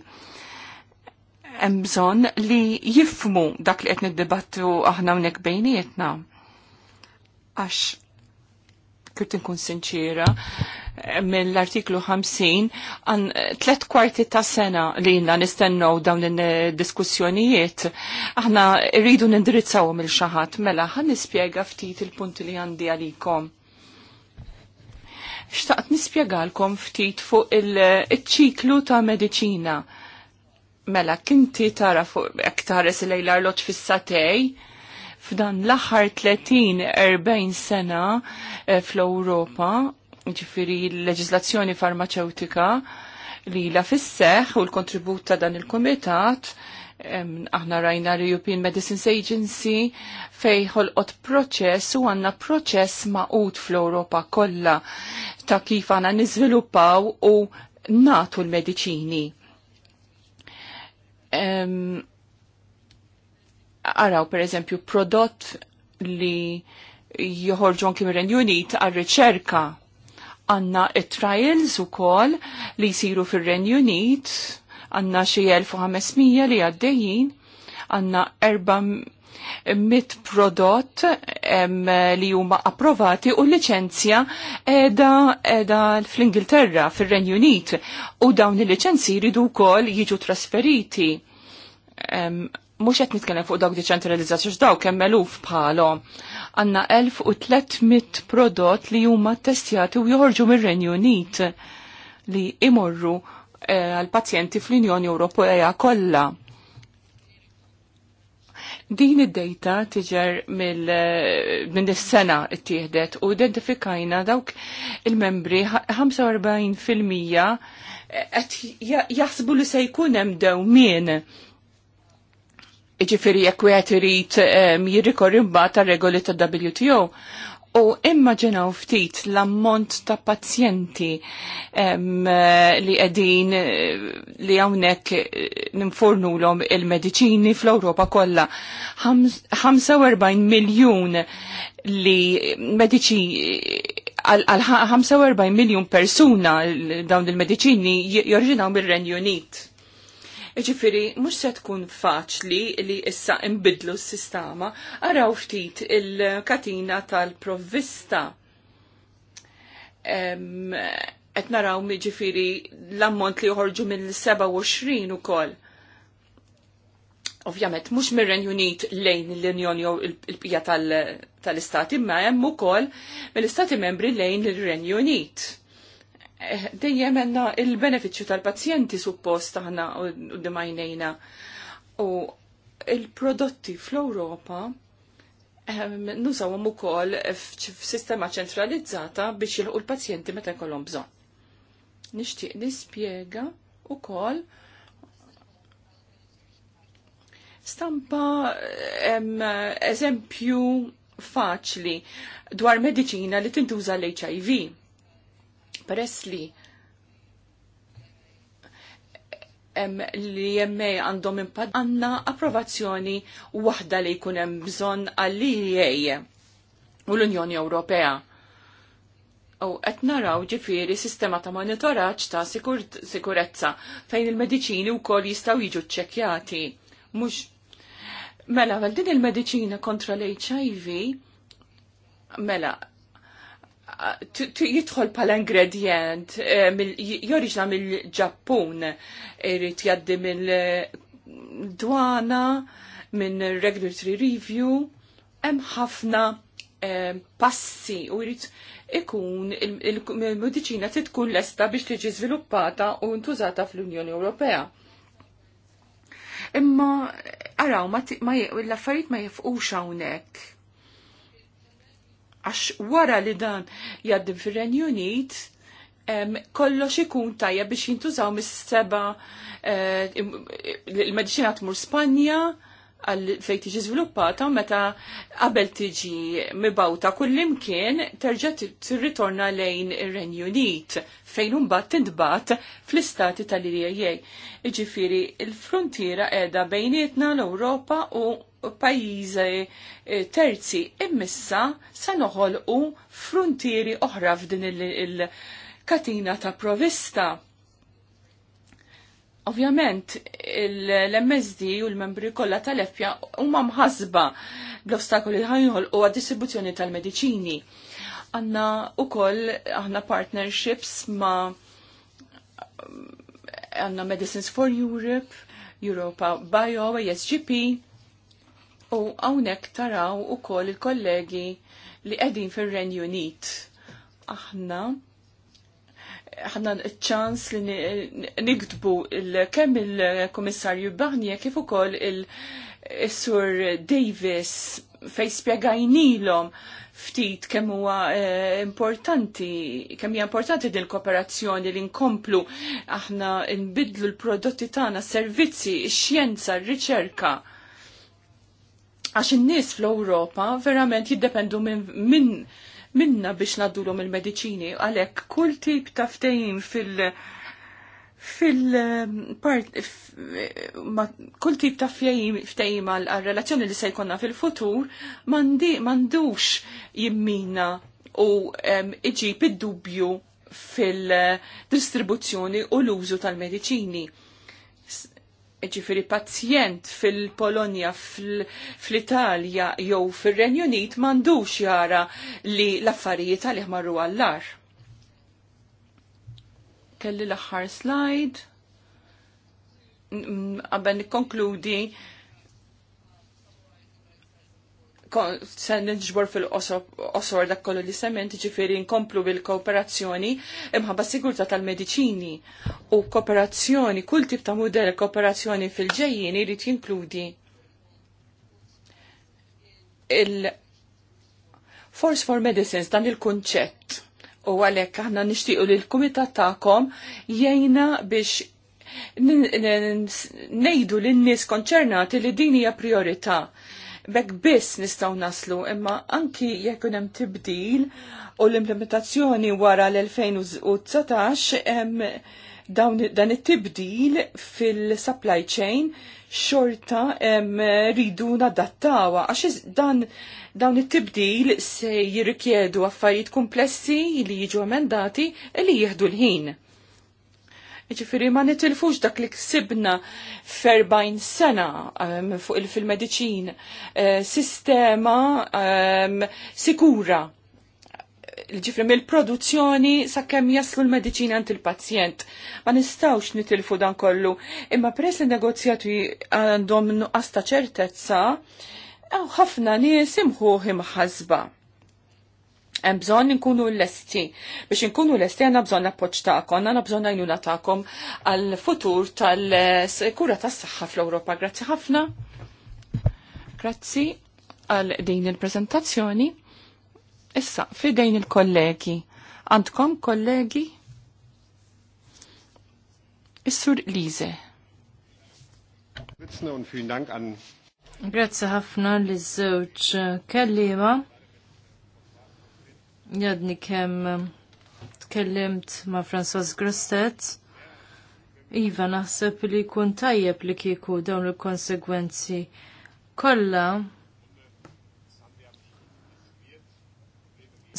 Speaker 3: hemm bżonn li jifmu dak li qed niddibattu aħna hawnhekk bejnietna. Għax kif nkun sinċira, mill artiklu 50 għan eh, tlet kwarti ta' sena li jina nistennow dawn il-diskussjonijiet, eh, aħna rridu nindirizzawhom il-xaħat, mela ħan nispjega ftit il-punti li għandi għalikom. Xtaqt nispjegalkom ftit fuq il-ċiklu eh, ta' medicina. Mela, kinti tara fuq ektar lejla l loċ fissatej, f'dan l-aħħar 30-40 sena eh, fl-Ewropa, ġifiri l-leġislazzjoni farmaceutika li la fisseħ u l-kontribut ta' dan il-komitat, aħna rajna l-European Medicines Agency fejħol ħolqot proċess u għanna proċess maqut fl-Europa kollha ta' kif għanna nizviluppaw u natu l-mediċini. Um, araw per eżempju prodott li joħorġu anki mir Unit għal riċerka għanna trials u kol li jisiru fir renju Unit għanna xie 1500 li għaddejjin għanna 400 prodott li huma approvati u licenzja edha, edha fl-Ingilterra fir renju Unit u dawn il-licenzi jridu kol jiġu trasferiti mux qed nitkellem fuq dawk deċentralizzazzjoni dawk kemm eluf bħalhom. Għandna 1300 prodott li huma testjati u joħorġu mir-Renju Unit li imorru eh, għal-pazjenti fl-Unjoni Ewropea kollha. Din id-data tiġer eh, minn is-sena ttieħdet u identifikajna dawk il-membri 45% eh, qed jaħsbu li se jkun hemm dewmien Iġifiri jekk wieħed irid ehm, jirrikorri mbagħad regoli ta' WTO. U immaġinaw ftit l-ammont ta' pazjenti ehm, li qegħdin eh, li hawnhekk eh, ninfornulhom il-mediċini fl-Ewropa kollha. 45 miljun li mediċi għal 45 miljon persuna dawn il-mediċini jorġinaw mir renju Unit. Iġifiri, mux se tkun faċli li issa imbidlu s-sistama, għaraw ftit il-katina tal-provvista. Et naraw miġifiri l-ammont li joħorġu mill-27 u koll ovvjament mhux mir-Renju Unit lejn l-Unjoni jew il-pija tal-Istati, imma hemm ukoll mill-Istati membri lejn il-Renju Unit. Eh, dejjem għanna il-benefiċċju tal-pazjenti suppost aħna u dimajnejna. U il-prodotti fl-Ewropa kol ehm, ukoll f'sistema ċentralizzata biex jilħu l-pazjenti meta jkollhom bżonn. Nixtieq nispjega kol stampa ehm, eżempju faċli dwar medicina li tintuża l-HIV peress li em, li jemmej għandhom impad għanna approvazzjoni waħda li jkun hemm bżonn għall-EA u l-Unjoni Ewropea. U qed naraw ġifieri sistema ta' monitoraġġ ta' sikurezza fejn il-mediċini wkoll jistgħu jiġu ċċekkjati. Mhux mela għal din il-mediċina kontra l-HIV mela jidħol pal ingredient eh, joriġna mill-Ġappun, irrit jaddi mill-dwana, minn regulatory review, hemm ħafna eh, passi u jrid ikun il-mediċina tkun lesta biex tiġi żviluppata u ntużata fl-Unjoni Ewropea. Imma araw, l-affarijiet ma jifqux hawnhekk Għax wara li dan jaddim fir-Renju Unit, kollox ikun tajja biex jintużaw mis-seba eh, il-medicina tmur Spanja, għal fej tiġi żviluppata meta qabel tiġi mibawta kullimkien terġa' tirritorna lejn ir-Renju Unit fejn imbagħad tintbagħat fl-istati tal-IEA. Iġifiri, l-frontiera qiegħda bejnietna l-Ewropa u pajjiżi eh, terzi immissa se noħolqu frontieri oħra f'din il-katina ta' provista Ovvjament, l-MSD u l-membri kollha tal-EFPA huma mħasba bl-ostakoli ħajnħol ħajħol u għad-distribuzzjoni tal-mediċini. Għanna u koll għanna partnerships ma għanna Medicines for Europe, Europa Bio, ESGP u għawnek taraw u koll il-kollegi li għedin fil-Renju Unit. Aħna ħadna ċans li nikdbu kemm il-Komissarju Barnier kif ukoll il-Sur Davis fej spjegajnilhom ftit kemm huwa eh, importanti, kemm hija importanti din kooperazzjoni li nkomplu aħna nbidlu l-prodotti tagħna, servizzi, ix xjenza r-riċerka. Għax in-nies fl-Ewropa verament jiddependu minn min minna biex naddulom il-mediċini għalhekk kull tip ta' ftehim fil- fil-part um, kull tip ta' ftejim għal-relazzjoni li se jkollna fil-futur m'għandux jimmina u um, iġib id-dubju fil-distribuzzjoni uh, u l-użu tal-mediċini ġifiri pazjent fil-Polonja, fl-Italja jew fil-Renju Unit mandux jara li l-affarijiet għalih marru għallar. Kelli l-axħar slide. Għabben nikkonkludi konkludi se nġbor fil-osor dak kollu li sement ġifiri nkomplu bil-kooperazzjoni imħabba sigurta tal-medicini u kooperazzjoni, kull tip ta' model kooperazzjoni fil-ġejjin rrit jinkludi il- Force for Medicines dan il-kunċett u għalek aħna nishtiqu li l-kumitat ta'kom jajna biex nejdu l-nis konċernati li din hija priorità bekk biss nistaw naslu, imma anki jekk hemm tibdil u l-implementazzjoni wara l-2019 dan it-tibdil fil-supply chain xorta ridu nadattawa għax dan dawn it-tibdil se jirrikjedu affarijiet komplessi li jiġu emendati li jieħdu l-ħin Ġifiri ma nitilfux dak li ksibna ferbajn sena um, fuq il-fil-medicin. Uh, sistema um, sikura. Ġifri mill-produzzjoni sa' kem jaslu l-medicina għand il-pazjent. Ma nistawx nitilfu dan kollu. Imma peress li negozjatu għandhom nuqqas ta' ċertezza, ħafna nies imħu imħazba hemm bżonn inkunu lesti. Biex inkunu lesti għandna bżonn appoġġ tagħkom, għandna bżonn għajnuna tagħkom għall futur tal-kura tas-saħħa fl-Ewropa. Grazzi ħafna. Grazzi għal din il-preżentazzjoni. Issa, fidejn il-kollegi. Għandkom kollegi?
Speaker 2: Is-sur Lise. Grazzi ħafna li żewġ kellima jadni kem um, tkellimt ma' François Grostet. Iva, naħseb li kun tajjeb li kieku dawn il-konsegwenzi kolla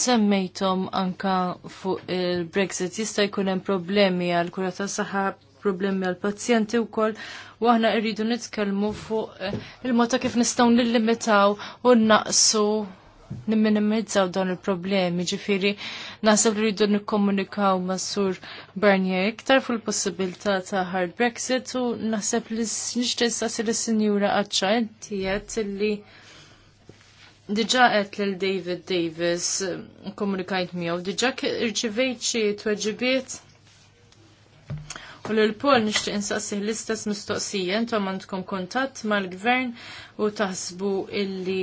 Speaker 2: semmejtom anka fuq il-Brexit jista' jkun hemm problemi għal kura ta' saħħa problemi għal pazjenti u koll u aħna irridu nitkellmu fuq eh, il-mota kif nistgħu nillimitaw u naqsu nimminimizzaw dawn il-problemi, ġifiri naħseb li rridu nikkomunikaw ma' sur Barnier iktar fuq il-possibilità ta' hard Brexit u naħseb li nixtieq sassi il sinjura għacċa inti qed li Diġa għet l David Davis komunikajt miegħu, diġa irċivejt xi tweġibiet U l-pol nixtieq insaqsih l-istess mistoqsija intom għandkom kontatt mal-gvern u taħsbu illi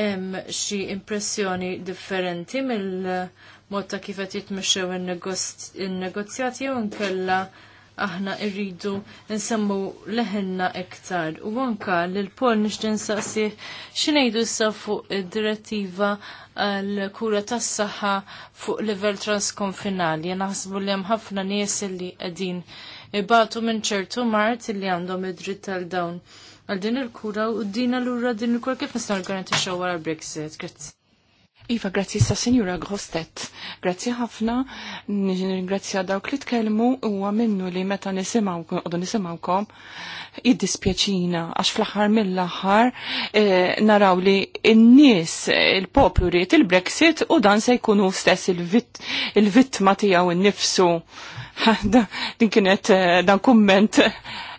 Speaker 2: hemm xi impressjoni differenti mill-mod ta' kif qed jitmexxew in-negozjati jew inkella aħna irridu nsemmu leħenna iktar. U anka l-pol nixġen saqsi xinejdu issa fuq id direttiva għall kura tas saħħa fuq level transkonfinali. Naħsbu li hemm ħafna nies li qegħdin ibatu minn ċertu mart li għandhom id-dritt tal dawn għal din il-kura u dina l-ura din il-kura kif nistan l-garanti wara Brexit. Grazzi.
Speaker 3: Iva, grazzi sa' Sinjura Grostet. Grazzi ħafna, grazzi dawk li tkellmu u għamennu li meta nisimawkom id-dispieċina, għax fl ħar mill ħar eh, naraw li n-nis, il-poplu rrit il-Brexit u dan se jkunu stess il-vittma il tijaw n nifsu Din kienet eh, dan kumment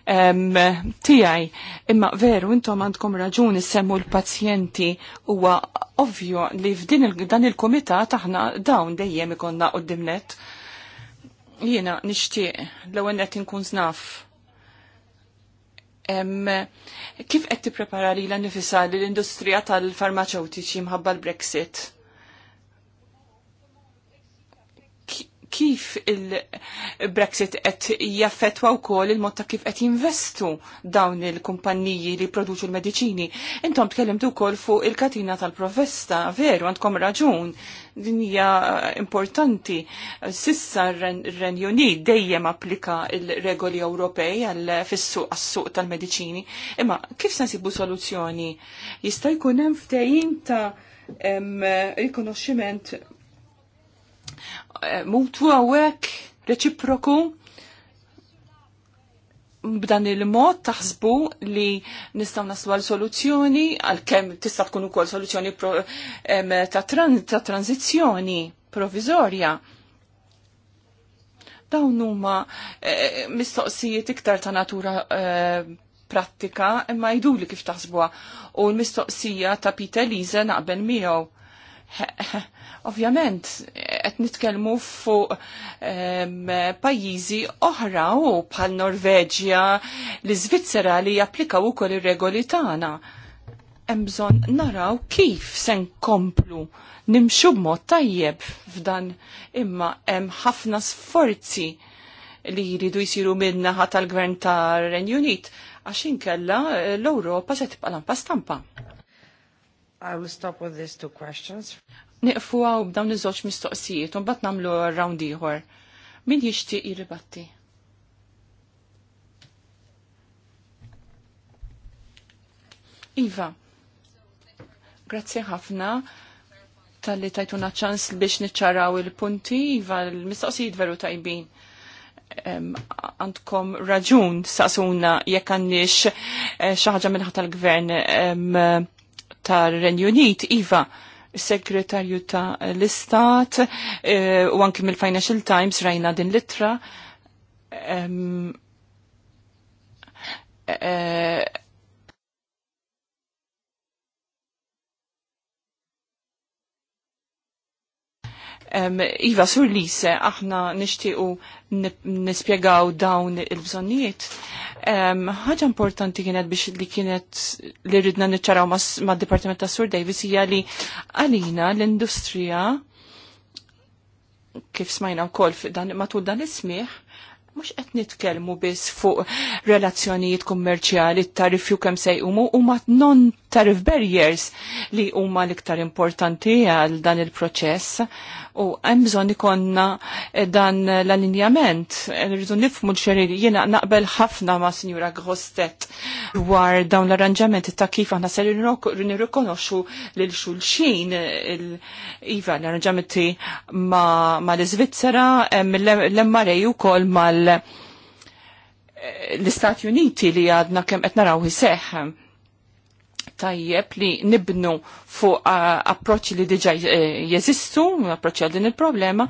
Speaker 3: tijaj. Imma veru intom għandkom raġuni semmu l-pazjenti huwa ovvju li f'din dan il-kumitat aħna dawn dejjem ikonna qoddimnet. Jiena nixtieq l-ewwel qed inkun naf kif qed tipprepara l nifisha lill-industrija tal-farmaceutiċi mħabba l-Brexit? kif il-Brexit qed jaffetwa wkoll il-mod ta' kif qed jinvestu dawn il-kumpanniji li produċu l-mediċini. Intom tkellimtu wkoll fuq il-katina tal-provesta, veru għandkom raġun din hija importanti. Sissa r-Renju Unit dejjem applika il-regoli Ewropej għal fissu għas-suq tal-mediċini. Imma kif se nsibu soluzzjoni? Jista' jkun hemm ftehim ta' rikonoximent. Eh, mutu għawek reċiproku b'dan il-mod taħsbu li nistaw naslu għal soluzzjoni, għal kem tista' tkun ukoll soluzzjoni ta' tranzizjoni provizorja. Dawn huma eh, mistoqsijiet iktar ta' natura eh, prattika imma jdu li kif taħsbuha u l-mistoqsija ta' Peter Lise naqbel miegħu. Ovvjament, qed nitkellmu fuq ehm, pajjiżi oħra u bħal Norveġja, l-Iżvizzera li japplikaw ukoll ir-regoli tagħna. Hemm bżonn naraw kif se nkomplu nimxu b'mod tajjeb f'dan imma hemm ħafna sforzi li jridu jisiru minnaħa tal-gvern tar renju Unit għax inkella l-Ewropa se tibqa' lampa stampa. I will stop with these two questions niqfu għaw b'dawn iż żoċ mistoqsijiet un bat namlu round ieħor. Min jishti jirribatti? Iva, grazzi ħafna tal-li tajtuna ċans biex niċċaraw il-punti, Iva, l-mistoqsijiet veru tajbin għandkom raġun saqsuna jekk għandix eh, xaħġa minnħat tal-gvern tal-Renju Unit, Iva, segretarju ta' l-Istat eh, u anki mill-Financial Times rajna din litra. ittra eh, Iva, sur Lise, aħna nishtiqu nispiegaw dawn il bżonijiet ħaġa importanti kienet biex li kienet li ridna niċċaraw ma' Dipartiment ta' Sur Davis hija li għalina l-industrija kif smajna wkoll dan matul dan ismiħ mux qed nitkellmu biss fuq relazzjonijiet kummerċjali tarif ju kemm sejqumu huma non tarif barriers li huma l-iktar importanti għal dan il-proċess u hemm bżonn ikonna eh, dan l-allinjament. Eh, rridu nifmu l li jiena naqbel ħafna ma' Sinjura Grostet dwar dawn l-arranġamenti ta' kif aħna ser nirrikonoxxu lil xulxin iva l-arranġamenti ma' l-Iżvizzera l-emmarej ukoll mal eh, l-Istati Uniti li għadna kemm qed naraw iseħħ tajjeb li nibnu fuq approċċi li diġa eh, jeżistu, approċċi għal din il-problema,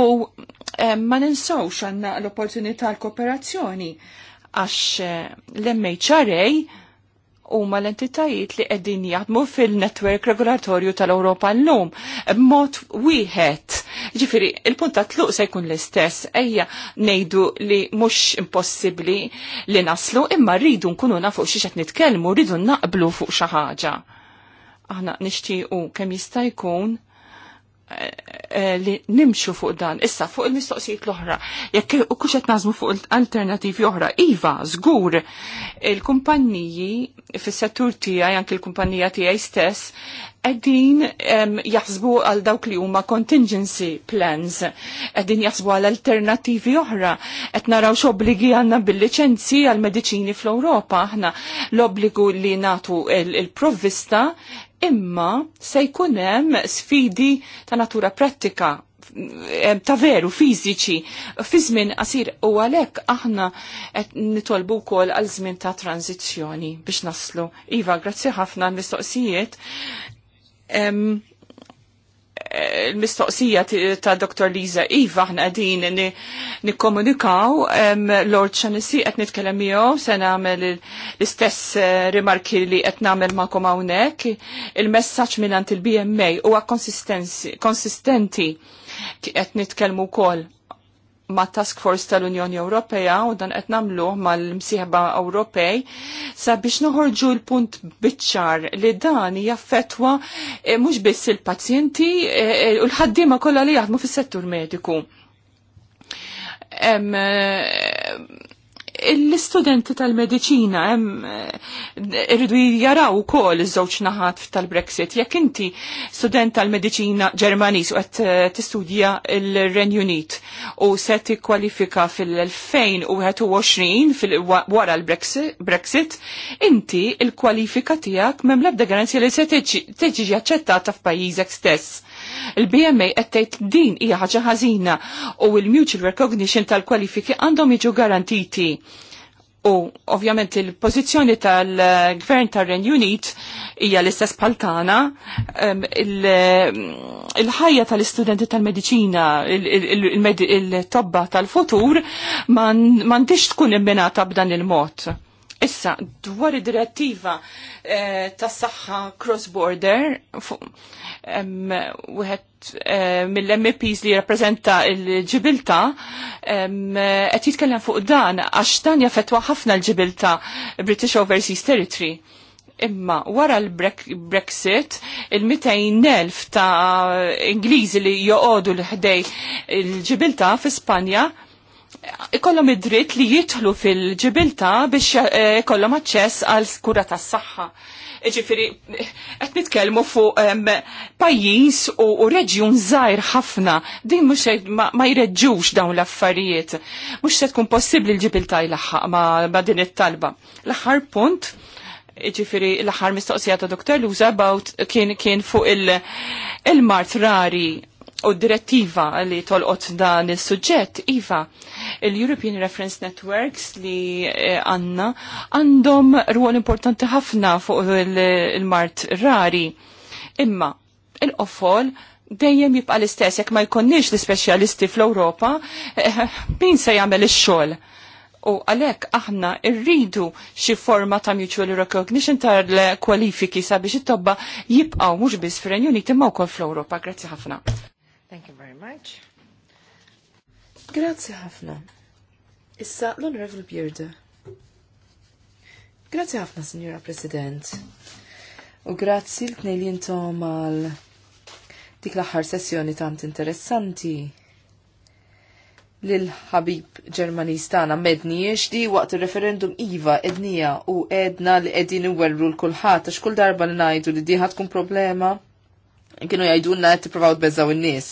Speaker 3: u eh, ma ninsawx għanna l-opportunità l-kooperazzjoni għax eh, l-MHRA huma l-entitajiet li qegħdin jaħdmu fil-netwerk regolatorju tal-Ewropa llum b'mod wieħed. Ġifieri, il-punt ta' tluq se jkun l-istess ejja ngħidu li mhux impossibbli li naslu imma rridu nkunu nafu xi qed nitkellmu, rridu naqblu fuq xi ħaġa. Aħna nixtiequ kemm jista' jkun Eh, eh, li nimxu fuq dan. Issa, fuq il-mistoqsijiet l-oħra, jekk u kuxet nazmu fuq alternativi oħra, iva, zgur, il-kumpanniji fis-settur tiegħi anke il-kumpanija tiegħi stess, qegħdin jaħsbu għal dawk li huma contingency plans, qegħdin jaħsbu għal alternativi oħra, qed naraw x'obbligi għandna bil-liċenzji għal mediċini fl-Ewropa aħna l-obbligu li natu il-provvista imma se jkun hemm sfidi ta' natura prattika ta' veru fiżiċi fi żmien qasir u għalhekk aħna qed nitolbu wkoll għal żmien ta' tranzizzjoni biex naslu. Iva, grazzi ħafna l-mistoqsijiet il-mistoqsija ta' Dr. Liza Iva ħna din nikkomunikaw Lord Xanisi qed nitkellem miegħu se nagħmel l-istess eh, rimarki li qed nagħmel ma' hawnhekk. Il-messaġġ mingħand il-BMA huwa konsistenti qed nitkellmu wkoll ma' Task Force tal-Unjoni Ewropea u dan qed nagħmluh mal-msieħba Ewropej sabiex noħorġu l-punt biċċar li dan hija fetwa eh, mhux biss il-pazjenti eh, eh, u l-ħaddiema kollha li jaħdmu fis-settur mediku l-istudenti tal-medicina irridu jaraw ukoll iż-żewġ naħat tal-Brexit. Jekk inti student tal-medicina Ġermaniż u qed eh, tistudja l-Renju Unit u se tikkwalifika fil-2021 fil wara l-Brexit, inti l kwalifika tiegħek m'hemm l-ebda garanzija li se tiġi aċċettata f'pajjiżek stess Il-BMA qed tgħid din hija ħaġa ħażina u l-mutual recognition tal-kwalifiki għandhom jiġu garantiti. U ovvjament il-pożizzjoni tal-Gvern tar-Renju Unit hija l-istess paltana il-ħajja tal-istudenti tal-mediċina, il-tobba tal-futur m'għandix tkun imminata b'dan il-mod. Issa, dwar id-direttiva eh, tas saħħa cross-border, wieħed eh, mill-MPs li rappreżenta l-ġibilta qed jitkellem fuq dan għax dan jaffettwa ħafna l-ġibilta British Overseas Territory. Imma wara l-Brexit, il-200.000 ta' Ingliżi li joqogħdu l-ħdej il-ġibilta fi Spanja ikollhom id-dritt li jidħlu fil-ġibilta biex eh, ikollhom aċċess għal kura tas-saħħa Ġifiri, qed nitkellmu fuq pajjiż u reġjun żgħir ħafna, din mhux ma jreġġux dawn l-affarijiet. Mhux se tkun possibbli l-ġibiltaj ma' din it-talba. L-aħħar punt ġifiri l-ħar mistoqsija ta' doktor Luza about kien kien fuq il-mart rari u direttiva li tolqot dan il suġġett Iva, il-European Reference Networks li eh, għanna għandhom ruol importanti ħafna fuq il-mart rari. Imma, il-qofol dejjem jibqa l-istess, jekk ma jkunniex l-speċjalisti fl-Ewropa, eh, min se jagħmel ix-xogħol? U għalek aħna irridu xi forma ta' mutual recognition l kwalifiki sabiex it-tobba jibqaw mhux biss fir-Renju Uniti ma wkoll fl-Ewropa. Grazzi ħafna.
Speaker 1: Thank you very much. Grazzi ħafna. Issa l-Onorevole Bjerde. Grazzi ħafna, Signora President. U grazzi l-tnej għal dik l-aħħar sessjoni tant interessanti lil-ħabib ġermanistana medni di waqt il-referendum Iva ednija u edna li edin werru l-kulħat, għax kull darba li najdu li diħat tkun problema kienu jajdunna għed t-provaw t-bezzaw n-nis.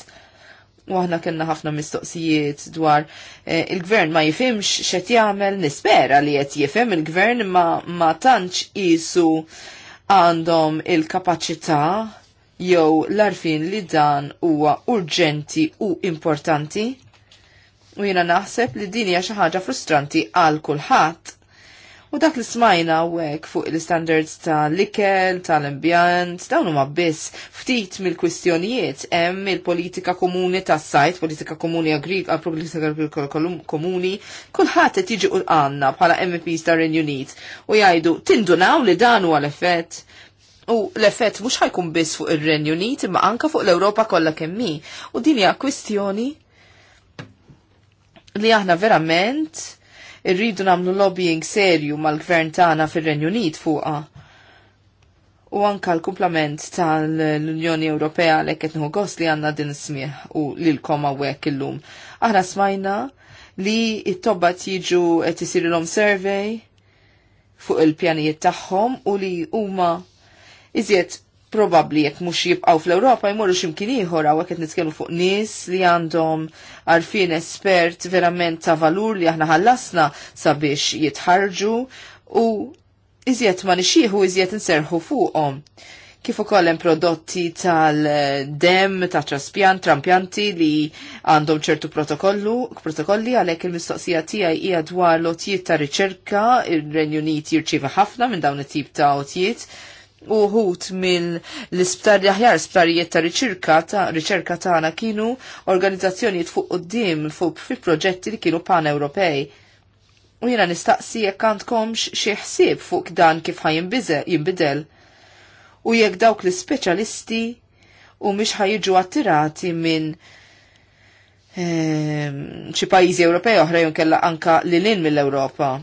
Speaker 1: U aħna kena ħafna mistoqsijiet dwar eh, il-gvern ma jifimx xet jgħamil nispera li qed jifhem il-gvern ma, ma tantx isu għandhom il-kapaċità jew l-arfin li dan huwa urġenti u importanti. U jiena naħseb li din hija xi ħaġa frustranti għal kulħadd U dak li smajna għek fuq il-standards ta' ta' tal-ambjant, dawn huma biss ftit mill-kwistjonijiet hemm il-politika komuni tas sajt, politika komuni agrik, ah, politika agrikola komuni, kulħadd qed jiġi għanna bħala MPs ta' Unit u jgħidu tindunaw li dan huwa l-effett. U l-effett mhux ħajkun biss fuq ir-Renju Unit imma anka fuq l-Ewropa kollha kemm U din hija kwistjoni li aħna verament irridu namlu lobbying serju mal-gvern tagħna fir-Renju Unit fuqha. U anka l-kumplament tal-Unjoni Ewropea l qed nħu gost li għandna din smieħ u lilkom hawnhekk illum. Aħna smajna li it-tobba jiġu qed isirilhom survey fuq il-pjanijiet tagħhom u li huma iżjed probabli jekk mhux jibqgħu fl-Ewropa jmurru x'imkien ieħor għaw qed nitkellmu fuq nies li għandhom għarfien espert verament ta' valur li aħna ħallasna sabiex jitħarġu u iżjed ma nixieħu iżjed nserħu fuqhom. Kif ukoll hemm prodotti tal-dem ta' traspjant, trampjanti li għandhom ċertu protokollu, protokolli għalhekk il-mistoqsija tiegħi hija dwar lotjiet ta' riċerka, ir-Renju Uniti jirċievi ħafna minn dawn it-tip ta' otjiet uħut mill-isptar jaħjar sptarijiet ta' riċerka ta' riċerka tagħna kienu organizzazzjonijiet fuq qudiem fuq fi proġetti li kienu pan-Ewropej. U jiena nistaqsi jekk għandkomx xi ħsieb fuq dan kif jinbidel. U jekk dawk l-ispeċjalisti u ħaj ħajġu attirati minn ehm, xi pajjiżi Ewropej oħra jinkella anka lilin mill-Ewropa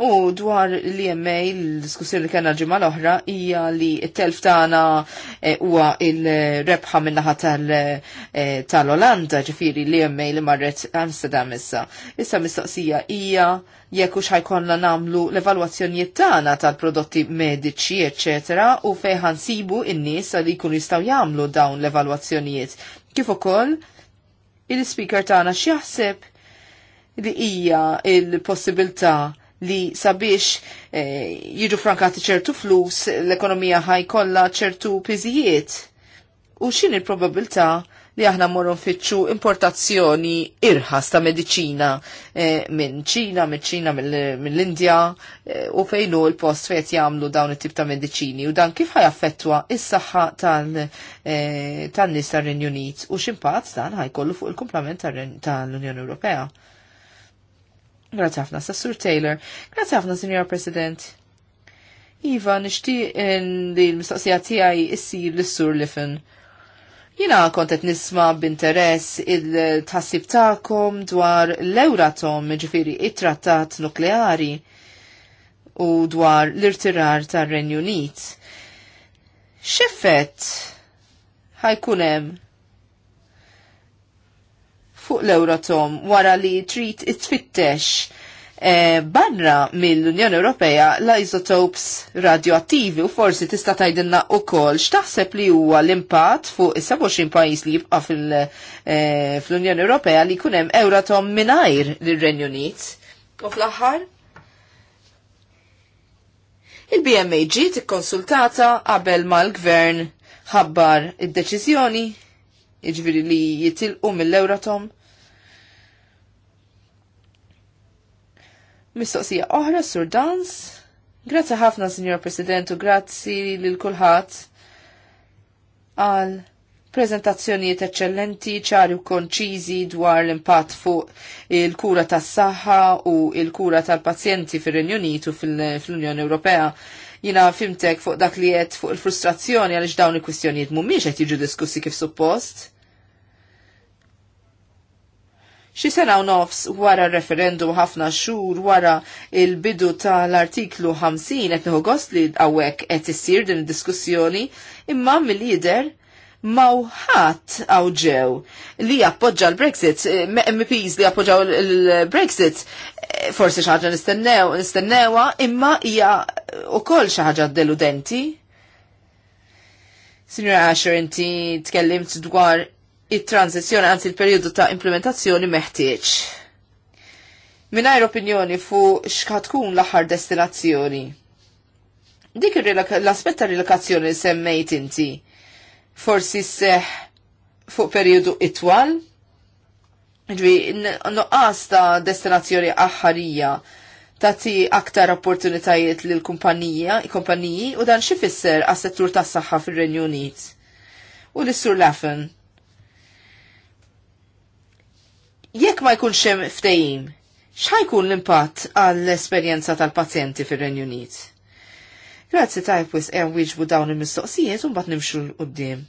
Speaker 1: U dwar l jemmej l-diskussjoni li kena ġimma l-oħra, hija li t-telf tagħna eh, huwa il-rebħa minnaħa eh, tal-Olanda, ġifiri l jemmej li marret Amsterdam issa. Issa mistoqsija hija jekk u xajkonna namlu l-evalwazzjonijiet tagħna tal-prodotti mediċi, ecc. u fejħan sibu in-nies li jkunu jistgħu jagħmlu dawn l-evalwazzjonijiet. Kif ukoll il-speaker tagħna x'jaħseb li hija il possibilta li sabiex eh, jiġu frankati ċertu flus l-ekonomija ħajkolla ċertu piżijiet. U xin il-probabilta li aħna morru nfittxu importazzjoni irħas ta' medicina eh, minn ċina, minn ċina, mill-Indja eh, u fejnu l-post fejt jamlu dawn it-tip ta' medicini u dan kif ħajaffettwa is-saħħa tan-nies tal tar-Renju Unit u x'impatt dan ħajkollu fuq il-kumplament tal-Unjoni Ewropea. Grazie ħafna, Sassur Taylor. Grazie ħafna, Signor President. Iva, in eh, li l-mistoqsija tiegħi issir l-Sur Lifen. Jina kontet nisma b'interess il-tħassib ta'kom dwar l-Euratom, ġifiri it-trattat nukleari u dwar l-irtirar tar renju Unit. X'effett ħajkun hemm fuq l-Euratom wara li trid itfittex e, eh, barra mill-Unjoni Ewropea l-isotopes radioattivi u forsi tista' tgħidilna wkoll x'taħseb li huwa l-impatt fuq is-27 pajjiż li jibqa' eh, fl-Unjoni Ewropea li jkun hemm Euratom mingħajr lir-Renju Unit. U fl-aħħar? Il-BMAG tikkonsultata qabel mal gvern ħabbar id-deċiżjoni jiġifieri li jitilqu mill-Euratom Mistoqsija oħra sur dans. Grazzi ħafna, Signor President, u grazzi lil kulħadd għal prezentazzjonijiet eccellenti, ċari u konċizi dwar l-impatt fuq il-kura tas saħħa u il-kura tal-pazjenti fir-Renju Unitu fil-Unjoni Ewropea. Jina fimtek fuq dak li fuq il-frustrazzjoni għaliex dawn il-kwistjonijiet mhumiex qed jiġu diskussi kif suppost Xi sena u nofs wara referendu ħafna xhur wara il-bidu tal-artiklu 50 qed nieħu gost li hawnhekk qed issir din id-diskussjoni imma mill-lider mawħat għawġew li appoġġa l-Brexit, eh, MPs li appoġġaw l-Brexit, eh, forse xaħġa nistennew, nistennewa, imma hija u koll xaħġa deludenti. Signora Asher, inti tkellimt dwar il transizjoni għanzi il-periodu ta' implementazzjoni meħtieġ. Minajr opinjoni fu xkatkun l-aħħar destinazzjoni. Dik l aspet ta' rilokazzjoni semmejt inti. Forsi seħ fuq periodu itwal? Ġvi, noqqas ta' destinazzjoni aħħarija ti aktar opportunitajiet lil kumpanija kumpaniji u dan xifisser għas settur tas saħħa fil-Renju Unit. U l-Sur Laffen, Jekk ma jkunx hemm ftehim, x'ħajkun l-impatt għall-esperjenza tal-pazjenti fir-Renju Unit? Grazzi tajbwis hemm wieġbu dawn il-mistoqsijiet u mbagħad nimxu l qudiem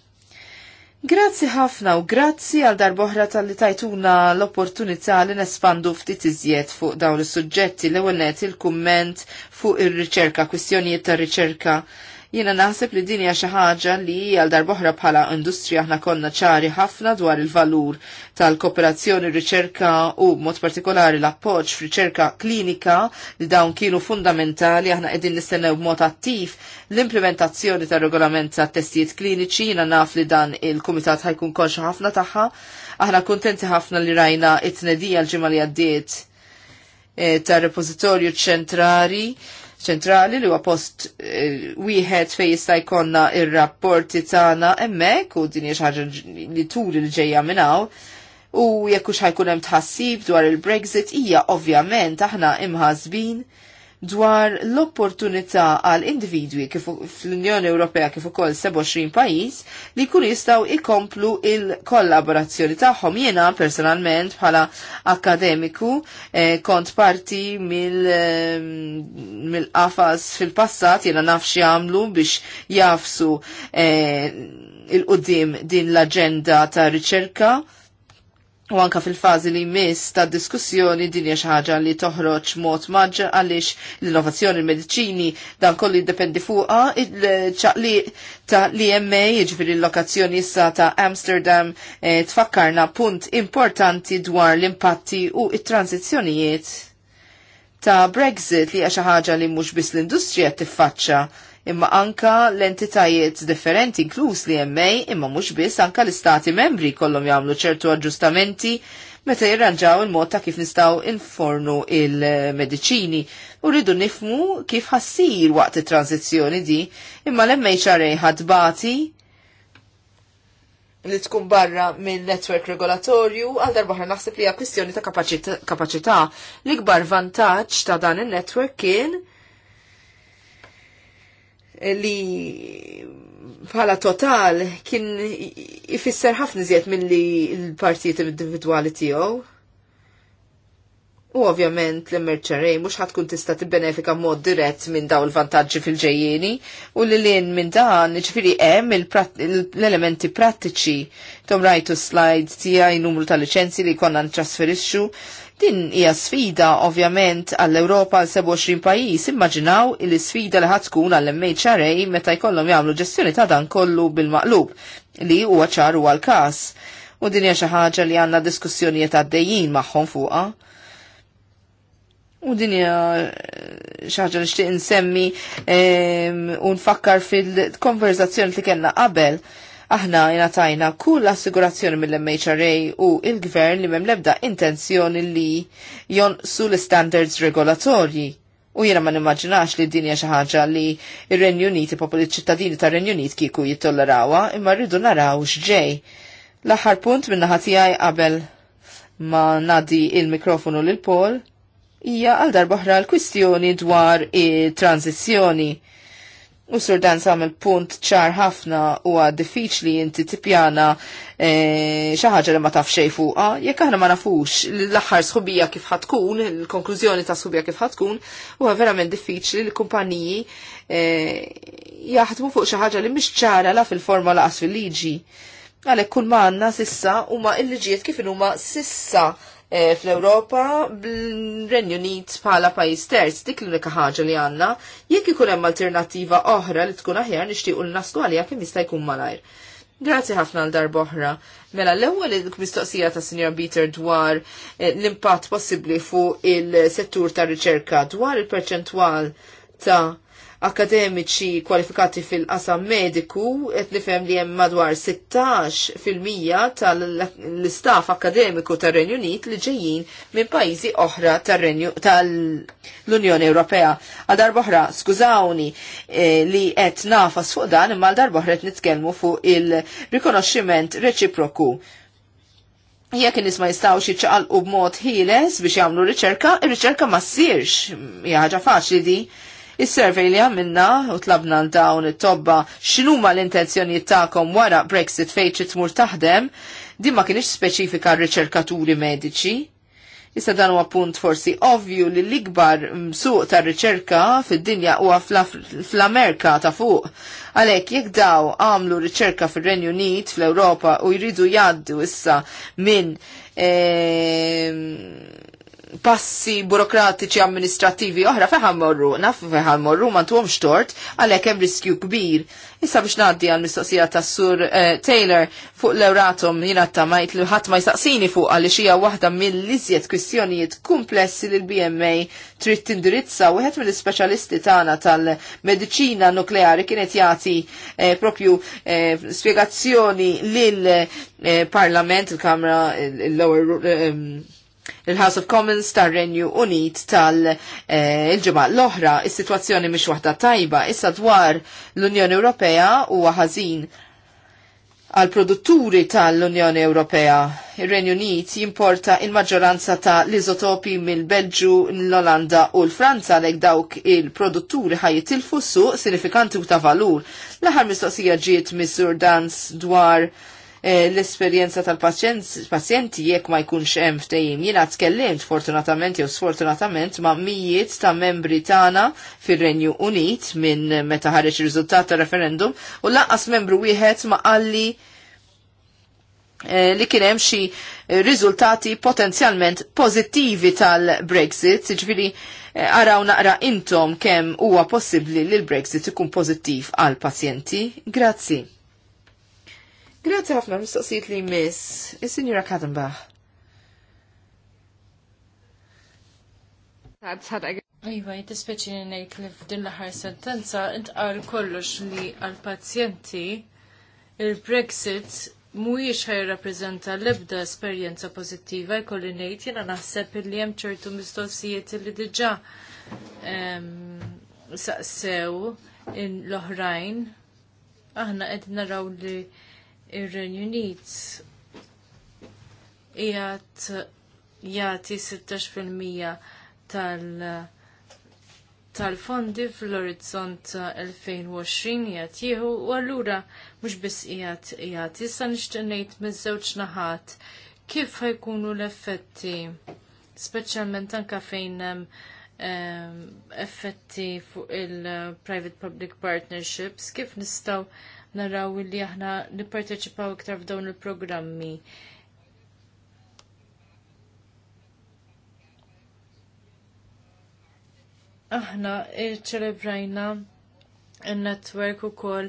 Speaker 1: Grazzi ħafna u grazzi għal darboħra tal-li tajtuna l-opportunità li nespandu ftit iżjed fuq dawn is-suġġetti l ewwel il-kumment fuq ir-riċerka, kwistjonijiet tar-riċerka. Jiena naħseb li din hija xi ħaġa li għal darboħra bħala industrija aħna konna ċari ħafna dwar il-valur tal-kooperazzjoni riċerka u mod partikolari l-appoġġ f'riċerka klinika li dawn kienu fundamentali aħna qegħdin nistennew b'mod attiv l-implementazzjoni tar-regolament tat-testijiet kliniċi jiena naf li dan il-kumitat ħajkun konx ħafna tagħha. Aħna kuntenti ħafna li rajna it-tnedija l-ġimgħa li għaddiet eh, tar repozitorju ċentrali ċentrali li huwa post eh, wieħed fejn jista' jkollna ir-rapporti tagħna hemmhekk u din hija xi ħaġa li turi li ġejja minn hawn. U jekk hux ħajkun hemm tħassib dwar il-Brexit hija ovvjament aħna imħasbin dwar l-opportunità għal individwi kif fl-Unjoni Ewropea kif ukoll 27 pajjiż li jkunu jistgħu ikomplu il-kollaborazzjoni tagħhom. Jiena personalment bħala akademiku eh, kont parti eh, mill-qafas mil fil-passat jiena naf jagħmlu biex jafsu eh, il-qudiem din l-aġenda ta' riċerka U anka fil-fazi li jmiss ta' diskussjoni din hija xi ħaġa li toħroġ mod maġġa għaliex l-innovazzjoni l-mediċini dan kollu jiddependi fuqha ċaqli ta' l-EMA jiġifieri l-lokazzjoni issa ta' Amsterdam e, tfakkarna punt importanti dwar l-impatti u it-tranzizzjonijiet ta' Brexit li hija xi ħaġa li mhux biss l-industrija tiffaċċa imma anka l-entitajiet differenti inkluż li jemmej imma mhux biss anka l-istati membri kollom jagħmlu ċertu aġġustamenti meta jirranġaw il-mod ta' kif nistgħu infornu il-mediċini u rridu nifmu kif ħassir waqt it-tranzizzjoni di imma l ċarej ħadbati li tkun barra minn netwerk regolatorju għal ħra naħseb li hija kwistjoni ta' kapaċità. L-ikbar vantaġġ ta' dan il netwerk kien li bħala total kien ifisser ħafna ziet minn li l-partijiet individuali tiegħu. U ovvjament l-immerċerej mhux ħadkun tista tibbenefika mod dirett minn daw l vantaġġi fil ġejjieni u li l minn dan ġifiri hemm l-elementi prattiċi tom rajtu slide tiegħi numru ta' liċenzi li konna ntrasferixxu Din hija sfida ovvjament għall-Ewropa għal 27 pajjiż immaġinaw il sfida li ħad tkun għall-MHRA meta jkollhom jagħmlu ġestjoni ta' dan kollu bil-maqlub li huwa ċar huwa għall każ U din hija xi ħaġa li għandna diskussjonijiet għaddejjin magħhom fuqha. U din hija eh, xi ħaġa nixtieq insemmi eh, u nfakkar fil konverżazzjoni li kellna qabel Aħna jnatajna kull assigurazzjoni mill-MHRA u il-gvern li mem lebda intenzjoni li jonqsu l-standards regolatorji. U jena ma nimmaġinax li dinja xaħġa li ir-Renju Unit, il-ċittadini ta' Renju Unit kiku jittollerawa, imma rridu naraw xġej. L-aħħar punt minna ħatijaj qabel ma nadi il-mikrofonu lil Paul hija għal darboħra l-kwistjoni dwar i-tranzizjoni. E U sur dan samil punt ċar ħafna u diffiċ li inti tipjana eh, xaħġa li ma taf xej fuqa, jekk aħna ma nafux l-axar sħubija kif ħatkun, l-konklużjoni ta' sħubija kif ħatkun, u verament diffiċli li l-kumpaniji eh, jaħdmu fuq xaħġa li mhix ċara la fil-forma laqas fil-liġi. Għalek kull ma għanna sissa u ma il-liġijiet kif huma sissa E, fl-Ewropa bl-Renju Unit bħala pajis terz dik l-unika ħaġa li għandna jekk ikun hemm alternattiva oħra li tkun aħjar nixtiequ u naslu għalija kemm jista' jkun malajr. Grazzi ħafna għal oħra. Mela, l-ewwel mistoqsija ta' Sinjor Peter dwar e, l-impatt possibbli fuq il-settur ta' riċerka dwar il-perċentwal ta' akademiċi kwalifikati fil-qasam mediku, et nifem li hemm madwar 16% tal l-istaf akademiku tar renju Unit li ġejjin minn pajjiżi oħra tal-Unjoni Ewropea. Għal darboħra, skużawni eh, li qed nafas fuq dan, imma għal darboħra et nitkellmu fuq il-rikonoxximent reċiproku jekk nies ma u b b'mod ħieles biex jagħmlu riċerka, ir-riċerka ma ssirx. Hija ħaġa faċli di Is-survey li għamilna u tlabna dawn it-tobba x'inhuma l-intenzjonijiet tagħkom wara Brexit fejn trid tmur taħdem, din ma kienx speċifika r-riċerkaturi mediċi. Issa dan huwa punt forsi ovvju li l-ikbar msuq ta' riċerka fid-dinja huwa fl-Amerika ta' fuq. Għalhekk jekk daw għamlu riċerka fir-Renju Unit fl-Ewropa u jridu jgħaddu issa minn ehm, passi burokratiċi amministrativi oħra feħan morru, naf feħan morru ma tuħom xtort għalek hemm riskju kbir. Issa biex naddi għal mistoqsija ta' sur eh, Taylor fuq l-Euratom jina ta' ma jitlu ħat ma jisaqsini fuq għal xija wahda mill lizjet kwistjonijiet komplessi l bma trid tindirizza u għet mill-specialisti tagħna tal-medicina nukleari kienet jagħti eh, propju eh, spiegazzjoni lil-Parlament, eh, il-Kamra, il-Lower eh, il-House of Commons tar-Renju Unit tal-ġimgħa eh, l-oħra, is-sitwazzjoni mhix waħda tajba, issa dwar l-Unjoni Ewropea huwa ħażin għal produtturi tal-Unjoni Ewropea. Ir-Renju Unit jimporta il-maġġoranza ta' l-izotopi mill-Belġu, l-Olanda u l-Franza għalhekk dawk il-produtturi ħajt il-fussu sinifikanti u ta' valur. L-aħħar mistoqsija ġiet Missur Dans dwar Eh, l-esperjenza tal-pazjenti jekk ma jkunx hemm ftehim. Jiena tkellimt fortunatament jew sfortunatament ma' mijiet ta' membri tagħna fir-Renju Unit minn meta ħareġ ir-riżultat tar referendum u lanqas membru wieħed ma qalli eh, li kien hemm xi riżultati potenzjalment pożittivi tal-Brexit, ġifieri eh, araw naqra intom kemm huwa possibbli li l-Brexit ikun pożittiv għal pazjenti. Grazzi. Grazzi ħafna mistoqsijiet li miss, is sinjura Kadenbach.
Speaker 2: Iva, jitispeċi nejt li f'din l-ħar sentenza, intqal kollox li għal-pazjenti il-Brexit mhuwiex ħajrappreżenta l-ebda esperjenza pożittiva jkolli ngħid jiena naħseb li hemm ċertu mistoqsijiet li diġà saqsew l-oħrajn aħna qed naraw li ir-Renju Unit jgħat jgħati 16% tal- tal-fondi fl-orizzont 2020 jgħat jieħu u allura mhux biss jgħat jgħat jissa nixtieq ngħid miż-żewġ naħat kif ħajkunu l-effetti speċjalment anke fejn hemm ehm, effetti fuq il-private public partnerships kif nistgħu naraw li aħna nipparteċipaw iktar f'dawn il-programmi. Aħna iċċelebrajna il-network u kol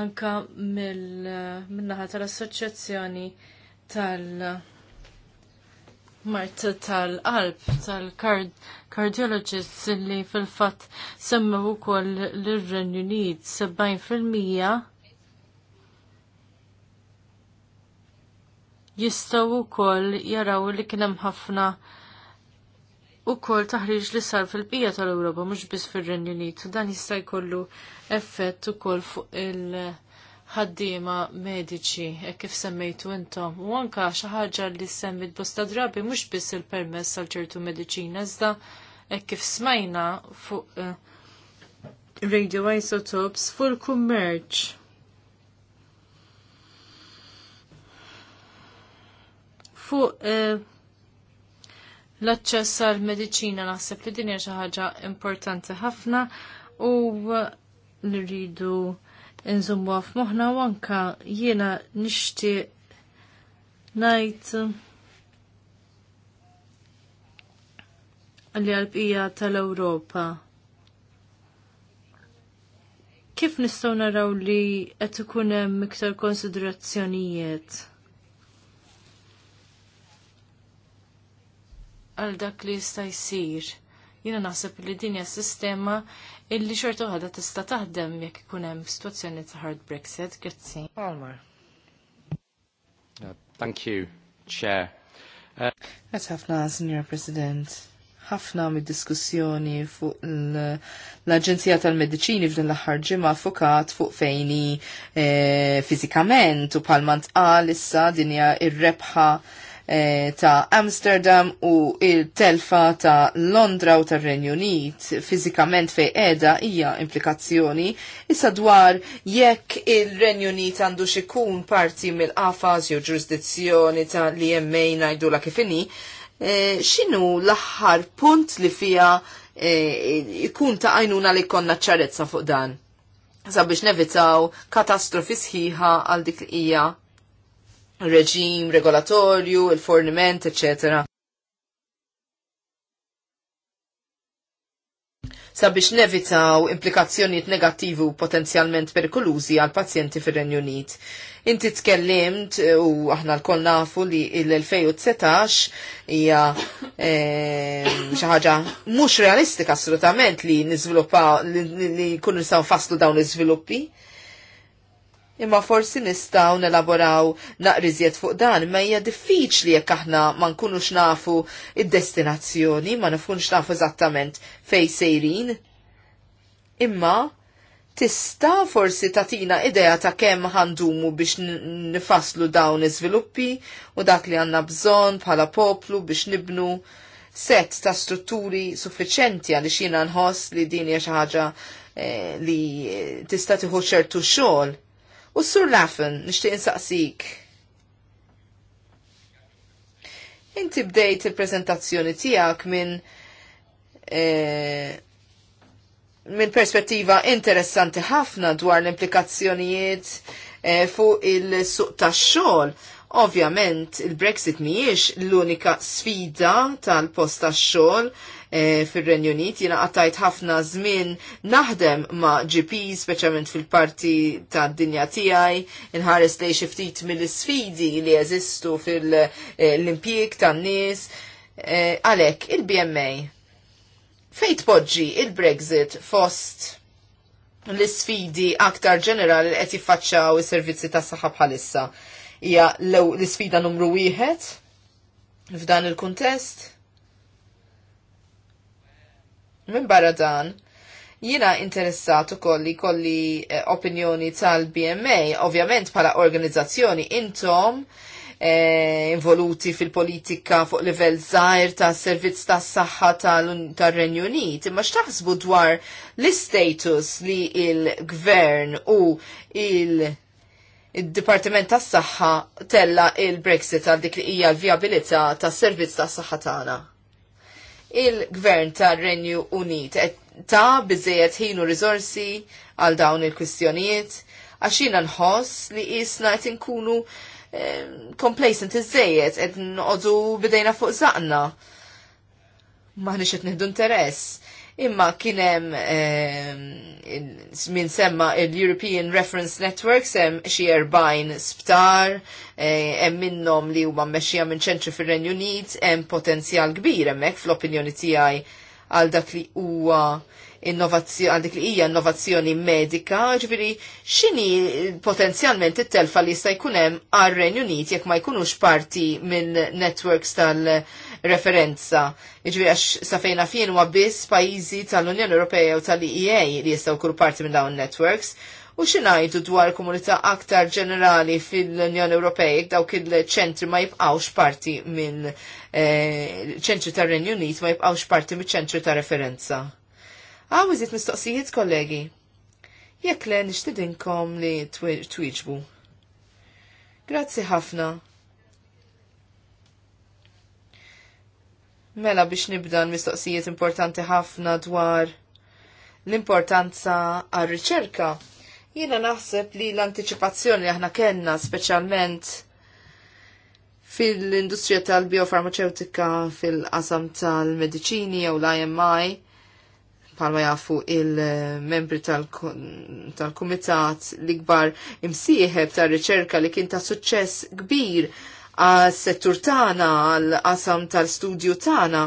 Speaker 2: anka mill-naħa tal-assoċjazzjoni tal-mart tal-qalb, tal-cardiologists li fil-fat semmew ukoll l-Renju 70% jistaw ukoll jaraw li kien hemm ħafna ukoll taħriġ li sar fil bija tal-Ewropa mhux biss fir-Renju Unit. Dan jista' jkollu effett ukoll fuq il-ħaddiema mediċi e kif semmejtu intom. U anka xi ħaġa li semmit bosta drabi mhux biss il-permess għal ċertu mediċina iżda e kif smajna fuq uh, eh, radio isotopes fuq il-kummerċ Fuq eh, l-aċċess għal mediċina naħseb li din hija xi ħaġa importanti ħafna u nridu nżummu f'moħħna u anka jiena nixtieq ngħid li għalbija tal-Ewropa. Kif nistgħu naraw li qed ikun hemm iktar konsiderazzjonijiet? għal dak li jista' jsir. Jiena naħseb li din hija sistema illi xorta waħda tista' taħdem jekk ikun hemm sitwazzjoni ta' hard Brexit. Grazzi. Palmer.
Speaker 3: Uh, thank you, Chair. Uh,
Speaker 1: Għet ħafna, Signor President. ħafna mid-diskussjoni fuq l-Aġenzija tal mediċini f'din l-aħħar ġimgħa fukat fuq fejni eh, fiżikament u palmant qal issa din hija r-rebħa Eh, ta' Amsterdam u il-telfa ta' Londra u ta' Renju Unit fizikament fej edha hija implikazzjoni issa dwar jekk il-Renju Unit għandu xikun parti mill-qafas jew ġurisdizzjoni ta' li jemmejna najdu la kifini e, eh, xinu l-aħħar punt li fija e, eh, ta' għajnuna li konna ċarezza fuq dan sabiex nevitaw katastrofi sħiħa għal dik li hija reġim regolatorju, il-forniment, etc. sabiex nevitaw implikazzjonijiet negattivi u potenzjalment perikolużi għal pazjenti fir-Renju Unit. Inti tkellimt eh, u aħna l-koll nafu li l-2019 hija eh, xi ħaġa mhux realistika assolutament li niżviluppaw li jkunu nistgħu nfasslu dawn l-iżviluppi imma forsi nistaw nelaboraw naqriżiet fuq dan, ma hija diffiċli jekk aħna ma nkunux nafu id-destinazzjoni, ma nifunx nafu eżattament fej sejrin. Imma tista forsi tatina idea ta' kemm ħandumu biex nifaslu dawn iżviluppi u dak li għanna bżonn bħala poplu biex nibnu set ta' strutturi suffiċenti għaliex jiena nħoss li din hija xi ħaġa eh, li tista' tieħu ċertu xogħol U sur lafen, nishti insaqsik. Inti bdejt il-prezentazzjoni tijak minn eh, min perspettiva interessanti ħafna dwar l-implikazzjonijiet eh, fuq il-suq tax xogħol Ovvjament il-Brexit mhijiex l-unika sfida tal-post tax-xogħol e, fir-Renju Unit jiena qattajt ħafna żmien naħdem ma' GP speċjalment fil-parti tad-dinja tiegħi inħares lej xi ftit mill-isfidi li jeżistu fil-impjieg tan-nies eh, għalhekk e, il-BMA fejn tpoġġi il-Brexit fost l-isfidi aktar ġenerali li qed jiffaċċaw is-servizzi tas-saħħa bħalissa. issa hija l-isfida numru wieħed f'dan il-kuntest. Minn barra dan, jina interessat u kolli kolli eh, opinjoni tal-BMA, ovvjament pala organizzazzjoni intom eh, involuti fil-politika fuq livell zaħir ta' servizz ta' saħħa saxħa renju Unit, imma xtaħsbu dwar l-status li il-gvern u il- id-Dipartiment tas saħħa tella il-Brexit għal dik li hija l-vjabilità tas servizz tas saħħa tagħna. Il-Gvern tar renju Unit qed ta' biżejjed ħinu riżorsi għal dawn il-kwistjonijiet għax jiena nħoss li jisna qed inkunu complacent iżejjed qed noqogħdu bidejna fuq zaqna. Maħniex qed nieħdu interess imma kienem ehm, min semma il-European Reference Network sem xie erbajn sptar, hemm eh, minnom li huma mmexxija minn ċentri fir-Renju Unit, hemm potenzjal kbir hemmhekk fl-opinjoni tiegħi għal dak li huwa innovazzjoni għal dik li hija innovazzjoni medika, ġifieri x'inhi potenzjalment it-telfa li jista' jkun hemm għar-Renju Unit jekk ma jkunux parti minn networks tal- referenza. Iġviri għax safejna fien huwa biss pajjiżi tal-Unjoni Ewropea u tal-EA li jistgħu kull parti minn dawn networks u xinajtu dwar komunità aktar ġenerali fil-Unjoni Ewropej dawk il-ċentri ma jibqawx parti minn eh, ċentri tar renju Unit ma jibqawx parti minn ċentri ta' referenza. Għawizit ah, mistoqsijiet kollegi. Jekk le nishtidinkom li twiġbu. Grazzi ħafna. Mela biex nibda l-mistoqsijiet importanti ħafna dwar l-importanza għar riċerka Jiena naħseb li l-anticipazzjoni li aħna kellna speċjalment fil-industrija tal-biofarmaceutika fil-qasam tal-medicini jew l-IMI palma jafu il-membri tal-kumitat tal li gbar imsieħeb tal riċerka li kien ta' suċċess kbir għal settur tagħna għal-qasam tal-studju tagħna.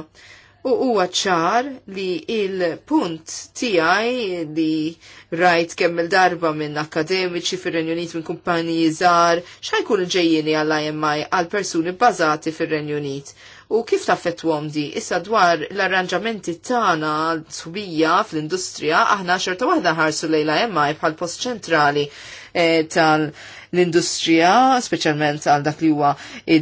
Speaker 1: U huwa ċar li il-punt tiegħi li rajt kemm il-darba minn akademiċi fir-Renju Unit minn kumpaniji żgħar x'ħajkun ġejjini għall IMI għal persuni bbażati fir-Renju Unit. U kif taffettwhom di issa dwar l-arranġamenti tagħna subija fl-industrija aħna xorta waħda ħarsu lejla IMI bħal post ċentrali Eh, tal-industrija, speċjalment għal dak li huwa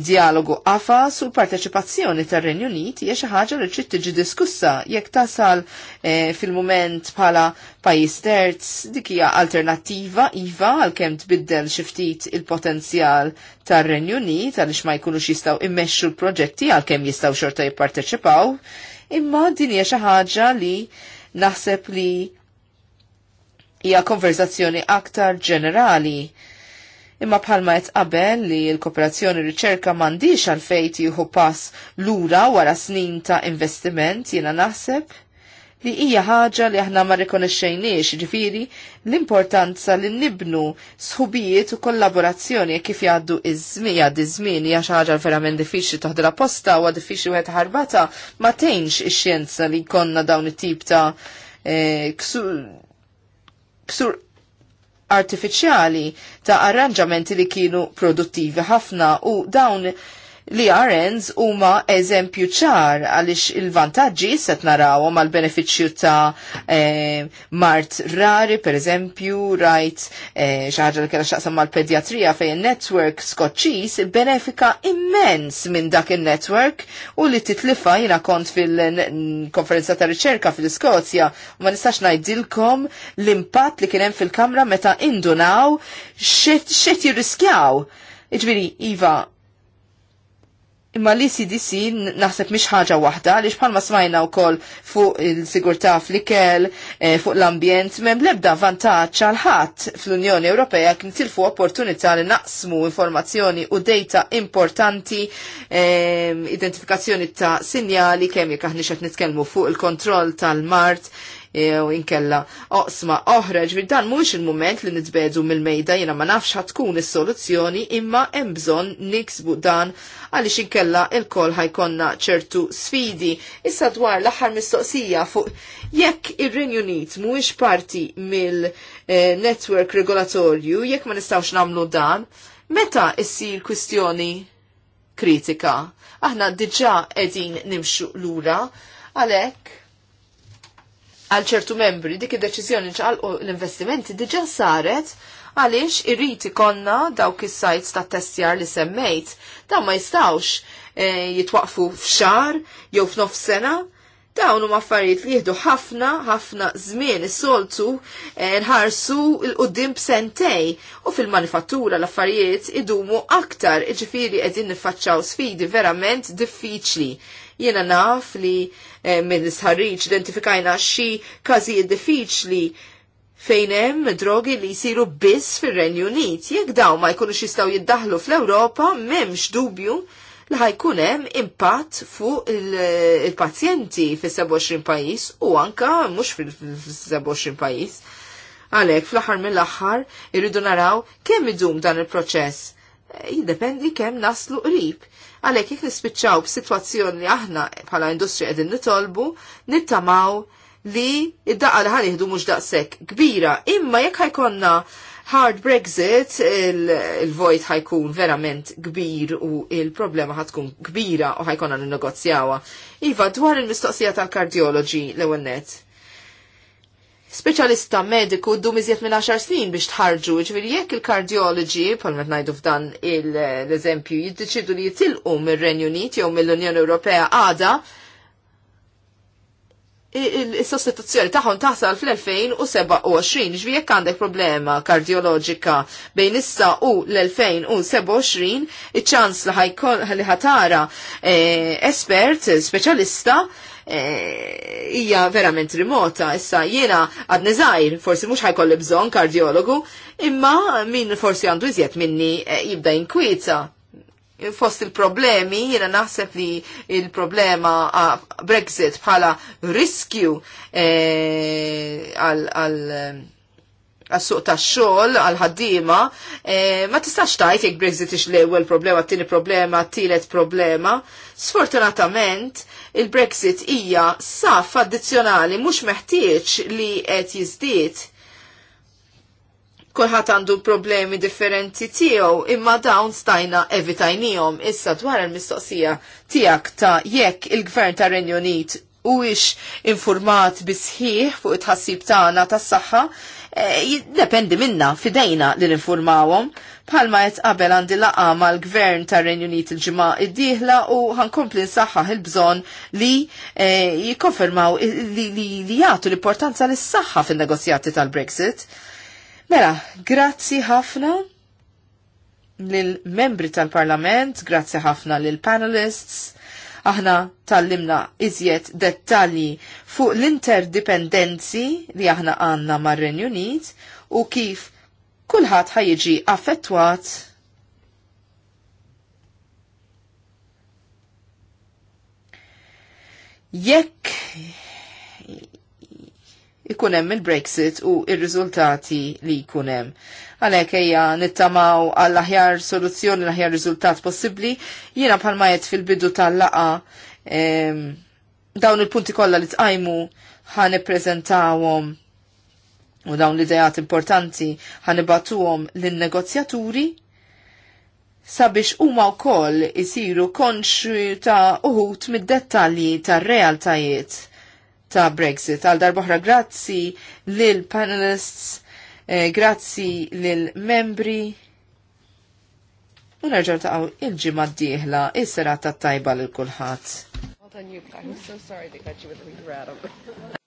Speaker 1: dialogu qafas u parteċipazzjoni tar-Renju Unit hija xi ħaġa li trid tiġi diskussa jekk tasal eh, fil-mument bħala pajjiż terz dik hija alternattiva iva għalkemm tbiddel xi ftit il-potenzjal tar-Renju Unit għaliex ma jkunux jistgħu immexxu l-proġetti għalkemm jistgħu xorta jipparteċipaw imma din hija xi ħaġa li naħseb li hija konverzazzjoni aktar ġenerali. Imma bħalma qed qabel li l-kooperazzjoni riċerka m'għandix għal fejt jieħu pass lura wara snin ta' investiment jiena naħseb li hija ħaġa li aħna ma rikonexxejniex ġifiri l-importanza li nibnu sħubijiet u kollaborazzjoni kif jgħaddu iż-żmien jgħaddi żmien hija xi ħaġa verament diffiċli toħdilha posta u diffiċli wieħed ħarbata ma tgħinx ix-xjenza li jkollna dawn it-tip ta' eh, .bsur artifiċjali ta' arranġamenti li kienu produttivi ħafna u dawn li RNs huma eżempju ċar għaliex il-vantaġġi set narawhom għal benefiċċju ta' eh, mart rari, per eżempju, rajt eh, li kellha xaqsam mal-pedjatrija fejn in-network skoċċis benefika immens minn dak in-network u li titlifa jiena kont fil-konferenza ta' riċerka fil-Iskozja u ma nistax ngħidilkom l-impatt li kien hemm fil-kamra meta indunaw xed jirriskjaw. Iġbiri, Iva, Imma l CDC naħseb miex ħaġa waħda, għaliex bħalma smajna wkoll fuq il-sigurtà fl-ikel, eh, fuq l-ambjent, mem lebda vantaġġ għal ħadd fl-Unjoni Ewropea kien tilfu opportunità li naqsmu informazzjoni u data importanti, eh, identifikazzjoni ta' sinjali kemm jekk aħna qed nitkellmu fuq il-kontroll tal-mart, jew inkella oqsma oħra ġvir dan mhux il-mument li nitbedu mill-mejda jiena ma nafx ħatkun is-soluzzjoni imma hemm bżonn niksbu dan għaliex inkella il-kol ħajkonna ċertu sfidi. Issa dwar l-aħħar mistoqsija fuq jekk ir-Renju Unit mhuwiex parti mill-network eh, regolatorju, jekk ma nistgħux nagħmlu dan, meta issir kwistjoni kritika? Aħna diġà qegħdin nimxu lura għalhekk għal ċertu membri dik id-deċiżjoni ċaqalqu l-investimenti diġa saret għaliex irriti konna dawk is-sajts ta' testjar li semmejt, dawn ma jistawx e, jitwaqfu f'xar jew f'nof sena, dawn huma affarijiet li jieħdu ħafna ħafna żmien is-soltu e, nħarsu l qudiem b'sentej u fil-manifattura l-affarijiet idumu aktar, iġifieri qegħdin niffaċċaw sfidi verament diffiċli Jiena naf li eh, minn sħarriċ identifikajna xi każijiet diffiċli fejn hemm drogi li jsiru biss fir-Renju Unit. Jekk daw ma jkunux jistgħu jiddaħlu fl-Ewropa m'hemmx dubju li ħajkunem hemm impatt fuq eh, il-pazjenti il pazjenti fil fis 27 pajjiż u anka mhux fil-27 pajjiż. Għalhekk fl-aħħar mill-aħħar irridu naraw kemm idum dan il-proċess eh, jiddependi kemm naslu qrib. Għalhekk jekk nispiċċaw b'sitwazzjoni li aħna bħala industrija qegħdin nitolbu, nittamaw li id-daqqa li ħanieħdu mhux daqshekk kbira, imma jekk ħajkonna hard Brexit il-vojt il ħajkun verament kbir u il-problema ħatkun kbira u ħajkonna ninnegozjawha. Iva, dwar il-mistoqsija tal-kardioloġi l-ewwel speċjalista mediku ddu iżjed minn 10 snin biex tħarġu, ġviri jekk il-kardiologi, palmet najdu f'dan l-eżempju, jiddeċidu li jitilqu mill-Renju Unit jew mill-Unjoni Ewropea għada, il-sostituzzjoni taħħon taħsal fl-2027, ġvi jekk għandek problema kardioloġika bejn issa u l-2027, iċ-ċans li ħatara eh, espert, specialista, Eh, hija e, verament rimota. Issa jiena għad neżajr, forsi mhux ħajkolli bżonn kardiologu, imma min forsi għandu iżjed minni e, jibda inkwita. fost il-problemi, jiena naħseb li il-problema Brexit bħala riskju eh, għal e, suq ta' xol, għal-ħaddima, ma tistax tajt jek Brexit ix l-ewel problema, t-tini problema, t-tilet problema. problema Sfortunatament, il-Brexit hija saf addizzjonali mhux meħtieġ li qed jiżdied. Kulħadd għandu problemi differenti tiegħu imma dawn stajna evitajnihom issa dwar il-mistoqsija tiegħek ta' jekk il-Gvern ta' Renju Unit huwiex infurmat bisħiħ fuq it-ħassib tagħna tas-saħħa Eh, jiddependi minna fidejna li l-informawom bħalma qed qabel għandi laqama l gvern tar-Renju Unit il-ġimgħa id-dieħla u ħankompli nsaħħaħ il-bżonn li eh, jikkonfermaw li jagħtu l-importanza lis-saħħa fin-negozjati tal-Brexit. Mela, grazzi ħafna lil membri tal-Parlament, grazzi ħafna lil panelists Aħna tallimna iżjed dettalji fuq l-interdipendenzi li aħna għanna mar-Renju Unit u kif kulħadd ħajġi affettwat jekk ikun hemm il-Brexit u ir-riżultati li jkun hemm għalhekk eja nittamaw għall aħjar soluzzjoni l-aħjar rizultat possibbli. Jiena bħalma qed fil-bidu tal-laqa dawn il-punti kollha li tqajmu ħan prezentawom u dawn l-idejat importanti ħan batuwom lin-negozjaturi sabiex huma wkoll isiru konxu ta' uħut mid-dettalji tar-realtajiet ta' Brexit. Għal darboħra grazzi lil panelists Eh, grazzi lill-membri u nerġaw taqaw il-ġimma d-dieħla is-serata tajba lil kulħadd.